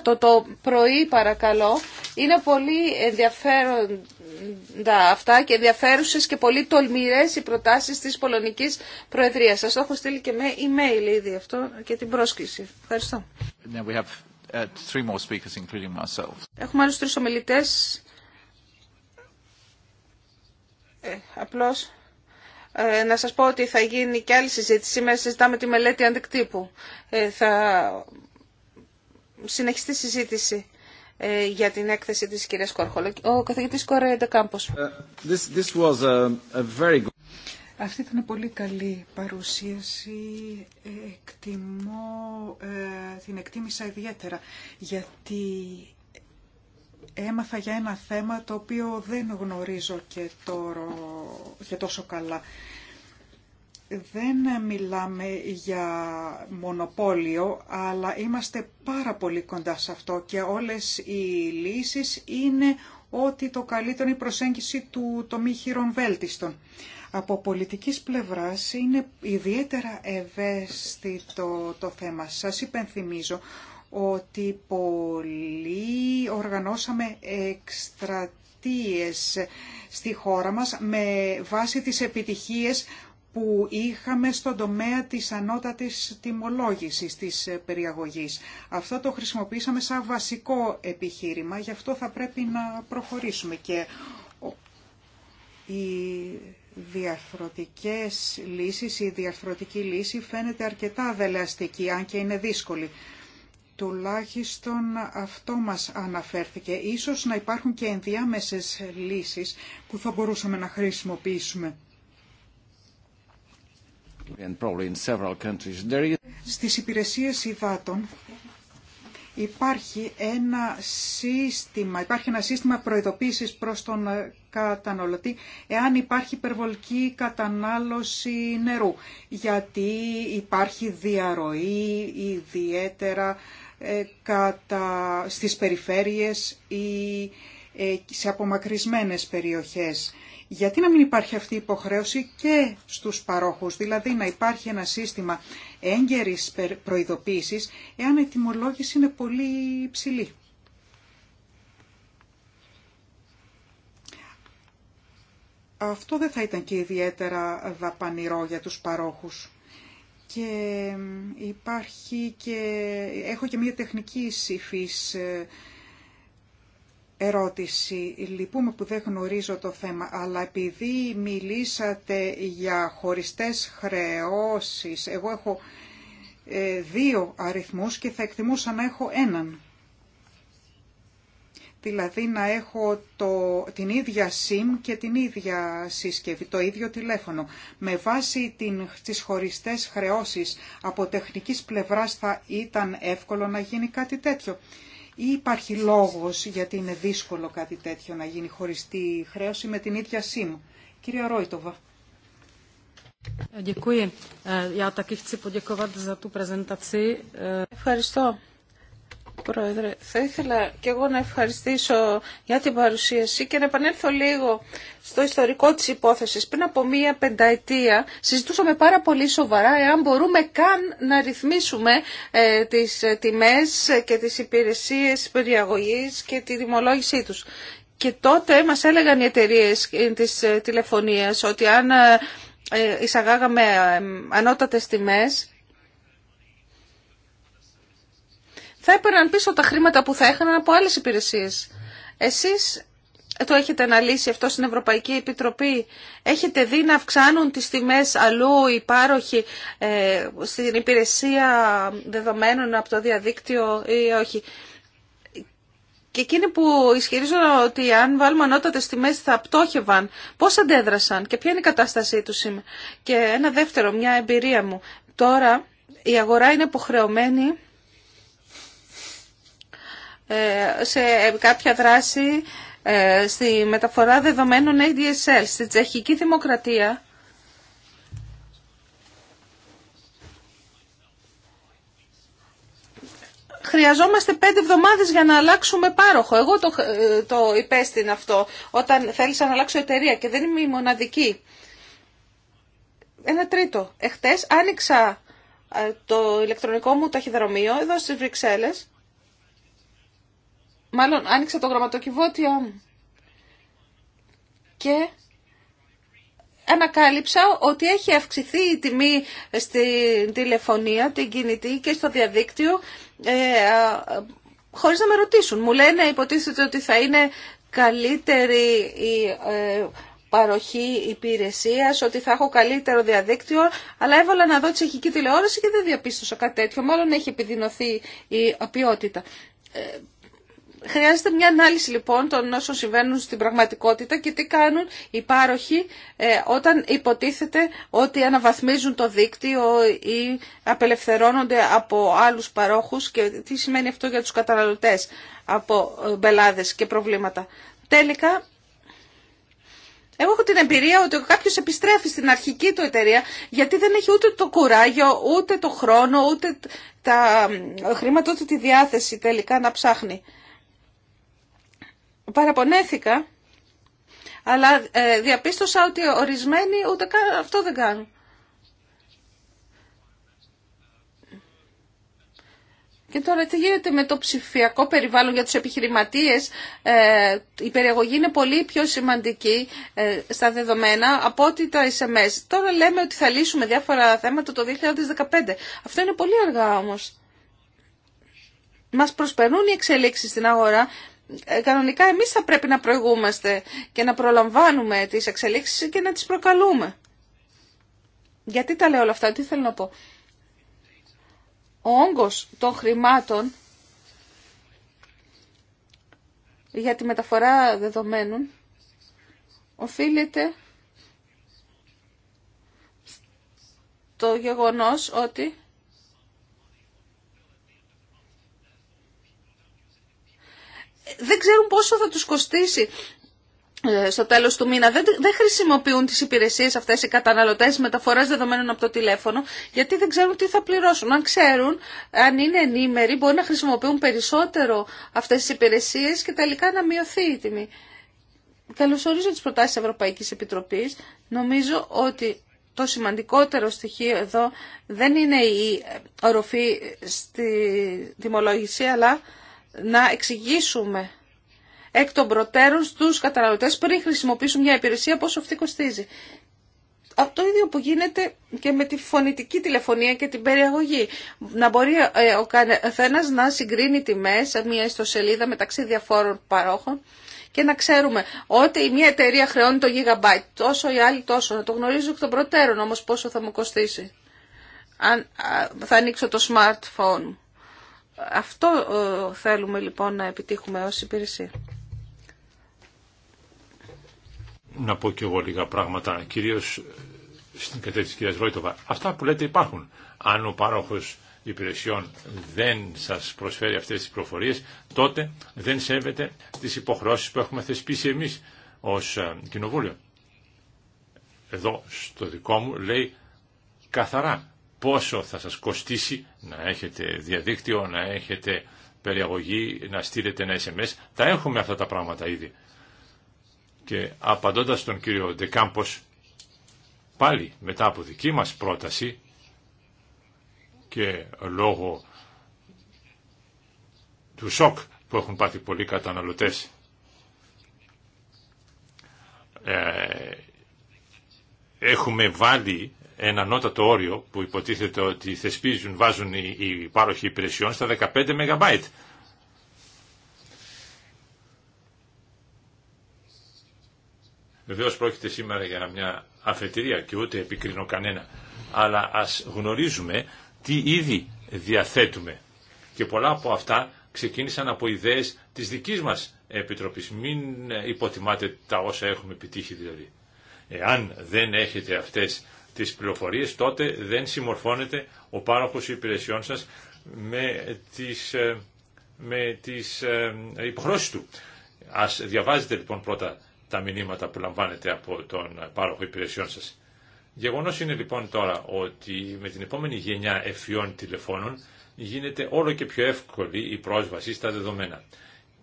4 το πρωί παρακαλώ. Είναι πολύ ενδιαφέροντα αυτά και ενδιαφέρουσες και πολύ τολμηρές οι προτάσεις της Πολωνικής Προεδρίας. Σας το έχω στείλει και με email ήδη αυτό και την πρόσκληση. Ευχαριστώ. Έχουμε άλλους τρεις ομιλητές. Ε, απλώς ε, να σας πω ότι θα γίνει και άλλη συζήτηση. Σήμερα συζητάμε τη μελέτη αντικτύπου. Ε, θα συνεχιστεί η συζήτηση ε, για την έκθεση της κυρίας Κόρχολο. Ο καθηγητής Κορέντα Κάμπος. Uh, ε, this, this was αυτή ήταν πολύ καλή παρουσίαση. Εκτιμώ, ε, την εκτίμησα ιδιαίτερα, γιατί έμαθα για ένα θέμα το οποίο δεν γνωρίζω και, τώρα, και τόσο καλά. Δεν μιλάμε για μονοπόλιο, αλλά είμαστε πάρα πολύ κοντά σε αυτό και όλες οι λύσεις είναι ότι το καλύτερο είναι η προσέγγιση του τομή χειρών βέλτιστων από πολιτικής πλευράς είναι ιδιαίτερα ευαίσθητο το θέμα. Σας υπενθυμίζω ότι πολλοί οργανώσαμε εκστρατείες στη χώρα μας με βάση τις επιτυχίες που είχαμε στον τομέα της ανώτατης τιμολόγησης της περιαγωγής. Αυτό το χρησιμοποίησαμε σαν βασικό επιχείρημα, γι' αυτό θα πρέπει να προχωρήσουμε και η διαφορετικές λύσεις, η διαφορετική λύση φαίνεται αρκετά δελεαστική, αν και είναι δύσκολη. Τουλάχιστον αυτό μας αναφέρθηκε. Ίσως να υπάρχουν και ενδιάμεσες λύσεις που θα μπορούσαμε να χρησιμοποιήσουμε. in Στις υπηρεσίες υδάτων Υπάρχει ένα σύστημα, υπάρχει ένα σύστημα προειδοποίησης προς τον ε, καταναλωτή εάν υπάρχει υπερβολική κατανάλωση νερού, γιατί υπάρχει διαρροή ιδιαίτερα διέτερα κατά, στις περιφέρειες ή ε, σε απομακρυσμένες περιοχές. Γιατί να μην υπάρχει αυτή η υποχρέωση και στους παρόχους, δηλαδή να υπάρχει ένα σύστημα έγκαιρης προειδοποίησης, εάν η τιμολόγηση είναι πολύ ψηλή Αυτό δεν θα ήταν και ιδιαίτερα δαπανηρό για τους παρόχους. Και υπάρχει και... Έχω και μια τεχνική υφής ερώτηση. Λυπούμε που δεν γνωρίζω το θέμα, αλλά επειδή μιλήσατε για χωριστές χρεώσεις, εγώ έχω ε, δύο αριθμούς και θα εκτιμούσα να έχω έναν. Δηλαδή να έχω το, την ίδια SIM και την ίδια σύσκευη, το ίδιο τηλέφωνο. Με βάση την, τις χωριστές χρεώσεις από τεχνικής πλευράς θα ήταν εύκολο να γίνει κάτι τέτοιο. Ή υπάρχει λόγος γιατί είναι δύσκολο κάτι τέτοιο να γίνει χωριστή χρέωση με την ίδια ΣΥΜ. Κύριε Ρόιτοβα. Ευχαριστώ. Πρόεδρε. Θα ήθελα και εγώ να ευχαριστήσω για την παρουσίαση και να επανέλθω λίγο στο ιστορικό της υπόθεσης. Πριν από μία πενταετία συζητούσαμε πάρα πολύ σοβαρά εάν μπορούμε καν να ρυθμίσουμε ε, τις ε, τιμές και τις υπηρεσίες περιαγωγής και τη δημολόγησή τους. Και τότε μας έλεγαν οι εταιρείε της ε, τηλεφωνίας ότι αν ε, εισαγάγαμε ανώτατες τιμές θα έπαιρναν πίσω τα χρήματα που θα έχαναν από άλλες υπηρεσίες. Εσείς το έχετε αναλύσει αυτό στην Ευρωπαϊκή Επιτροπή. Έχετε δει να αυξάνουν τις τιμές αλλού οι πάροχοι ε, στην υπηρεσία δεδομένων από το διαδίκτυο ή όχι. Και εκείνοι που ισχυρίζονται ότι αν βάλουμε ανώτατε τιμέ θα πτώχευαν, πώ αντέδρασαν και ποια είναι η κατάστασή του Και ένα δεύτερο, μια εμπειρία μου. Τώρα η αγορά είναι υποχρεωμένη ε, σε κάποια δράση ε, στη μεταφορά δεδομένων ADSL. Στη Τσεχική Δημοκρατία χρειαζόμαστε πέντε εβδομάδες για να αλλάξουμε πάροχο. Εγώ το, ε, το αυτό όταν θέλησα να αλλάξω εταιρεία και δεν είμαι η μοναδική. Ένα τρίτο. Εχθές άνοιξα το ηλεκτρονικό μου ταχυδρομείο εδώ στις Βρυξέλλες Μάλλον άνοιξα το γραμματοκιβώτιό και ανακάλυψα ότι έχει αυξηθεί η τιμή στην τηλεφωνία, την κινητή και στο διαδίκτυο ε, χωρίς να με ρωτήσουν. Μου λένε υποτίθεται ότι θα είναι καλύτερη η ε, παροχή υπηρεσίας, ότι θα έχω καλύτερο διαδίκτυο, αλλά έβαλα να δω τσεχική τηλεόραση και δεν διαπίστωσα κάτι τέτοιο. Μάλλον έχει επιδεινωθεί η ποιότητα. Ε, Χρειάζεται μια ανάλυση λοιπόν των όσων συμβαίνουν στην πραγματικότητα και τι κάνουν οι πάροχοι ε, όταν υποτίθεται ότι αναβαθμίζουν το δίκτυο ή απελευθερώνονται από άλλους παρόχους και τι σημαίνει αυτό για τους καταναλωτές από ε, μπελάδες και προβλήματα. Τελικά εγώ έχω την εμπειρία ότι κάποιο επιστρέφει στην αρχική του εταιρεία γιατί δεν έχει ούτε το κουράγιο, ούτε το χρόνο, ούτε τα ε, χρήματα, ούτε τη διάθεση τελικά να ψάχνει παραπονέθηκα, αλλά ε, διαπίστωσα ότι ορισμένοι ούτε καν αυτό δεν κάνουν. Και τώρα τι γίνεται με το ψηφιακό περιβάλλον για τους επιχειρηματίες. Ε, η περιεγωγή είναι πολύ πιο σημαντική ε, στα δεδομένα από ότι τα SMS. Τώρα λέμε ότι θα λύσουμε διάφορα θέματα το 2015. Αυτό είναι πολύ αργά όμως. Μας προσπερνούν οι εξελίξεις στην αγορά ε, κανονικά εμείς θα πρέπει να προηγούμαστε και να προλαμβάνουμε τις εξελίξεις και να τις προκαλούμε. Γιατί τα λέω όλα αυτά, τι θέλω να πω. Ο όγκος των χρημάτων για τη μεταφορά δεδομένων οφείλεται το γεγονός ότι δεν ξέρουν πόσο θα τους κοστίσει ε, στο τέλος του μήνα. Δεν, χρησιμοποιούν τις υπηρεσίες αυτές οι καταναλωτές μεταφοράς δεδομένων από το τηλέφωνο γιατί δεν ξέρουν τι θα πληρώσουν. Αν ξέρουν, αν είναι ενήμεροι, μπορεί να χρησιμοποιούν περισσότερο αυτές τις υπηρεσίες και τελικά να μειωθεί η τιμή. Καλωσορίζω τις προτάσεις της Ευρωπαϊκής Επιτροπής. Νομίζω ότι το σημαντικότερο στοιχείο εδώ δεν είναι η οροφή στη τιμολόγηση, αλλά να εξηγήσουμε εκ των προτέρων στους καταναλωτές πριν χρησιμοποιήσουν μια υπηρεσία πόσο αυτή κοστίζει. Αυτό το ίδιο που γίνεται και με τη φωνητική τηλεφωνία και την περιαγωγή. Να μπορεί ε, ο καθένα να συγκρίνει τιμές σε μια ιστοσελίδα μεταξύ διαφόρων παρόχων και να ξέρουμε ότι η μια εταιρεία χρεώνει το gigabyte τόσο, η άλλη τόσο. Να το γνωρίζω εκ των προτέρων όμω πόσο θα μου κοστίσει. Αν θα ανοίξω το smartphone αυτό ε, θέλουμε λοιπόν να επιτύχουμε ως υπηρεσία. Να πω κι εγώ λίγα πράγματα, κυρίως ε, στην κατεύθυνση της κυρίας Ρόιτοβα. Αυτά που λέτε υπάρχουν. Αν ο πάροχος υπηρεσιών δεν σας προσφέρει αυτές τις προφορίες, τότε δεν σέβεται τις υποχρεώσεις που έχουμε θεσπίσει εμείς ως ε, κοινοβούλιο. Εδώ στο δικό μου λέει καθαρά πόσο θα σας κοστίσει να έχετε διαδίκτυο, να έχετε περιαγωγή, να στείλετε ένα SMS. Τα έχουμε αυτά τα πράγματα ήδη. Και απαντώντας τον κύριο Ντεκάμπος, πάλι μετά από δική μας πρόταση και λόγω του σοκ που έχουν πάθει πολλοί καταναλωτές ε, έχουμε βάλει ένα ανώτατο όριο που υποτίθεται ότι θεσπίζουν, βάζουν οι, οι υπηρεσιών στα 15 ΜΜ. Βεβαίως πρόκειται σήμερα για μια αφετηρία και ούτε επικρίνω κανένα. Αλλά ας γνωρίζουμε τι ήδη διαθέτουμε. Και πολλά από αυτά ξεκίνησαν από ιδέες της δικής μας Επιτροπής. Μην υποτιμάτε τα όσα έχουμε επιτύχει δηλαδή. Εάν δεν έχετε αυτές τις πληροφορίες, τότε δεν συμμορφώνεται ο πάροχος υπηρεσιών σας με τις, ε, με τις ε, υποχρώσεις του. Ας διαβάζετε λοιπόν πρώτα τα μηνύματα που λαμβάνετε από τον πάροχο υπηρεσιών σας. Γεγονός είναι λοιπόν τώρα ότι με την επόμενη γενιά ευφυών τηλεφώνων γίνεται όλο και πιο εύκολη η πρόσβαση στα δεδομένα.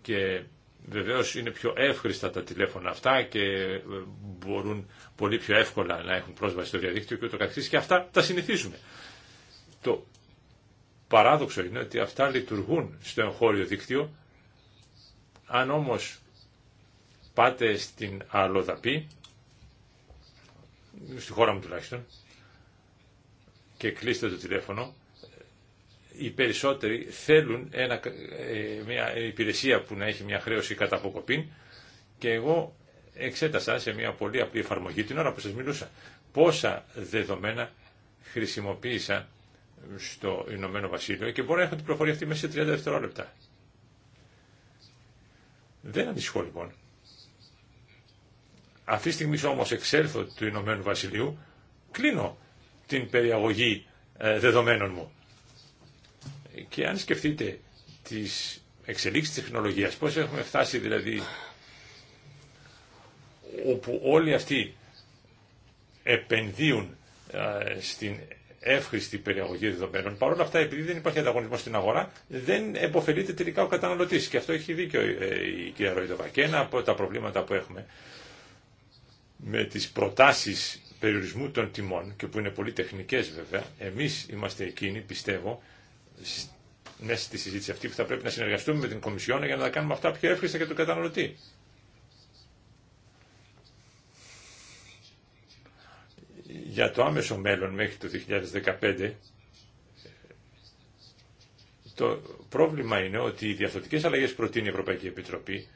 Και Βεβαίως είναι πιο εύχριστα τα τηλέφωνα αυτά και ε, μπορούν πολύ πιο εύκολα να έχουν πρόσβαση στο διαδίκτυο και ούτω καθεξής και αυτά τα συνηθίζουμε. Το παράδοξο είναι ότι αυτά λειτουργούν στο εγχώριο δίκτυο. Αν όμως πάτε στην Αλοδαπή, στη χώρα μου τουλάχιστον, και κλείστε το τηλέφωνο, οι περισσότεροι θέλουν ένα, ε, μια υπηρεσία που να έχει μια χρέωση κατά αποκοπή και εγώ εξέτασα σε μια πολύ απλή εφαρμογή την ώρα που σας μιλούσα πόσα δεδομένα χρησιμοποίησα στο Ηνωμένο Βασίλειο και μπορώ να έχω την πληροφορία αυτή μέσα σε 30 δευτερόλεπτα. Δεν ανησυχώ λοιπόν. Αυτή τη στιγμή όμως εξέλθω του Ηνωμένου Βασιλείου, κλείνω την περιαγωγή ε, δεδομένων μου. Και αν σκεφτείτε τις εξελίξεις της τεχνολογίας, πώς έχουμε φτάσει δηλαδή όπου όλοι αυτοί επενδύουν στην εύχρηστη περιαγωγή δεδομένων. παρόλα αυτά, επειδή δεν υπάρχει ανταγωνισμό στην αγορά, δεν επωφελείται τελικά ο καταναλωτή. Και αυτό έχει δίκιο ε, η κυρία Ροϊδοβά. Και ένα από τα προβλήματα που έχουμε με τι προτάσει περιορισμού των τιμών, και που είναι πολύ τεχνικέ βέβαια, εμεί είμαστε εκείνοι, πιστεύω, μέσα ναι, στη συζήτηση αυτή που θα πρέπει να συνεργαστούμε με την Κομισιόν για να τα κάνουμε αυτά πιο εύχριστα για τον καταναλωτή. Για το άμεσο μέλλον μέχρι το 2015 το πρόβλημα είναι ότι οι διαθωτικές αλλαγές προτείνει η Ευρωπαϊκή Επιτροπή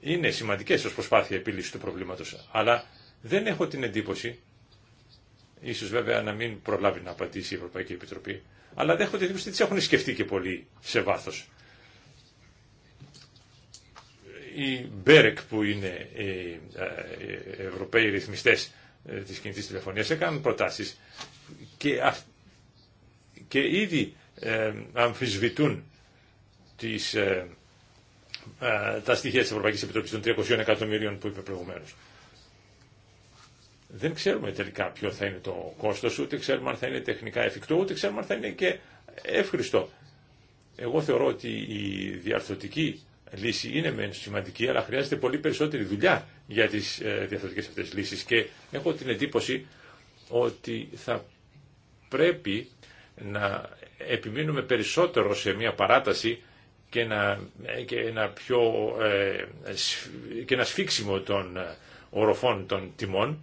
είναι σημαντικές ως προσπάθεια επίλυση του προβλήματος, αλλά δεν έχω την εντύπωση, ίσως βέβαια να μην προλάβει να απαντήσει η Ευρωπαϊκή Επιτροπή, αλλά δέχονται ότι δεν έχουν σκεφτεί και πολύ σε βάθος. Οι Μπέρεκ που είναι οι ε, ε, Ευρωπαίοι ρυθμιστές ε, της κινητής τηλεφωνίας έκαναν προτάσεις και, και ήδη αμφισβητούν τις, τα στοιχεία της Ευρωπαϊκής Επιτροπής των 300 εκατομμυρίων που είπε προηγουμένως δεν ξέρουμε τελικά ποιο θα είναι το κόστος, ούτε ξέρουμε αν θα είναι τεχνικά εφικτό, ούτε ξέρουμε αν θα είναι και εύχριστο. Εγώ θεωρώ ότι η διαρθρωτική λύση είναι μεν σημαντική, αλλά χρειάζεται πολύ περισσότερη δουλειά για τις ε, διαρθρωτικές αυτέ λύσει. και έχω την εντύπωση ότι θα πρέπει να επιμείνουμε περισσότερο σε μια παράταση και ε, και ένα πιο ε, και ένα σφίξιμο των οροφών των τιμών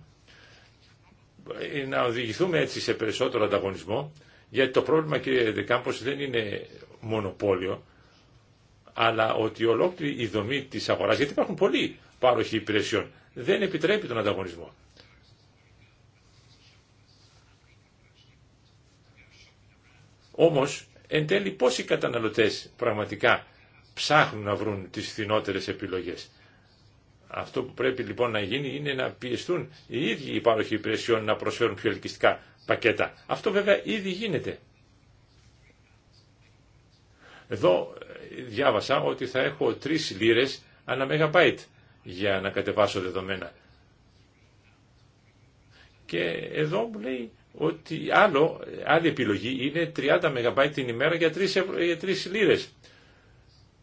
ε, να οδηγηθούμε έτσι σε περισσότερο ανταγωνισμό, γιατί το πρόβλημα, κύριε Δεκάμπος, δεν είναι μονοπόλιο, αλλά ότι ολόκληρη η δομή της αγοράς, γιατί υπάρχουν πολλοί πάροχοι υπηρεσιών, δεν επιτρέπει τον ανταγωνισμό. Όμως, εν τέλει, πόσοι καταναλωτές πραγματικά ψάχνουν να βρουν τις φθηνότερες επιλογές. Αυτό που πρέπει λοιπόν να γίνει είναι να πιεστούν οι ίδιοι οι πάροχοι υπηρεσιών να προσφέρουν πιο ελκυστικά πακέτα. Αυτό βέβαια ήδη γίνεται. Εδώ ε, διάβασα ότι θα έχω 3 λίρες ανά μεγαμπάιτ για να κατεβάσω δεδομένα. Και εδώ μου λέει ότι άλλο, ε, άλλη επιλογή είναι 30 MB την ημέρα για 3, για 3 λίρες.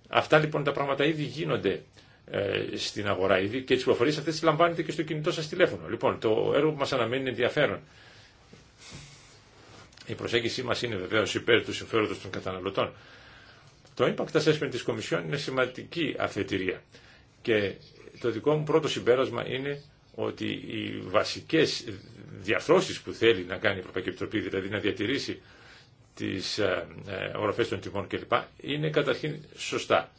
Αυτά λοιπόν τα πράγματα ήδη γίνονται ε, στην αγορά ήδη και τι πληροφορίες αυτέ τι λαμβάνετε και στο κινητό σα τηλέφωνο. Λοιπόν, το έργο που μας αναμένει είναι ενδιαφέρον. Η προσέγγιση μα είναι βεβαίω υπέρ του συμφέροντος των καταναλωτών. Το impact assessment της Κομισιόν είναι σημαντική αφετηρία και το δικό μου πρώτο συμπέρασμα είναι ότι οι βασικέ διαρθρώσεις που θέλει να κάνει η Ευρωπαϊκή Επιτροπή, δηλαδή να διατηρήσει τις ε, ε, οροφέ των τιμών κλπ, είναι καταρχήν σωστά.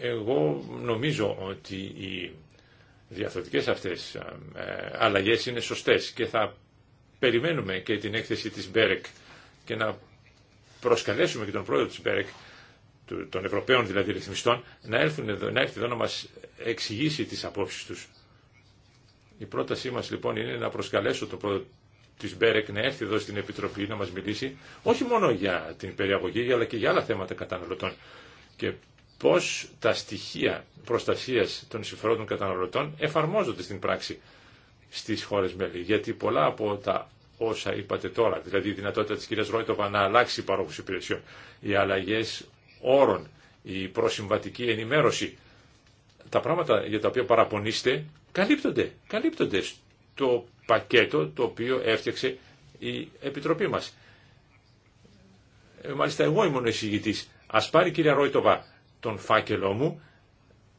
Εγώ νομίζω ότι οι διαθωτικές αυτές ε, αλλαγές είναι σωστές και θα περιμένουμε και την έκθεση της Μπέρεκ και να προσκαλέσουμε και τον πρόεδρο της Μπέρεκ, των Ευρωπαίων δηλαδή ρυθμιστών, να, έρθουν να έρθει εδώ να μας εξηγήσει τις απόψεις τους. Η πρότασή μας λοιπόν είναι να προσκαλέσω τον πρόεδρο της Μπέρεκ να έρθει εδώ στην Επιτροπή να μας μιλήσει όχι μόνο για την περιαγωγή αλλά και για άλλα θέματα καταναλωτών. Και πώς τα στοιχεία προστασίας των συμφερόντων καταναλωτών εφαρμόζονται στην πράξη στις χώρες μέλη. Γιατί πολλά από τα όσα είπατε τώρα, δηλαδή η δυνατότητα της κυρίας Ρόιτοβα να αλλάξει παρόχους υπηρεσιών, οι αλλαγές όρων, η προσυμβατική ενημέρωση, τα πράγματα για τα οποία παραπονείστε καλύπτονται, καλύπτονται στο πακέτο το οποίο έφτιαξε η Επιτροπή μας. Ε, μάλιστα εγώ ήμουν εισηγητής. Ας πάρει κυρία Ρόιτοβα τον φάκελό μου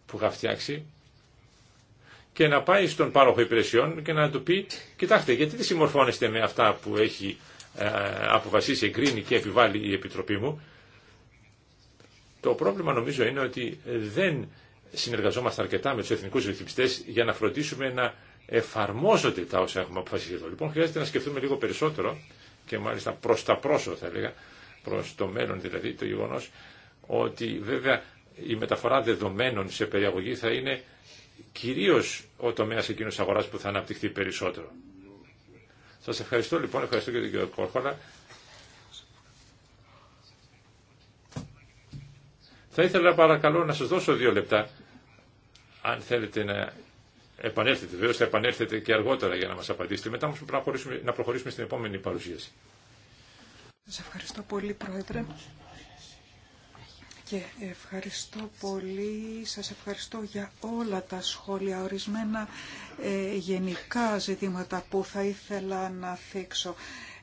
που είχα φτιάξει και να πάει στον πάροχο υπηρεσιών και να του πει κοιτάξτε γιατί δεν συμμορφώνεστε με αυτά που έχει ε, αποφασίσει, εγκρίνει και επιβάλλει η Επιτροπή μου. Το πρόβλημα νομίζω είναι ότι δεν συνεργαζόμαστε αρκετά με τους εθνικούς ρυθμιστές για να φροντίσουμε να εφαρμόζονται τα όσα έχουμε αποφασίσει εδώ. Λοιπόν, χρειάζεται να σκεφτούμε λίγο περισσότερο και μάλιστα προς τα πρόσωπα θα έλεγα, προς το μέλλον δηλαδή, το γεγονός ότι βέβαια η μεταφορά δεδομένων σε περιαγωγή θα είναι κυρίως ο τομέας εκείνος αγοράς που θα αναπτυχθεί περισσότερο. Σας ευχαριστώ λοιπόν, ευχαριστώ και τον κύριο Κόρχολα. Θα ήθελα παρακαλώ να σας δώσω δύο λεπτά, αν θέλετε να επανέλθετε. Βέβαια θα επανέλθετε και αργότερα για να μας απαντήσετε. Μετά όμως να προχωρήσουμε, να προχωρήσουμε στην επόμενη παρουσίαση. Σας ευχαριστώ πολύ Πρόεδρε και ευχαριστώ πολύ. Σας ευχαριστώ για όλα τα σχόλια, ορισμένα ε, γενικά ζητήματα που θα ήθελα να θίξω.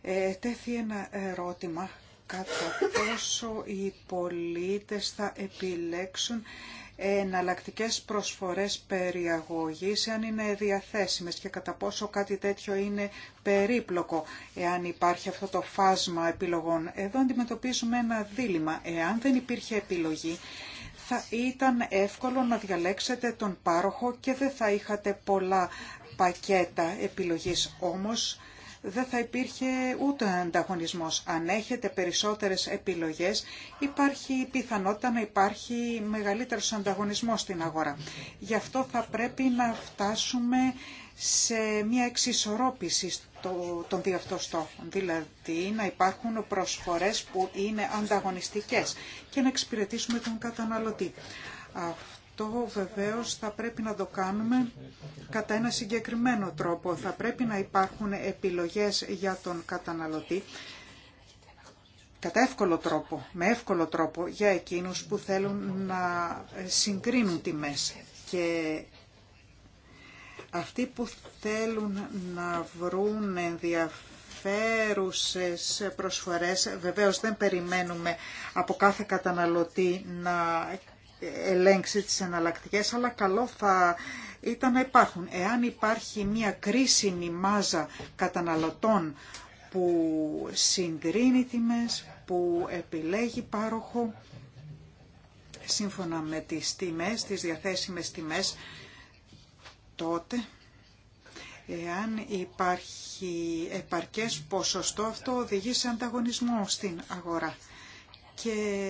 Ε, τέθη ένα ερώτημα κατά πόσο οι πολίτες θα επιλέξουν εναλλακτικέ προσφορές περιαγωγής, αν είναι διαθέσιμες και κατά πόσο κάτι τέτοιο είναι περίπλοκο, εάν υπάρχει αυτό το φάσμα επιλογών. Εδώ αντιμετωπίζουμε ένα δίλημα. Εάν δεν υπήρχε επιλογή, θα ήταν εύκολο να διαλέξετε τον πάροχο και δεν θα είχατε πολλά πακέτα επιλογής. Όμως, δεν θα υπήρχε ούτε ανταγωνισμός. Αν έχετε περισσότερες επιλογές υπάρχει πιθανότητα να υπάρχει μεγαλύτερος ανταγωνισμός στην αγορά. Γι' αυτό θα πρέπει να φτάσουμε σε μια εξισορρόπηση των δύο αυτών στόχων. Δηλαδή να υπάρχουν προσφορές που είναι ανταγωνιστικές και να εξυπηρετήσουμε τον καταναλωτή αυτό βεβαίως θα πρέπει να το κάνουμε κατά ένα συγκεκριμένο τρόπο. Θα πρέπει να υπάρχουν επιλογές για τον καταναλωτή κατά εύκολο τρόπο, με εύκολο τρόπο για εκείνους που θέλουν να συγκρίνουν τιμές και αυτοί που θέλουν να βρουν ενδιαφέρουσες προσφορές, βεβαίως δεν περιμένουμε από κάθε καταναλωτή να ελέγξει τις εναλλακτικέ, αλλά καλό θα ήταν να υπάρχουν. Εάν υπάρχει μια κρίσιμη μάζα καταναλωτών που συντρίνει τιμές, που επιλέγει πάροχο σύμφωνα με τις τιμές, τις διαθέσιμες τιμές, τότε εάν υπάρχει επαρκές ποσοστό αυτό οδηγεί σε ανταγωνισμό στην αγορά και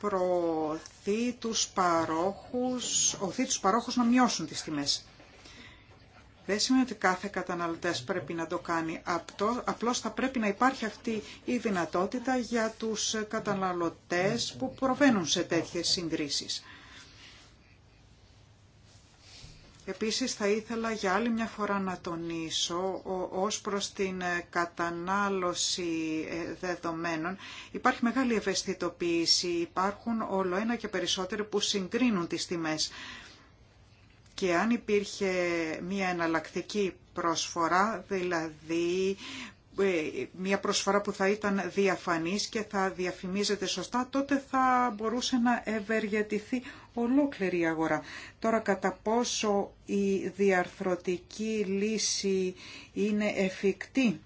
προωθεί τους παρόχους, οθεί τους παρόχους να μειώσουν τις τιμές. Δεν σημαίνει ότι κάθε καταναλωτής πρέπει να το κάνει αυτό, απλώς θα πρέπει να υπάρχει αυτή η δυνατότητα για τους καταναλωτές που προβαίνουν σε τέτοιες συγκρίσεις. Επίσης θα ήθελα για άλλη μια φορά να τονίσω ως προς την ε, κατανάλωση ε, δεδομένων. Υπάρχει μεγάλη ευαισθητοποίηση, υπάρχουν όλο ένα και περισσότεροι που συγκρίνουν τις τιμές. Και αν υπήρχε μια εναλλακτική προσφορά, δηλαδή ε, μια προσφορά που θα ήταν διαφανής και θα διαφημίζεται σωστά, τότε θα μπορούσε να ευεργετηθεί ολόκληρη αγορά. Τώρα κατά πόσο η διαρθρωτική λύση είναι εφικτή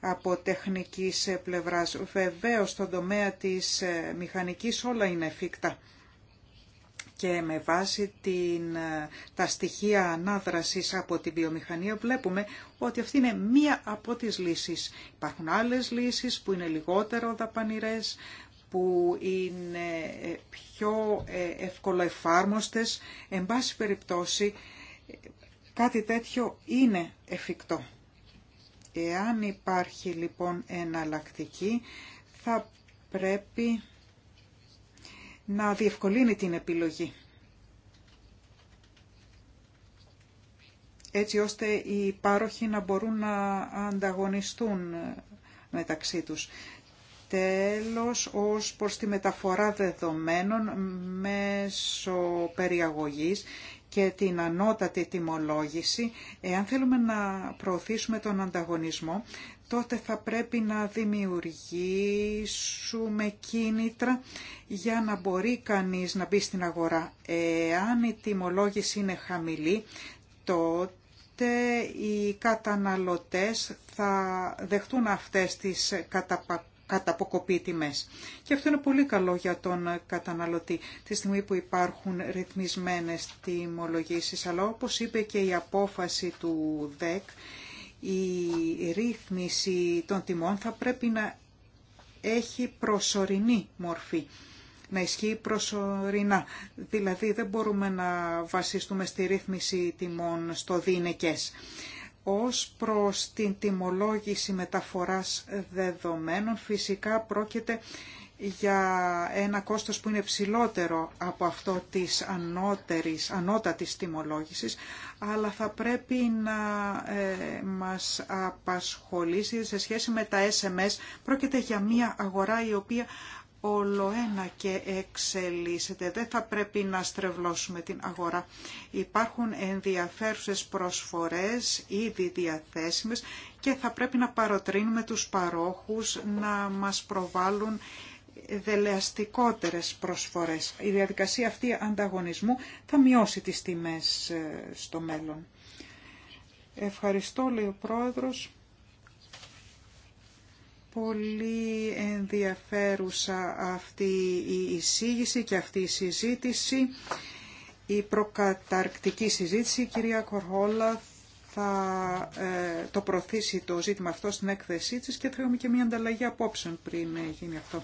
από τεχνικής πλευράς. Βεβαίως στον τομέα της ε, μηχανικής όλα είναι εφικτά και με βάση ε, τα στοιχεία ανάδρασης από την βιομηχανία βλέπουμε ότι αυτή είναι μία από τις λύσεις. Υπάρχουν άλλες λύσεις που είναι λιγότερο δαπανηρές, που είναι ε, πιο ε, εφάρμοστες. Εν πάση περιπτώσει, κάτι τέτοιο είναι εφικτό. Εάν υπάρχει λοιπόν εναλλακτική, θα πρέπει να διευκολύνει την επιλογή. έτσι ώστε οι πάροχοι να μπορούν να ανταγωνιστούν μεταξύ τους. Τέλος, ως προς τη μεταφορά δεδομένων μέσω περιαγωγής και την ανώτατη τιμολόγηση, εάν θέλουμε να προωθήσουμε τον ανταγωνισμό, τότε θα πρέπει να δημιουργήσουμε κίνητρα για να μπορεί κανείς να μπει στην αγορά. Εάν η τιμολόγηση είναι χαμηλή, τότε οι καταναλωτές θα δεχτούν αυτές τις κατά Και αυτό είναι πολύ καλό για τον καταναλωτή, τη στιγμή που υπάρχουν ρυθμισμένες τιμολογήσει. Αλλά όπως είπε και η απόφαση του ΔΕΚ, η ρύθμιση των τιμών θα πρέπει να έχει προσωρινή μορφή, να ισχύει προσωρινά. Δηλαδή δεν μπορούμε να βασιστούμε στη ρύθμιση τιμών στο δίνεκες. Ως προς την τιμολόγηση μεταφοράς δεδομένων, φυσικά πρόκειται για ένα κόστος που είναι ψηλότερο από αυτό της ανώτερης, ανώτατης τιμολόγησης, αλλά θα πρέπει να ε, μας απασχολήσει σε σχέση με τα SMS. Πρόκειται για μια αγορά η οποία ένα και εξελίσσεται. Δεν θα πρέπει να στρεβλώσουμε την αγορά. Υπάρχουν ενδιαφέρουσες προσφορές ήδη διαθέσιμες και θα πρέπει να παροτρύνουμε τους παρόχους να μας προβάλλουν δελεαστικότερες προσφορές. Η διαδικασία αυτή ανταγωνισμού θα μειώσει τις τιμές ε, στο μέλλον. Ευχαριστώ, λέει ο Πρόεδρος πολύ ενδιαφέρουσα αυτή η εισήγηση και αυτή η συζήτηση, η προκαταρκτική συζήτηση. Η κυρία Κορχόλα θα ε, το προθίσει το ζήτημα αυτό στην έκθεσή της και θα έχουμε και μια ανταλλαγή απόψεων πριν γίνει αυτό.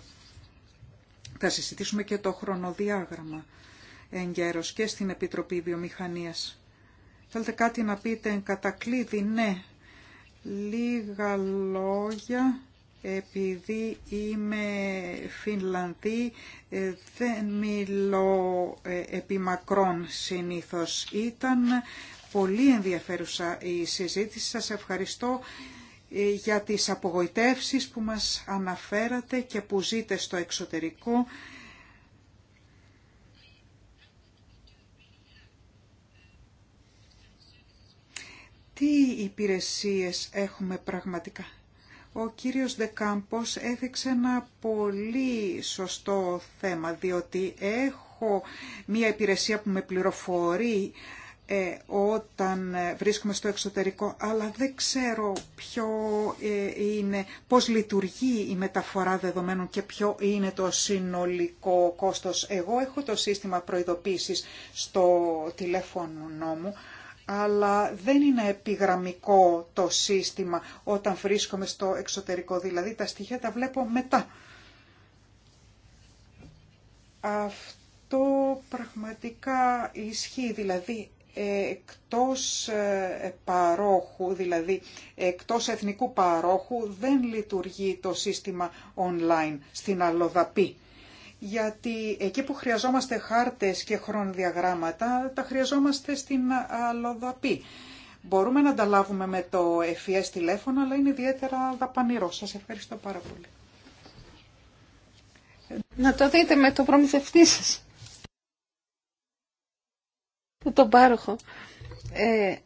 Θα συζητήσουμε και το χρονοδιάγραμμα εγκαίρως και στην Επιτροπή Βιομηχανίας. Θέλετε κάτι να πείτε εν κατακλείδη, ναι, λίγα λόγια επειδή είμαι Φινλανδή ε, δεν μιλώ ε, μακρόν συνήθως. Ήταν πολύ ενδιαφέρουσα η συζήτηση. Σας ευχαριστώ ε, για τις απογοητεύσεις που μας αναφέρατε και που ζείτε στο εξωτερικό. Τι υπηρεσίες έχουμε πραγματικά ο κύριος Δεκάμπος έδειξε ένα πολύ σωστό θέμα, διότι έχω μία υπηρεσία που με πληροφορεί ε, όταν ε, βρίσκομαι στο εξωτερικό, αλλά δεν ξέρω ποιο ε, είναι, πώς λειτουργεί η μεταφορά δεδομένων και ποιο είναι το συνολικό κόστος. Εγώ έχω το σύστημα προειδοποίησης στο τηλέφωνο μου, αλλά δεν είναι επιγραμμικό το σύστημα όταν βρίσκομαι στο εξωτερικό, δηλαδή τα στοιχεία τα βλέπω μετά. Αυτό πραγματικά ισχύει, δηλαδή εκτός ε, παρόχου, δηλαδή εκτός εθνικού παρόχου δεν λειτουργεί το σύστημα online στην Αλλοδαπή γιατί εκεί που χρειαζόμαστε χάρτες και χρονοδιαγράμματα, τα χρειαζόμαστε στην αλλοδαπή. Μπορούμε να τα με το FES τηλέφωνο, αλλά είναι ιδιαίτερα δαπανηρό. Σας ευχαριστώ πάρα πολύ. Να το δείτε με το προμηθευτή σας. Το πάροχο. Ε,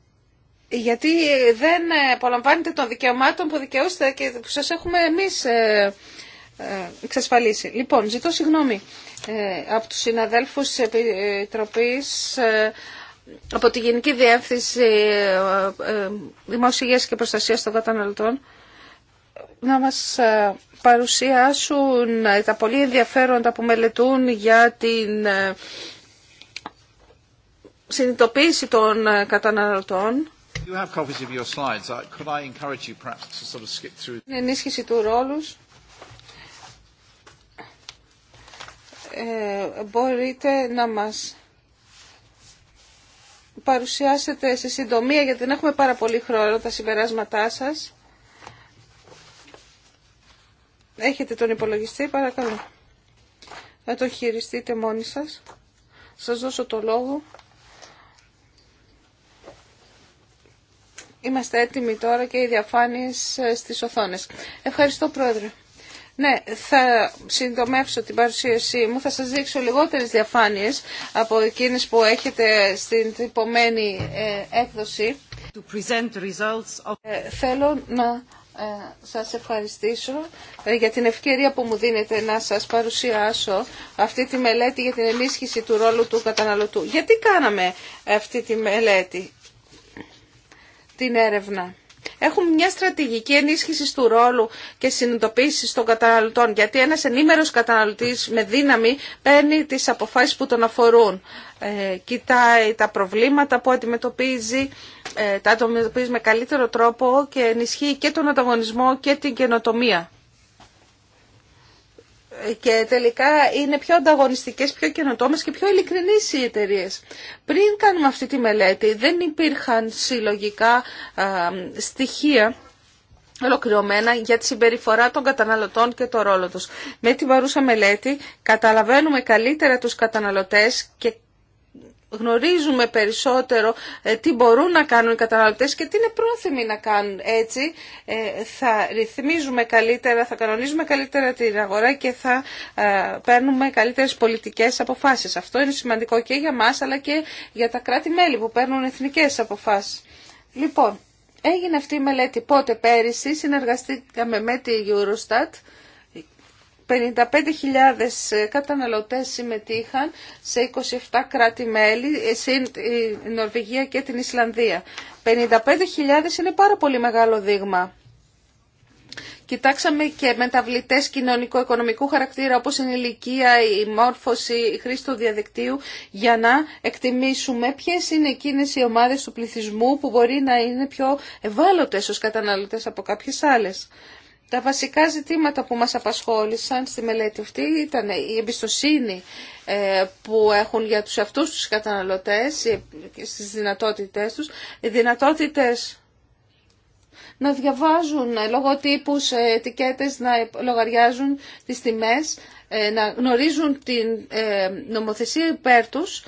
γιατί δεν απολαμβάνετε των δικαιωμάτων που δικαιούστε και που σας έχουμε εμείς ε, ε, εξασφαλίσει. Λοιπόν, ζητώ συγγνώμη ε, από τους συναδέλφους της Επιτροπής ε, από τη Γενική Διεύθυνση Δημόσιας και Προστασίας των Καταναλωτών να μας παρουσιάσουν τα πολύ ενδιαφέροντα που μελετούν για την συνειδητοποίηση των καταναλωτών. You have copies Ενίσχυση του ρόλους. Ε, μπορείτε να μας παρουσιάσετε σε συντομία, γιατί δεν έχουμε πάρα πολύ χρόνο, τα συμπεράσματά σας. Έχετε τον υπολογιστή, παρακαλώ. Να το χειριστείτε μόνοι σας. Σας δώσω το λόγο. Είμαστε έτοιμοι τώρα και οι διαφάνειες ε, στις οθόνες. Ευχαριστώ, Πρόεδρε. Ναι, θα συντομεύσω την παρουσίασή μου, θα σας δείξω λιγότερες διαφάνειες από εκείνες που έχετε στην τυπωμένη ε, έκδοση. To present ε, θέλω να ε, σας ευχαριστήσω για την ευκαιρία που μου δίνετε να σας παρουσιάσω αυτή τη μελέτη για την ενίσχυση του ρόλου του καταναλωτού. Γιατί κάναμε αυτή τη μελέτη, την έρευνα. Έχουμε μια στρατηγική ενίσχυση του ρόλου και συνειδητοποίηση των καταναλωτών. Γιατί ένα ενήμερο καταναλωτή με δύναμη παίρνει τι αποφάσει που τον αφορούν. Ε, κοιτάει τα προβλήματα που αντιμετωπίζει, ε, τα αντιμετωπίζει με καλύτερο τρόπο και ενισχύει και τον ανταγωνισμό και την καινοτομία και τελικά είναι πιο ανταγωνιστικές, πιο καινοτόμες και πιο ειλικρινείς οι εταιρείε. Πριν κάνουμε αυτή τη μελέτη δεν υπήρχαν συλλογικά στοιχεία ολοκληρωμένα για τη συμπεριφορά των καταναλωτών και το ρόλο τους. Με την παρούσα μελέτη καταλαβαίνουμε καλύτερα τους καταναλωτές και γνωρίζουμε περισσότερο ε, τι μπορούν να κάνουν οι καταναλωτές και τι είναι πρόθυμοι να κάνουν. Έτσι ε, θα ρυθμίζουμε καλύτερα, θα κανονίζουμε καλύτερα την αγορά και θα ε, παίρνουμε καλύτερες πολιτικές αποφάσεις. Αυτό είναι σημαντικό και για μας αλλά και για τα κράτη-μέλη που παίρνουν εθνικές αποφάσεις. Λοιπόν, έγινε αυτή η μελέτη πότε πέρυσι, συνεργαστήκαμε με τη Eurostat 55.000 ε, καταναλωτές συμμετείχαν σε 27 κράτη-μέλη, ε, στην η Νορβηγία και την Ισλανδία. 55.000 είναι πάρα πολύ μεγάλο δείγμα. Κοιτάξαμε και μεταβλητές κοινωνικο-οικονομικού χαρακτήρα όπως είναι η ηλικία, η μόρφωση, η χρήση του διαδικτύου για να εκτιμήσουμε ποιες είναι εκείνες οι ομάδες του πληθυσμού που μπορεί να είναι πιο ευάλωτες ως καταναλωτές από κάποιες άλλες. Τα βασικά ζητήματα που μας απασχόλησαν στη μελέτη αυτή ήταν η εμπιστοσύνη ε, που έχουν για τους αυτούς τους καταναλωτές ε, στις δυνατότητές τους, οι δυνατότητες να διαβάζουν ε, λογοτύπους, ετικέτες, να λογαριάζουν τις τιμές, να γνωρίζουν την νομοθεσία υπέρ τους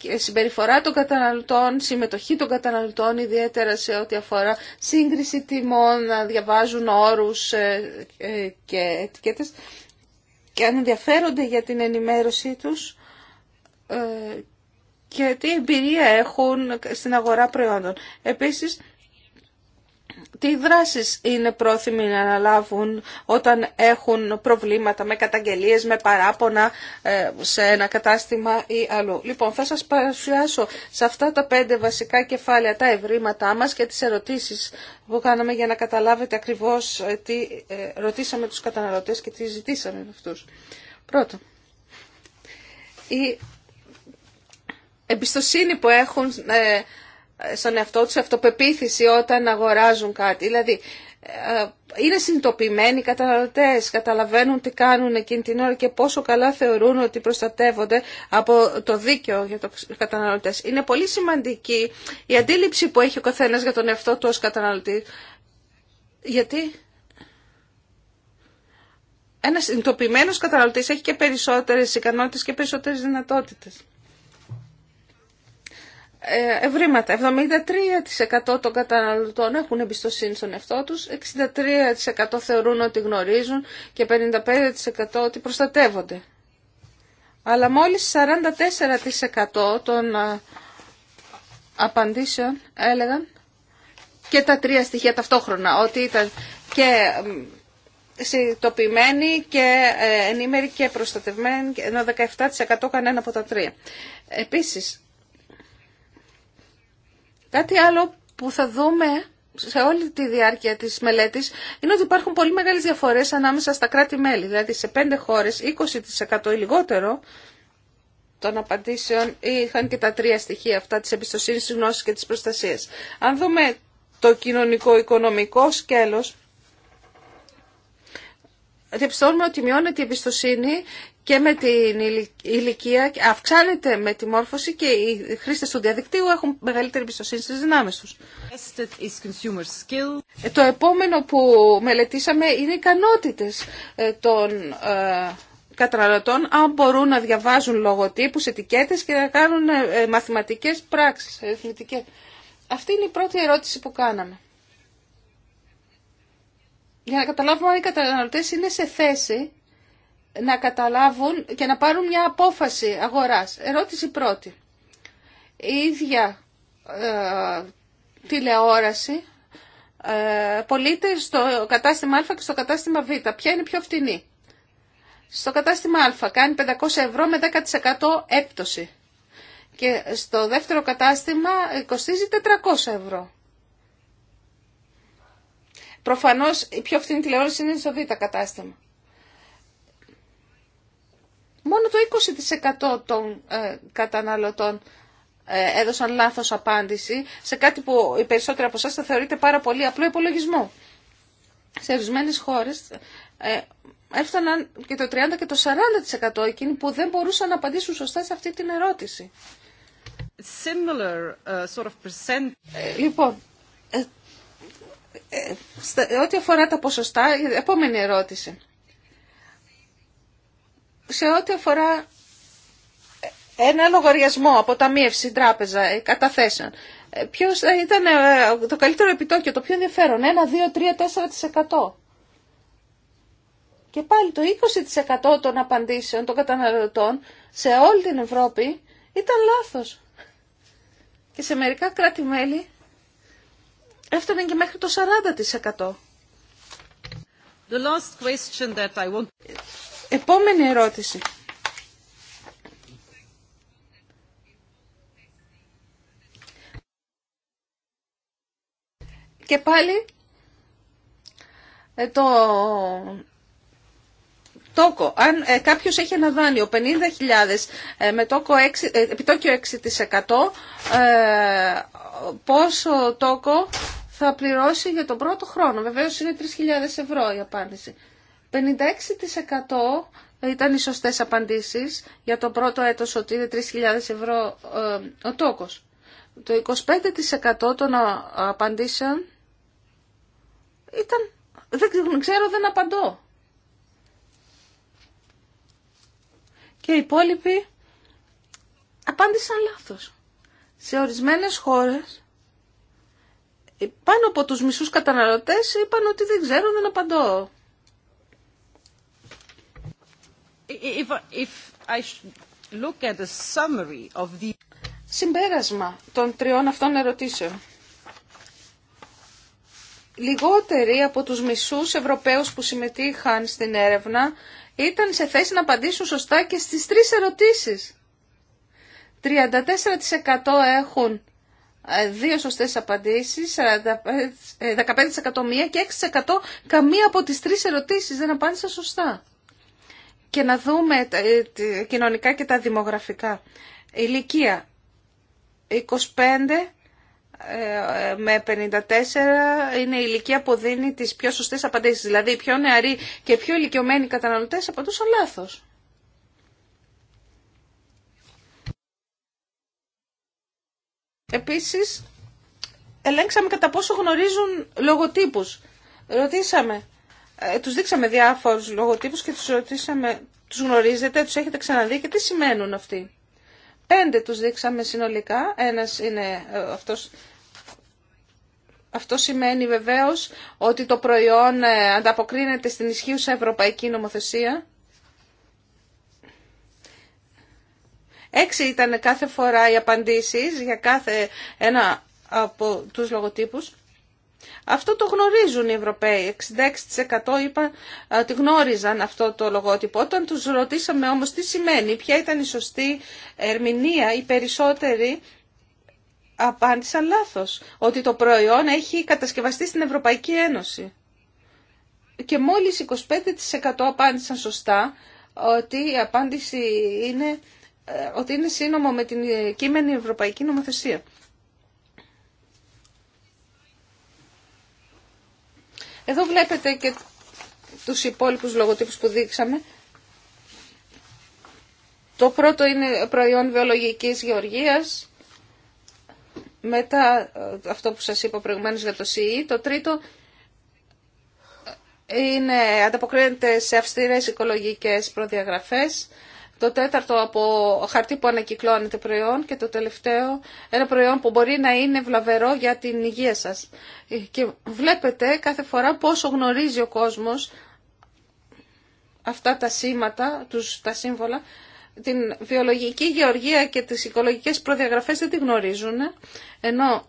και συμπεριφορά των καταναλωτών, συμμετοχή των καταναλωτών, ιδιαίτερα σε ό,τι αφορά σύγκριση τιμών, να διαβάζουν όρους ε, ε, και ετικέτες και αν ενδιαφέρονται για την ενημέρωσή τους ε, και τι εμπειρία έχουν στην αγορά προϊόντων. Επίσης, τι δράσεις είναι πρόθυμοι να αναλάβουν όταν έχουν προβλήματα με καταγγελίες, με παράπονα ε, σε ένα κατάστημα ή άλλο. Λοιπόν, θα σας παρουσιάσω σε αυτά τα πέντε βασικά κεφάλαια τα ευρήματά μας και τις ερωτήσεις που κάναμε για να καταλάβετε ακριβώς ε, τι ε, ρωτήσαμε τους καταναλωτές και τι ζητήσαμε με αυτούς. πρώτο η εμπιστοσύνη που έχουν στον εαυτό τους αυτοπεποίθηση όταν αγοράζουν κάτι. Δηλαδή, ε, είναι συνειδητοποιημένοι οι καταναλωτές, καταλαβαίνουν τι κάνουν εκείνη την ώρα και πόσο καλά θεωρούν ότι προστατεύονται από το δίκαιο για τους καταναλωτές. Είναι πολύ σημαντική η αντίληψη που έχει ο καθένας για τον εαυτό του ως καταναλωτή. Γιατί ένας συνειδητοποιημένος καταναλωτής έχει και περισσότερες ικανότητες και περισσότερες δυνατότητες. Ε, ευρήματα. 73% των καταναλωτών έχουν εμπιστοσύνη στον εαυτό τους, 63% θεωρούν ότι γνωρίζουν και 55% ότι προστατεύονται. Αλλά μόλις 44% των απαντήσεων έλεγαν και τα τρία στοιχεία ταυτόχρονα, ότι ήταν και συνειδητοποιημένοι και ε, ενήμεροι και προστατευμένοι, ενώ 17% κανένα από τα τρία. Επίσης, Κάτι άλλο που θα δούμε σε όλη τη διάρκεια της μελέτης είναι ότι υπάρχουν πολύ μεγάλες διαφορές ανάμεσα στα κράτη-μέλη. Δηλαδή σε πέντε χώρες 20% ή λιγότερο των απαντήσεων είχαν και τα τρία στοιχεία αυτά της εμπιστοσύνης, της γνώσης και της προστασίας. Αν δούμε το κοινωνικό-οικονομικό σκέλος, διαπιστώνουμε ότι μειώνεται η εμπιστοσύνη και με την ηλικία αυξάνεται με τη μόρφωση και οι χρήστε του διαδικτύου έχουν μεγαλύτερη εμπιστοσύνη στι δυνάμεις του. Ε, το επόμενο που μελετήσαμε είναι οι ικανότητε ε, των ε, καταναλωτών αν μπορούν να διαβάζουν λογοτύπους, ετικέτε και να κάνουν μαθηματικές πράξεις, αριθμητικές. Αυτή είναι η πρώτη ερώτηση που κάναμε. Για να καταλάβουμε αν οι καταναλωτές είναι σε θέση να καταλάβουν και να πάρουν μια απόφαση αγοράς. Ερώτηση πρώτη. Η ίδια ε, τηλεόραση ε, πωλείται στο κατάστημα Α και στο κατάστημα Β. Ποια είναι πιο φτηνή. Στο κατάστημα Α κάνει 500 ευρώ με 10% έπτωση. Και στο δεύτερο κατάστημα ε, κοστίζει 400 ευρώ. Προφανώς η πιο φθηνή τηλεόραση είναι στο β' κατάστημα. Μόνο το 20% των ε, καταναλωτών ε, έδωσαν λάθος απάντηση σε κάτι που οι περισσότεροι από εσάς θα θεωρείτε πάρα πολύ απλό υπολογισμό. Σε ορισμένε χώρες ε, έφταναν και το 30% και το 40% εκείνοι που δεν μπορούσαν να απαντήσουν σωστά σε αυτή την ερώτηση. Similar, uh, sort of percent... λοιπόν, ε, ό,τι αφορά τα ποσοστά, επόμενη ερώτηση σε ό,τι αφορά ένα λογαριασμό, αποταμίευση, τράπεζα, ε, καταθέσεων, ε, ποιο ήταν ε, το καλύτερο επιτόκιο, το πιο ενδιαφέρον, 1, 2, 3, 4%. Και πάλι το 20% των απαντήσεων των καταναλωτών σε όλη την Ευρώπη ήταν λάθος. Και σε μερικά κράτη-μέλη έφταναν και μέχρι το 40%. The last question that I want... Επόμενη ερώτηση. Και πάλι ε, το τόκο. Αν ε, κάποιος έχει ένα δάνειο 50.000 ε, με τόκο 6, ε, επιτόκιο 6% πόσο τόκο θα πληρώσει για τον πρώτο χρόνο. Βεβαίως είναι 3.000 ευρώ η απάντηση. 56% ήταν οι σωστές απαντήσεις για το πρώτο έτος ότι είναι 3.000 ευρώ ε, ο τόκος. Το 25% των απαντήσεων ήταν δεν ξέρω, δεν απαντώ. Και οι υπόλοιποι απάντησαν λάθος. Σε ορισμένες χώρες, πάνω από τους μισούς καταναλωτές είπαν ότι δεν ξέρω, δεν απαντώ. Συμπέρασμα των τριών αυτών ερωτήσεων. Λιγότεροι από τους μισούς Ευρωπαίους που συμμετείχαν στην έρευνα ήταν σε θέση να απαντήσουν σωστά και στις τρεις ερωτήσεις. 34% έχουν ε, δύο σωστές απαντήσεις, 15% ε, μία και 6% καμία από τις τρεις ερωτήσεις δεν απάντησαν σωστά και να δούμε ε, κοινωνικά και τα δημογραφικά. Ηλικία 25 ε, ε, με 54 είναι η ηλικία που δίνει τις πιο σωστές απαντήσεις. Δηλαδή οι πιο νεαροί και πιο ηλικιωμένοι καταναλωτές απαντούσαν λάθος. Επίσης, ελέγξαμε κατά πόσο γνωρίζουν λογοτύπους. Ρωτήσαμε ε, τους δείξαμε διάφορους λογοτύπους και τους ρωτήσαμε, τους γνωρίζετε, τους έχετε ξαναδεί και τι σημαίνουν αυτοί. Πέντε τους δείξαμε συνολικά, ένας είναι ε, αυτός αυτό σημαίνει βεβαίως ότι το προϊόν ε, ανταποκρίνεται στην ισχύουσα ευρωπαϊκή νομοθεσία. Έξι ήταν κάθε φορά οι απαντήσεις για κάθε ένα από τους λογοτύπους. Αυτό το γνωρίζουν οι Ευρωπαίοι. 66% είπαν ότι γνώριζαν αυτό το λογότυπο. Όταν τους ρωτήσαμε όμως τι σημαίνει, ποια ήταν η σωστή ερμηνεία, οι περισσότεροι απάντησαν λάθος. Ότι το προϊόν έχει κατασκευαστεί στην Ευρωπαϊκή Ένωση. Και μόλις 25% απάντησαν σωστά ότι η απάντηση είναι ε, ότι είναι σύνομο με την κείμενη Ευρωπαϊκή Νομοθεσία. Εδώ βλέπετε και τους υπόλοιπους λογοτύπους που δείξαμε. Το πρώτο είναι προϊόν βιολογικής γεωργίας, μετά ε, αυτό που σας είπα προηγουμένως για το ΣΥΗ. E, το τρίτο είναι, ανταποκρίνεται σε αυστηρές οικολογικές προδιαγραφές το τέταρτο από χαρτί που ανακυκλώνεται προϊόν και το τελευταίο ένα προϊόν που μπορεί να είναι βλαβερό για την υγεία σας. Και βλέπετε κάθε φορά πόσο γνωρίζει ο κόσμος αυτά τα σήματα, τους, τα σύμβολα, την βιολογική γεωργία και τις οικολογικές προδιαγραφές δεν τη γνωρίζουν, ενώ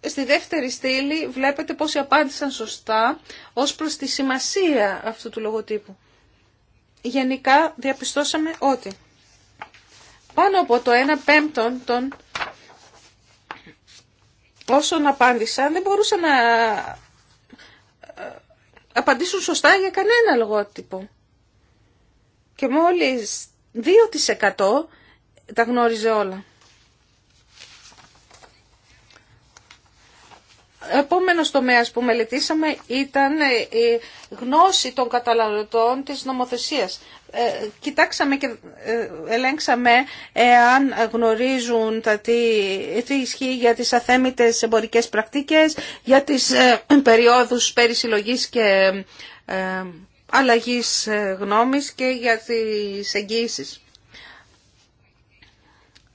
στη δεύτερη στήλη βλέπετε πόσοι απάντησαν σωστά ως προς τη σημασία αυτού του λογοτύπου γενικά διαπιστώσαμε ότι πάνω από το 1 πέμπτον των όσων απάντησαν δεν μπορούσαν να ε, απαντήσουν σωστά για κανένα λογότυπο. Και μόλις 2% τα γνώριζε όλα. επόμενος τομέας που μελετήσαμε ήταν η γνώση των καταναλωτών της νομοθεσίας. Ε, κοιτάξαμε και ε, ελέγξαμε εάν γνωρίζουν τα τι, τι ισχύει για τις αθέμητες εμπορικές πρακτικές, για τις ε, περιόδους περισυλλογής και αλλαγής γνώμης και για τις εγγύησεις.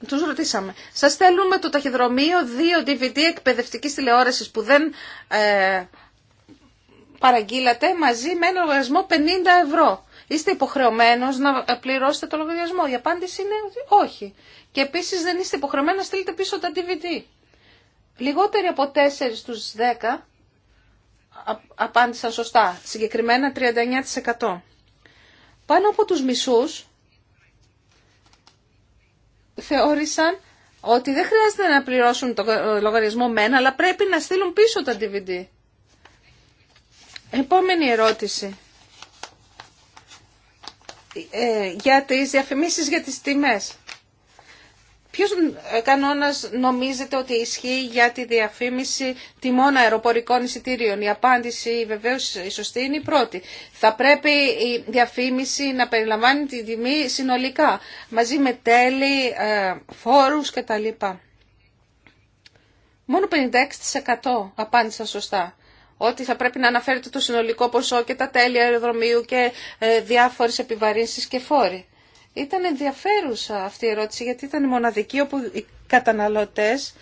Του ρωτήσαμε. Σα στέλνουμε το ταχυδρομείο δύο DVD εκπαιδευτική τηλεόραση που δεν ε, παραγγείλατε μαζί με ένα λογαριασμό 50 ευρώ. Είστε υποχρεωμένο να πληρώσετε το λογαριασμό. Η απάντηση είναι όχι. Και επίση δεν είστε υποχρεωμένοι να στείλετε πίσω τα DVD. Λιγότεροι από 4 στου 10 απάντησαν σωστά. Συγκεκριμένα 39%. Πάνω από τους μισούς θεώρησαν ότι δεν χρειάζεται να πληρώσουν το λογαριασμό μένα, αλλά πρέπει να στείλουν πίσω τα DVD. Επόμενη ερώτηση. Ε, για τις διαφημίσεις για τις τιμές. Ποιος ε, κανόνας νομίζετε ότι ισχύει για τη διαφήμιση τιμών αεροπορικών εισιτήριων. Η απάντηση βεβαίως η σωστή είναι η πρώτη. Θα πρέπει η διαφήμιση να περιλαμβάνει τη τιμή συνολικά, μαζί με τέλη, ε, φόρους κτλ. Μόνο 56% απάντησα σωστά ότι θα πρέπει να αναφέρεται το συνολικό ποσό και τα τέλη αεροδρομίου και ε, διάφορες επιβαρύνσεις και φόροι. Ήταν ενδιαφέρουσα αυτή η ερώτηση γιατί ήταν η μοναδική όπου οι καταναλωτές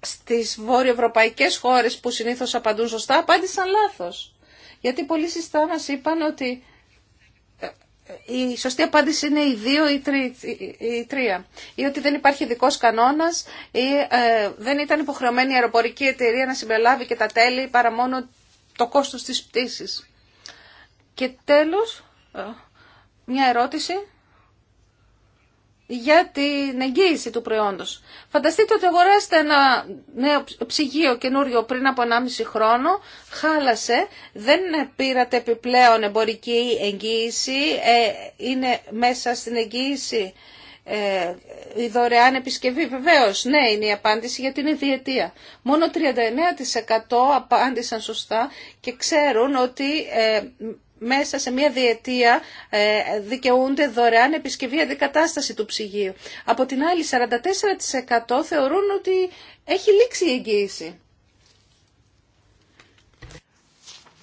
στις βόρειοευρωπαϊκές χώρες που συνήθως απαντούν σωστά απάντησαν λάθος. Γιατί πολλοί συστά μας είπαν ότι ε, ε, η σωστή απάντηση είναι η 2 ή η 3. Ή ότι δεν υπάρχει ειδικό κανόνα ή ε, δεν ήταν υποχρεωμένη η αεροπορική εταιρεία να συμπεριλάβει και τα τέλη παρά μόνο το κόστος της πτήσης. Και τέλος, μια ερώτηση για την εγγύηση του προϊόντος. Φανταστείτε ότι αγοράσετε ένα νέο ψυγείο καινούριο πριν από 1,5 χρόνο, χάλασε, δεν πήρατε επιπλέον εμπορική εγγύηση, ε, είναι μέσα στην εγγύηση ε, η δωρεάν επισκευή. Βεβαίως, ναι είναι η απάντηση γιατί είναι διετία. Μόνο 39% απάντησαν σωστά και ξέρουν ότι ε, μέσα σε μια διετία ε, δικαιούνται δωρεάν επισκευή αντικατάσταση του ψυγείου. Από την άλλη, 44% θεωρούν ότι έχει λήξει η εγγύηση.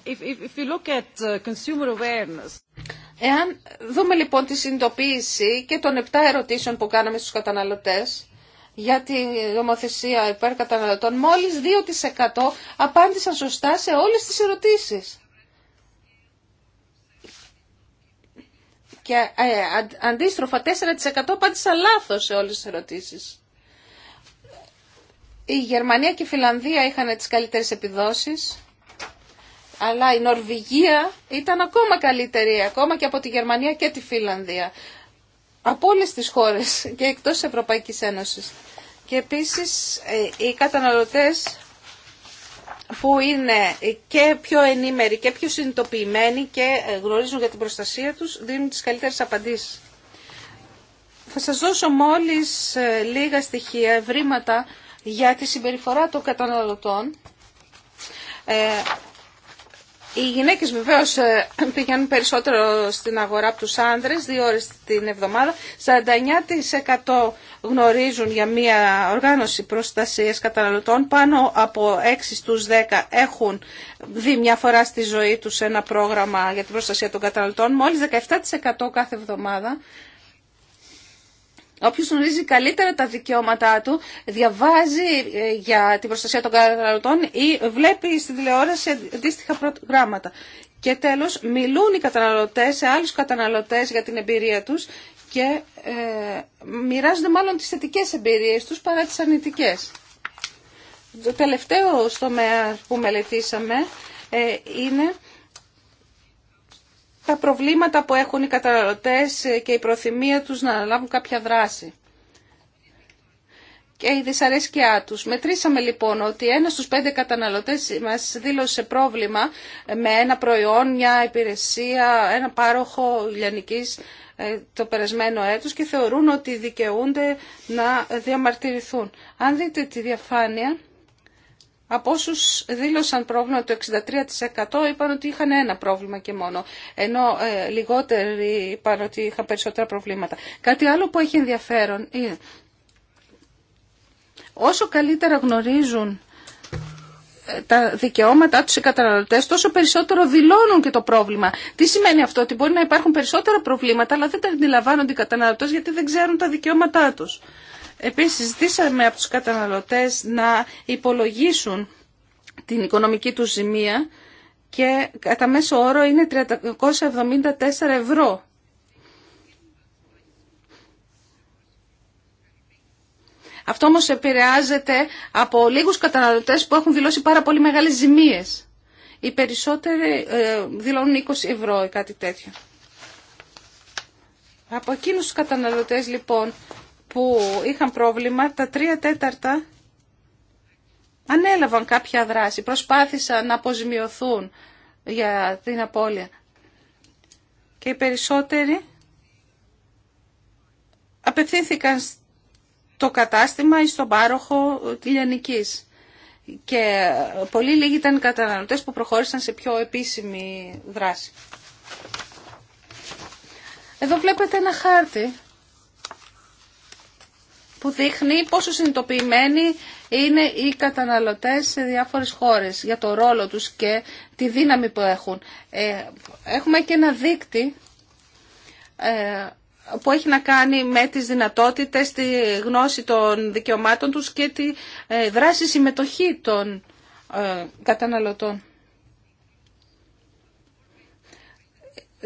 If, if, you look at uh, consumer awareness... Εάν δούμε λοιπόν τη συνειδητοποίηση και των 7 ερωτήσεων που κάναμε στους καταναλωτές για τη νομοθεσία υπέρ καταναλωτών, μόλις 2% απάντησαν σωστά σε όλες τις ερωτήσεις. Και ε, αντίστροφα 4% απάντησα λάθος σε όλες τις ερωτήσεις. Η Γερμανία και η Φιλανδία είχαν τις καλύτερες επιδόσεις, αλλά η Νορβηγία ήταν ακόμα καλύτερη, ακόμα και από τη Γερμανία και τη Φιλανδία. Από όλες τις χώρες και εκτός Ευρωπαϊκής Ένωσης. Και επίσης ε, οι καταναλωτές που είναι και πιο ενήμεροι και πιο συνειδητοποιημένοι και ε, γνωρίζουν για την προστασία τους, δίνουν τις καλύτερες απαντήσεις. Θα σας δώσω μόλις ε, λίγα στοιχεία, ευρήματα για τη συμπεριφορά των καταναλωτών ε, οι γυναίκες βεβαίως ε, πηγαίνουν περισσότερο στην αγορά από τους άνδρες, δύο ώρες την εβδομάδα. 49% γνωρίζουν για μια οργάνωση προστασίας καταναλωτών. Πάνω από 6 στους 10 έχουν δει μια φορά στη ζωή τους ένα πρόγραμμα για την προστασία των καταναλωτών. Μόλις 17% κάθε εβδομάδα Όποιος γνωρίζει καλύτερα τα δικαιώματά του, διαβάζει ε, για την προστασία των καταναλωτών ή βλέπει στη τηλεόραση αντίστοιχα προγράμματα. Και τέλος, μιλούν οι καταναλωτές σε άλλους καταναλωτές για την εμπειρία τους και ε, μοιράζονται μάλλον τις θετικές εμπειρίες τους παρά τις αρνητικές. Το τελευταίο στομέα που μελετήσαμε ε, είναι τα προβλήματα που έχουν οι καταναλωτές και η προθυμία τους να αναλάβουν κάποια δράση και η δυσαρέσκειά τους. Μετρήσαμε λοιπόν ότι ένας στους πέντε καταναλωτές μας δήλωσε πρόβλημα με ένα προϊόν, μια υπηρεσία, ένα πάροχο λιανικής ε, το περασμένο έτος και θεωρούν ότι δικαιούνται να διαμαρτυρηθούν. Αν δείτε τη διαφάνεια, από όσου δήλωσαν πρόβλημα το 63% είπαν ότι είχαν ένα πρόβλημα και μόνο, ενώ ε, λιγότεροι είπαν ότι είχαν περισσότερα προβλήματα. Κάτι άλλο που έχει ενδιαφέρον είναι όσο καλύτερα γνωρίζουν ε, τα δικαιώματά τους οι καταναλωτές τόσο περισσότερο δηλώνουν και το πρόβλημα. Τι σημαίνει αυτό, ότι μπορεί να υπάρχουν περισσότερα προβλήματα αλλά δεν τα αντιλαμβάνονται οι καταναλωτές γιατί δεν ξέρουν τα δικαιώματά τους. Επίσης, ζητήσαμε από τους καταναλωτές να υπολογίσουν την οικονομική του ζημία και κατά μέσο όρο είναι 374 ευρώ. Αυτό όμως επηρεάζεται από λίγους καταναλωτές που έχουν δηλώσει πάρα πολύ μεγάλες ζημίες. Οι περισσότεροι ε, δηλώνουν 20 ευρώ ή κάτι τέτοιο. Από εκείνους τους καταναλωτές λοιπόν που είχαν πρόβλημα, τα τρία τέταρτα ανέλαβαν κάποια δράση, προσπάθησαν να αποζημιωθούν για την απώλεια. Και οι περισσότεροι απευθύνθηκαν στο κατάστημα ή στον πάροχο λιανικής. Και πολύ λίγοι ήταν οι καταναλωτές που προχώρησαν σε πιο επίσημη δράση. Εδώ βλέπετε ένα χάρτη που δείχνει πόσο συνειδητοποιημένοι είναι οι καταναλωτές σε διάφορες χώρες για το ρόλο τους και τη δύναμη που έχουν. Ε, έχουμε και ένα δείκτη ε, που έχει να κάνει με τις δυνατότητες, τη γνώση των δικαιωμάτων τους και τη ε, δράση συμμετοχή των καταναλωτών.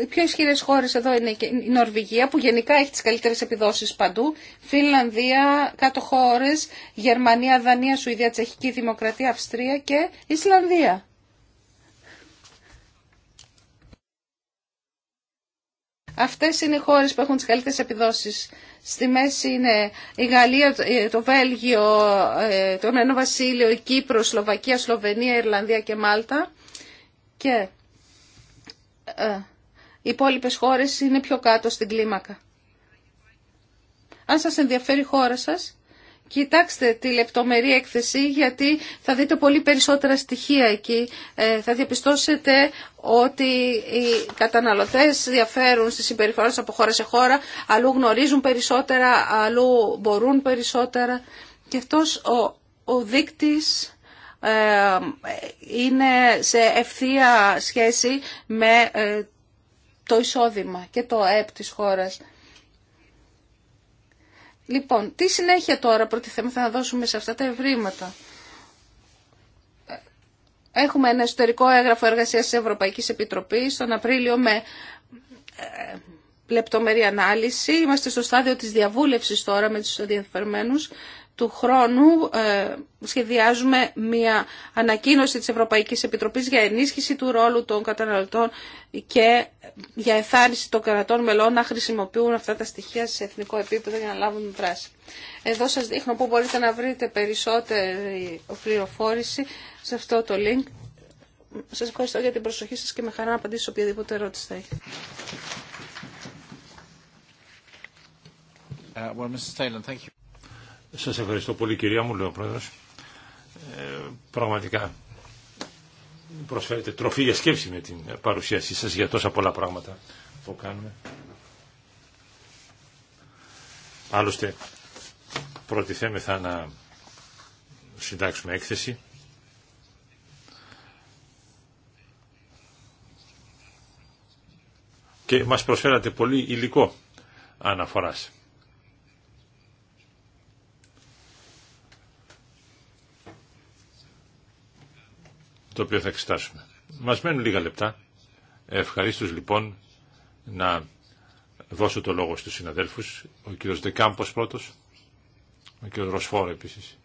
Οι πιο ισχυρέ χώρε εδώ είναι η Νορβηγία που γενικά έχει τι καλύτερε επιδόσει παντού. Φιλανδία, κάτω χώρε, Γερμανία, Δανία, Σουηδία, Τσεχική Δημοκρατία, Αυστρία και Ισλανδία. Αυτές είναι οι χώρες που έχουν τις καλύτερες επιδόσεις. Στη μέση είναι η Γαλλία, το Βέλγιο, ε, το Ενό Βασίλειο, η Κύπρο, Σλοβακία, Σλοβενία, Ιρλανδία και Μάλτα. Και ε, οι υπόλοιπε χώρες είναι πιο κάτω στην κλίμακα. Αν σας ενδιαφέρει η χώρα σας, κοιτάξτε τη λεπτομερή έκθεση γιατί θα δείτε πολύ περισσότερα στοιχεία εκεί. Ε, θα διαπιστώσετε ότι οι καταναλωτές διαφέρουν στις συμπεριφορές από χώρα σε χώρα, αλλού γνωρίζουν περισσότερα, αλλού μπορούν περισσότερα. Και αυτός ο, ο ε, ε, είναι σε ευθεία σχέση με το εισόδημα και το ΑΕΠ της χώρας. Λοιπόν, τι συνέχεια τώρα θέμα να δώσουμε σε αυτά τα ευρήματα. Έχουμε ένα εσωτερικό έγγραφο εργασίας της Ευρωπαϊκής Επιτροπής τον Απρίλιο με ε, λεπτομερή ανάλυση. Είμαστε στο στάδιο της διαβούλευσης τώρα με τους ενδιαφερμένους του χρόνου ε, σχεδιάζουμε μια ανακοίνωση της Ευρωπαϊκής Επιτροπής για ενίσχυση του ρόλου των καταναλωτών και για εθάρρυνση των κρατών μελών να χρησιμοποιούν αυτά τα στοιχεία σε εθνικό επίπεδο για να λάβουν δράση. Εδώ σας δείχνω που μπορείτε να βρείτε περισσότερη πληροφόρηση σε αυτό το link. Σας ευχαριστώ για την προσοχή σας και με χαρά να απαντήσω σε οποιαδήποτε ερώτηση θα έχετε. Uh, well, thank you. Σας ευχαριστώ πολύ κυρία μου, λέει ο πρόεδρος. Ε, πραγματικά προσφέρετε τροφή για σκέψη με την παρουσίασή σας για τόσα πολλά πράγματα που κάνουμε. Άλλωστε θα να συντάξουμε έκθεση. Και μας προσφέρατε πολύ υλικό αναφοράς. το οποίο θα εξετάσουμε. Μας μένουν λίγα λεπτά. Ευχαρίστως λοιπόν να δώσω το λόγο στους συναδέλφους. Ο κύριος Δεκάμπος πρώτος, ο κύριος Ροσφόρ επίσης.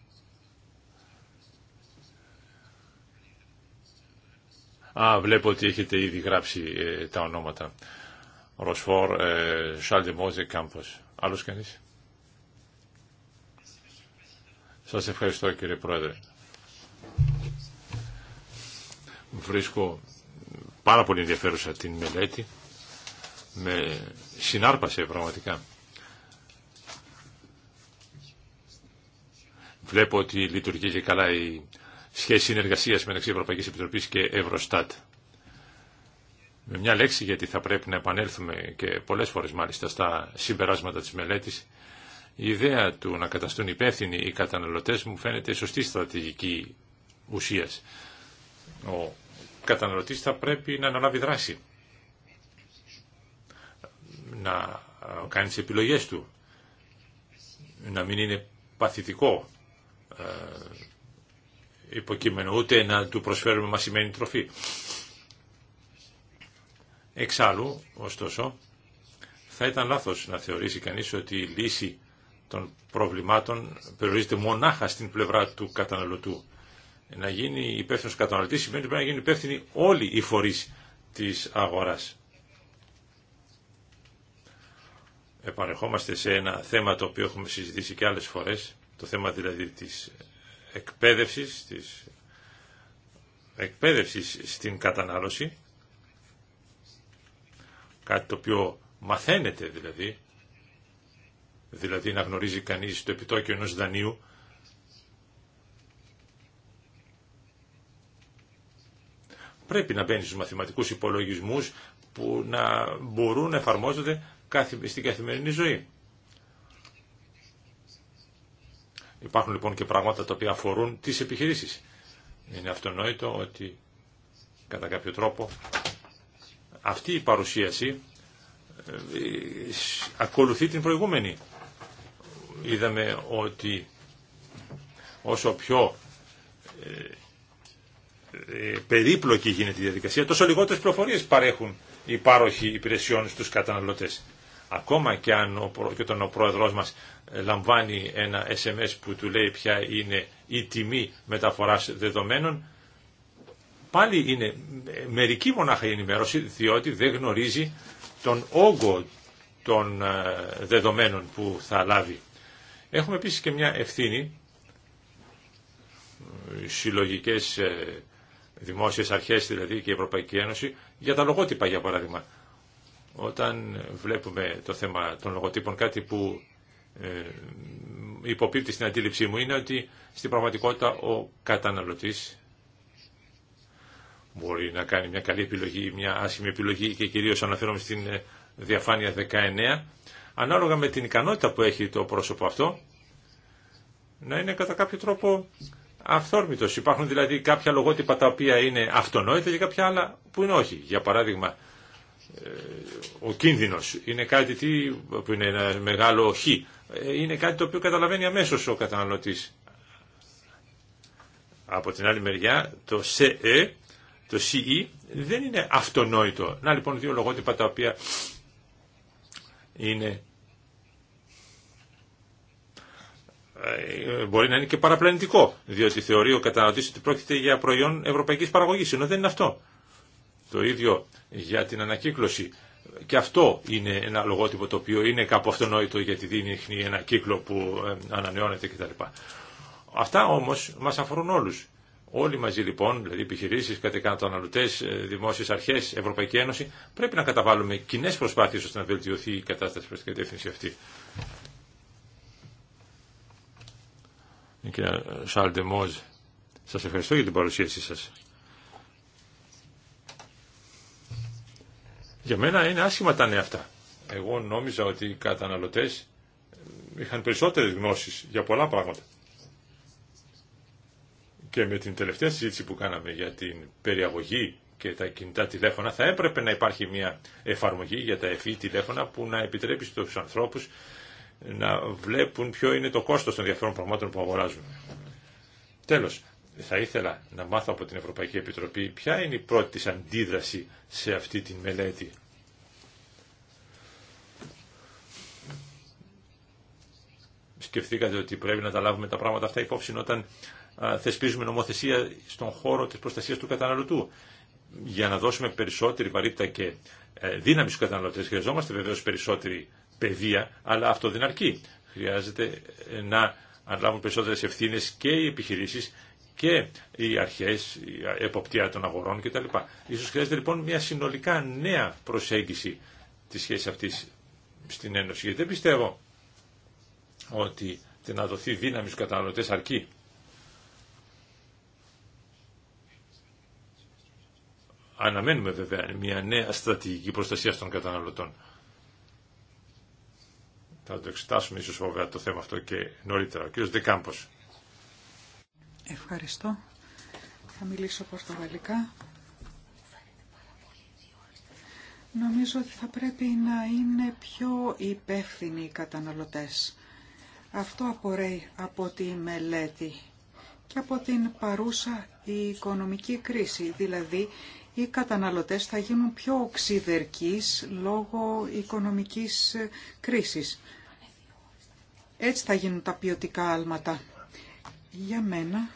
Α, βλέπω ότι έχετε ήδη γράψει ε, τα ονόματα. Ροσφόρ, ε, Μόζε, Κάμπος. Άλλος κανείς. Σας ευχαριστώ κύριε Πρόεδρε. Βρίσκω πάρα πολύ ενδιαφέρουσα την μελέτη. Με συνάρπασε πραγματικά. Βλέπω ότι λειτουργεί και καλά η σχέση συνεργασίας μεταξύ Ευρωπαϊκής Επιτροπής και Ευρωστάτ. Με μια λέξη γιατί θα πρέπει να επανέλθουμε και πολλές φορές μάλιστα στα συμπεράσματα της μελέτης, η ιδέα του να καταστούν υπεύθυνοι οι καταναλωτές μου φαίνεται σωστή στρατηγική ουσίας. Ο καταναλωτής θα πρέπει να αναλάβει δράση, να κάνει τις επιλογές του, να μην είναι παθητικό ε, υποκείμενο, ούτε να του προσφέρουμε μασημένη τροφή. Εξάλλου, ωστόσο, θα ήταν λάθος να θεωρήσει κανείς ότι η λύση των προβλημάτων περιορίζεται μονάχα στην πλευρά του καταναλωτού. Ε, να γίνει υπεύθυνο καταναλωτή σημαίνει ότι πρέπει να γίνει υπεύθυνοι όλοι οι φορεί τη αγορά. Επανερχόμαστε σε ένα θέμα το οποίο έχουμε συζητήσει και άλλες φορές, το θέμα δηλαδή τη εκπαίδευση της εκπαίδευσης στην κατανάλωση, κάτι το οποίο μαθαίνεται δηλαδή, δηλαδή να γνωρίζει κανείς το επιτόκιο ενός δανείου, πρέπει να μπαίνει στους μαθηματικούς υπολογισμούς που να μπορούν να εφαρμόζονται στην καθημερινή ζωή. Υπάρχουν λοιπόν και πράγματα τα οποία αφορούν τις επιχειρήσεις. Είναι αυτονόητο ότι κατά κάποιο τρόπο αυτή η παρουσίαση ε, ακολουθεί την προηγούμενη. Είδαμε ότι όσο πιο ε, ε, περίπλοκη γίνεται η διαδικασία, τόσο λιγότερες προφορίες παρέχουν οι πάροχοι υπηρεσιών στους καταναλωτές. Ακόμα και, αν ο, και ο πρόεδρος μας ε, λαμβάνει ένα SMS που του λέει ποια είναι η τιμή μεταφοράς δεδομένων, πάλι είναι ε, μερική μονάχα η ενημέρωση, διότι δεν γνωρίζει τον όγκο των δεδομένων που θα λάβει. Έχουμε επίσης και μια ευθύνη συλλογικές δημόσιες αρχές δηλαδή και η Ευρωπαϊκή Ένωση, για τα λογότυπα για παράδειγμα. Όταν βλέπουμε το θέμα των λογοτύπων, κάτι που ε, υποπίπτει στην αντίληψή μου είναι ότι στην πραγματικότητα ο καταναλωτής μπορεί να κάνει μια καλή επιλογή ή μια άσχημη επιλογή και κυρίως αναφέρομαι στην ε, διαφάνεια 19, ανάλογα με την ικανότητα που έχει το πρόσωπο αυτό, να είναι κατά κάποιο τρόπο αυθόρμητος. Υπάρχουν δηλαδή κάποια λογότυπα τα οποία είναι αυτονόητα και κάποια άλλα που είναι όχι. Για παράδειγμα, ε, ο κίνδυνος είναι κάτι τι, που είναι ένα μεγάλο χ. Ε, είναι κάτι το οποίο καταλαβαίνει αμέσως ο καταναλωτής. Από την άλλη μεριά, το ΣΕ, ε, το CE, δεν είναι αυτονόητο. Να λοιπόν δύο λογότυπα τα οποία είναι Ε, μπορεί να είναι και παραπλανητικό, διότι θεωρεί ο καταναλωτή ότι πρόκειται για προϊόν Ευρωπαϊκή παραγωγή. ενώ δεν είναι αυτό. Το ίδιο για την ανακύκλωση. Και αυτό είναι ένα λογότυπο το οποίο είναι κάπου αυτονόητο γιατί δίνει ένα κύκλο που ε, ανανεώνεται κτλ. Αυτά όμω μα αφορούν όλου. Όλοι μαζί λοιπόν, δηλαδή επιχειρήσει, καταναλωτέ, ε, δημόσιε αρχέ, Ευρωπαϊκή Ένωση, πρέπει να καταβάλουμε κοινέ προσπάθειε ώστε να βελτιωθεί η κατάσταση προ την κατεύθυνση αυτή. Κύριε Σαρλ σας ευχαριστώ για την παρουσίασή σας. Για μένα είναι άσχημα τα νέα αυτά. Εγώ νόμιζα ότι οι καταναλωτές είχαν περισσότερες γνώσεις για πολλά πράγματα. Και με την τελευταία συζήτηση που κάναμε για την περιαγωγή και τα κινητά τηλέφωνα θα έπρεπε να υπάρχει μια εφαρμογή για τα εφή τηλέφωνα που να επιτρέπει στους ανθρώπους να βλέπουν ποιο είναι το κόστος των διαφόρων πραγμάτων που αγοράζουν. Τέλος, θα ήθελα να μάθω από την Ευρωπαϊκή Επιτροπή ποια είναι η πρώτη της αντίδραση σε αυτή τη μελέτη. Σκεφτήκατε ότι πρέπει να τα λάβουμε τα πράγματα αυτά υπόψη όταν θεσπίζουμε νομοθεσία στον χώρο της προστασίας του καταναλωτού. Για να δώσουμε περισσότερη βαρύτητα και ε, δύναμη στους καταναλωτές χρειαζόμαστε βεβαίως περισσότερη παιδεία, αλλά αυτό δεν αρκεί. Χρειάζεται ε, να αναλάβουν περισσότερες ευθύνες και οι επιχειρήσεις και οι αρχές, η εποπτεία των αγορών κτλ. Ίσως χρειάζεται λοιπόν μια συνολικά νέα προσέγγιση της σχέσης αυτής στην Ένωση. Γιατί δεν πιστεύω ότι να δοθεί δύναμη στους καταναλωτές αρκεί. Αναμένουμε βέβαια μια νέα στρατηγική προστασία των καταναλωτών. Θα το εξετάσουμε ίσως βέβαια το θέμα αυτό και νωρίτερα. Ο κύριος Δεκάμπος. Ευχαριστώ. Θα μιλήσω πορτογαλικά. Νομίζω ότι θα πρέπει να είναι πιο υπεύθυνοι οι καταναλωτές. Αυτό απορρέει από τη μελέτη και από την παρούσα η οικονομική κρίση, δηλαδή οι καταναλωτές θα γίνουν πιο οξυδερκείς λόγω οικονομικής ε, κρίσης. Έτσι θα γίνουν τα ποιοτικά άλματα. Για μένα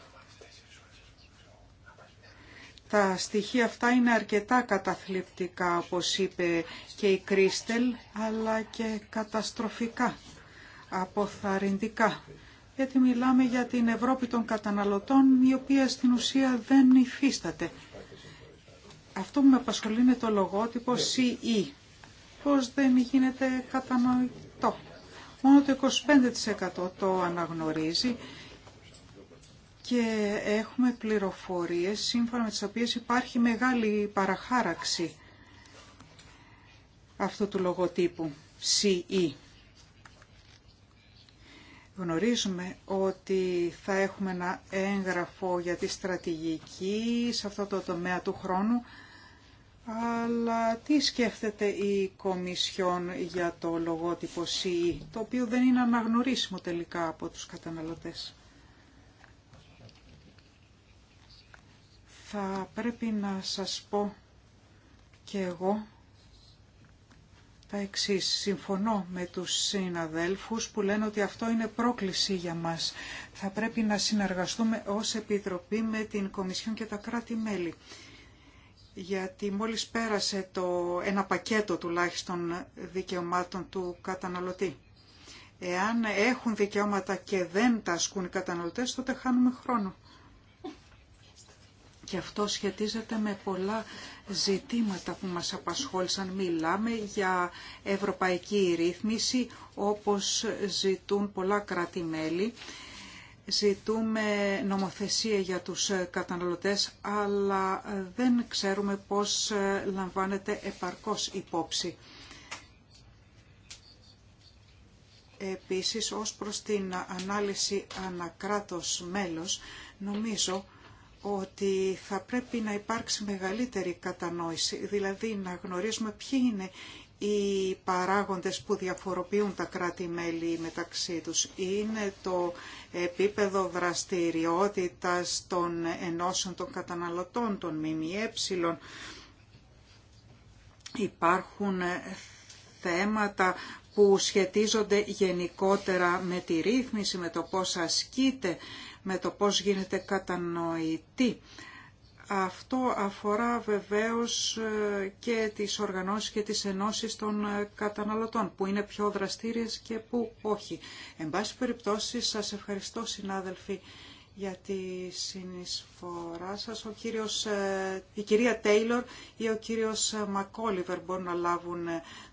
τα στοιχεία αυτά είναι αρκετά καταθλιπτικά, όπως είπε και η Κρίστελ, αλλά και καταστροφικά, αποθαρρυντικά. Γιατί μιλάμε για την Ευρώπη των καταναλωτών, η οποία στην ουσία δεν υφίσταται. Αυτό που με απασχολεί είναι το λογότυπο ναι. CE. Πώς δεν γίνεται κατανοητό. Μόνο το 25% το αναγνωρίζει και έχουμε πληροφορίες σύμφωνα με τις οποίες υπάρχει μεγάλη παραχάραξη αυτού του λογοτύπου CE. Γνωρίζουμε ότι θα έχουμε ένα έγγραφο για τη στρατηγική σε αυτό το τομέα του χρόνου αλλά τι σκέφτεται η Κομισιόν για το λογότυπο ΣΥΗ, το οποίο δεν είναι αναγνωρίσιμο τελικά από τους καταναλωτές. Θα πρέπει να σας πω και εγώ τα εξή. Συμφωνώ με τους συναδέλφους που λένε ότι αυτό είναι πρόκληση για μας. Θα πρέπει να συνεργαστούμε ως Επιτροπή με την Κομισιόν και τα κράτη-μέλη γιατί μόλις πέρασε το, ένα πακέτο τουλάχιστον δικαιωμάτων του καταναλωτή. Εάν έχουν δικαιώματα και δεν τα ασκούν οι καταναλωτές, τότε χάνουμε χρόνο. Και αυτό σχετίζεται με πολλά ζητήματα που μας απασχόλησαν. Μιλάμε για ευρωπαϊκή ρύθμιση, όπως ζητούν πολλά κράτη-μέλη ζητούμε νομοθεσία για τους ε, καταναλωτές, αλλά ε, δεν ξέρουμε πώς ε, λαμβάνεται επαρκώς υπόψη. Επίσης, ως προς την ανάλυση ανακράτος μέλος, νομίζω ότι θα πρέπει να υπάρξει μεγαλύτερη κατανόηση, δηλαδή να γνωρίζουμε ποιοι είναι οι παράγοντες που διαφοροποιούν τα κράτη-μέλη μεταξύ τους. Είναι το επίπεδο δραστηριότητας των ενώσεων των καταναλωτών, των ΜΜΕ. Υπάρχουν θέματα που σχετίζονται γενικότερα με τη ρύθμιση, με το πώς ασκείται, με το πώς γίνεται κατανοητή αυτό αφορά βεβαίως ε, και τις οργανώσεις και τις ενώσεις των ε, καταναλωτών, που είναι πιο δραστήριες και που όχι. Εν πάση περιπτώσει, σας ευχαριστώ συνάδελφοι για τη συνεισφορά σας. Ο κύριος, ε, η κυρία Τέιλορ ή ο κύριος Μακόλιβερ μπορούν να λάβουν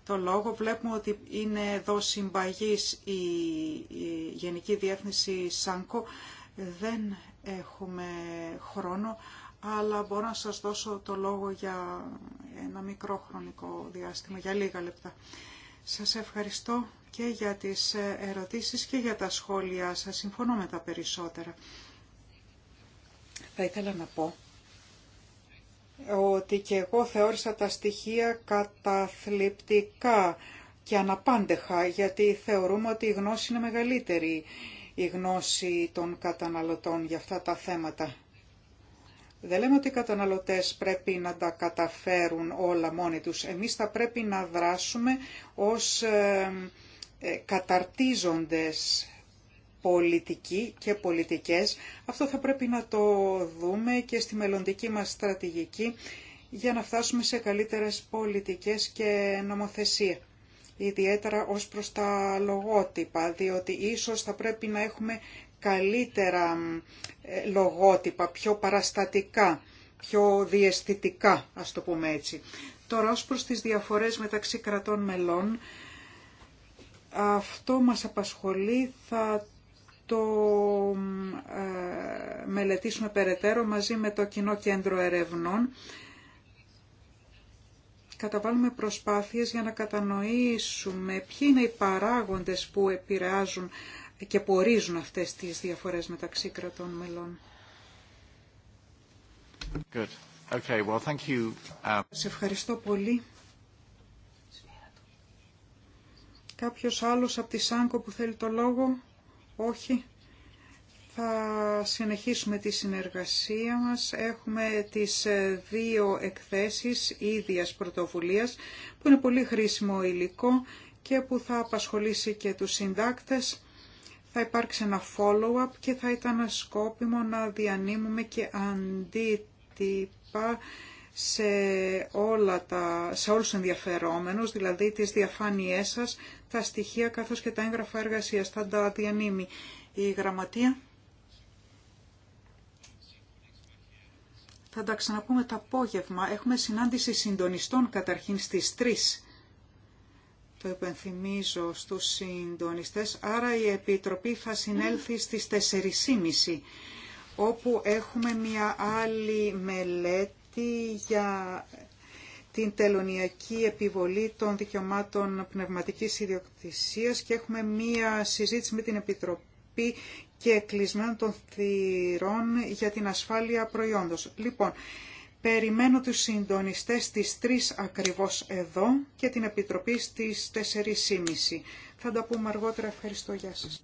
το λόγο. Βλέπουμε ότι είναι εδώ συμπαγής η, η Γενική Διεύθυνση ΣΑΝΚΟ. Δεν έχουμε χρόνο αλλά μπορώ να σας δώσω το λόγο για ένα μικρό χρονικό διάστημα, για λίγα λεπτά. Σας ευχαριστώ και για τις ε, ερωτήσεις και για τα σχόλια σας. Συμφωνώ με τα περισσότερα. Θα ήθελα να πω ότι και εγώ θεώρησα τα στοιχεία καταθλιπτικά και αναπάντεχα, γιατί θεωρούμε ότι η γνώση είναι μεγαλύτερη, η γνώση των καταναλωτών για αυτά τα θέματα. Δεν λέμε ότι οι καταναλωτές πρέπει να τα καταφέρουν όλα μόνοι τους. Εμείς θα πρέπει να δράσουμε ως ε, ε, καταρτίζοντες πολιτικοί και πολιτικές. Αυτό θα πρέπει να το δούμε και στη μελλοντική μας στρατηγική για να φτάσουμε σε καλύτερες πολιτικές και νομοθεσία. Ιδιαίτερα ως προς τα λογότυπα, διότι ίσως θα πρέπει να έχουμε καλύτερα ε, λογότυπα, πιο παραστατικά, πιο διαισθητικά, ας το πούμε έτσι. Τώρα ως προς τις διαφορές μεταξύ κρατών μελών, αυτό μας απασχολεί, θα το ε, μελετήσουμε περαιτέρω μαζί με το Κοινό Κέντρο Ερευνών. Καταβάλουμε προσπάθειες για να κατανοήσουμε ποιοι είναι οι παράγοντες που επηρεάζουν και που ορίζουν αυτές τις διαφορές μεταξύ κρατών μελών. Good. Okay, well, thank you. Uh, Σε ευχαριστώ πολύ. Κάποιος άλλος από τη ΣΑΝΚΟ που θέλει το λόγο. Όχι. Θα συνεχίσουμε τη συνεργασία μας. Έχουμε τις ε, δύο εκθέσεις ίδιας πρωτοβουλίας που είναι πολύ χρήσιμο υλικό και που θα απασχολήσει και τους συντάκτες θα υπάρξει ένα follow-up και θα ήταν σκόπιμο να διανύμουμε και αντίτυπα σε, όλα τα, σε όλους τους ενδιαφερόμενους, δηλαδή τις διαφάνειές σας, τα στοιχεία καθώς και τα έγγραφα εργασίας. Θα τα διανύμει η γραμματεία. Θα τα ξαναπούμε το απόγευμα. Έχουμε συνάντηση συντονιστών καταρχήν στις 3 το υπενθυμίζω στους συντονιστές, άρα η Επιτροπή θα συνέλθει στις 4.30, όπου έχουμε μια άλλη μελέτη για την τελωνιακή επιβολή των δικαιωμάτων πνευματικής ιδιοκτησίας και έχουμε μία συζήτηση με την Επιτροπή και κλεισμένων των θυρών για την ασφάλεια προϊόντος. Λοιπόν, Περιμένω τους συντονιστές στις 3 ακριβώς εδώ και την Επιτροπή στις 4.30. Θα τα πούμε αργότερα. Ευχαριστώ. Γεια σας.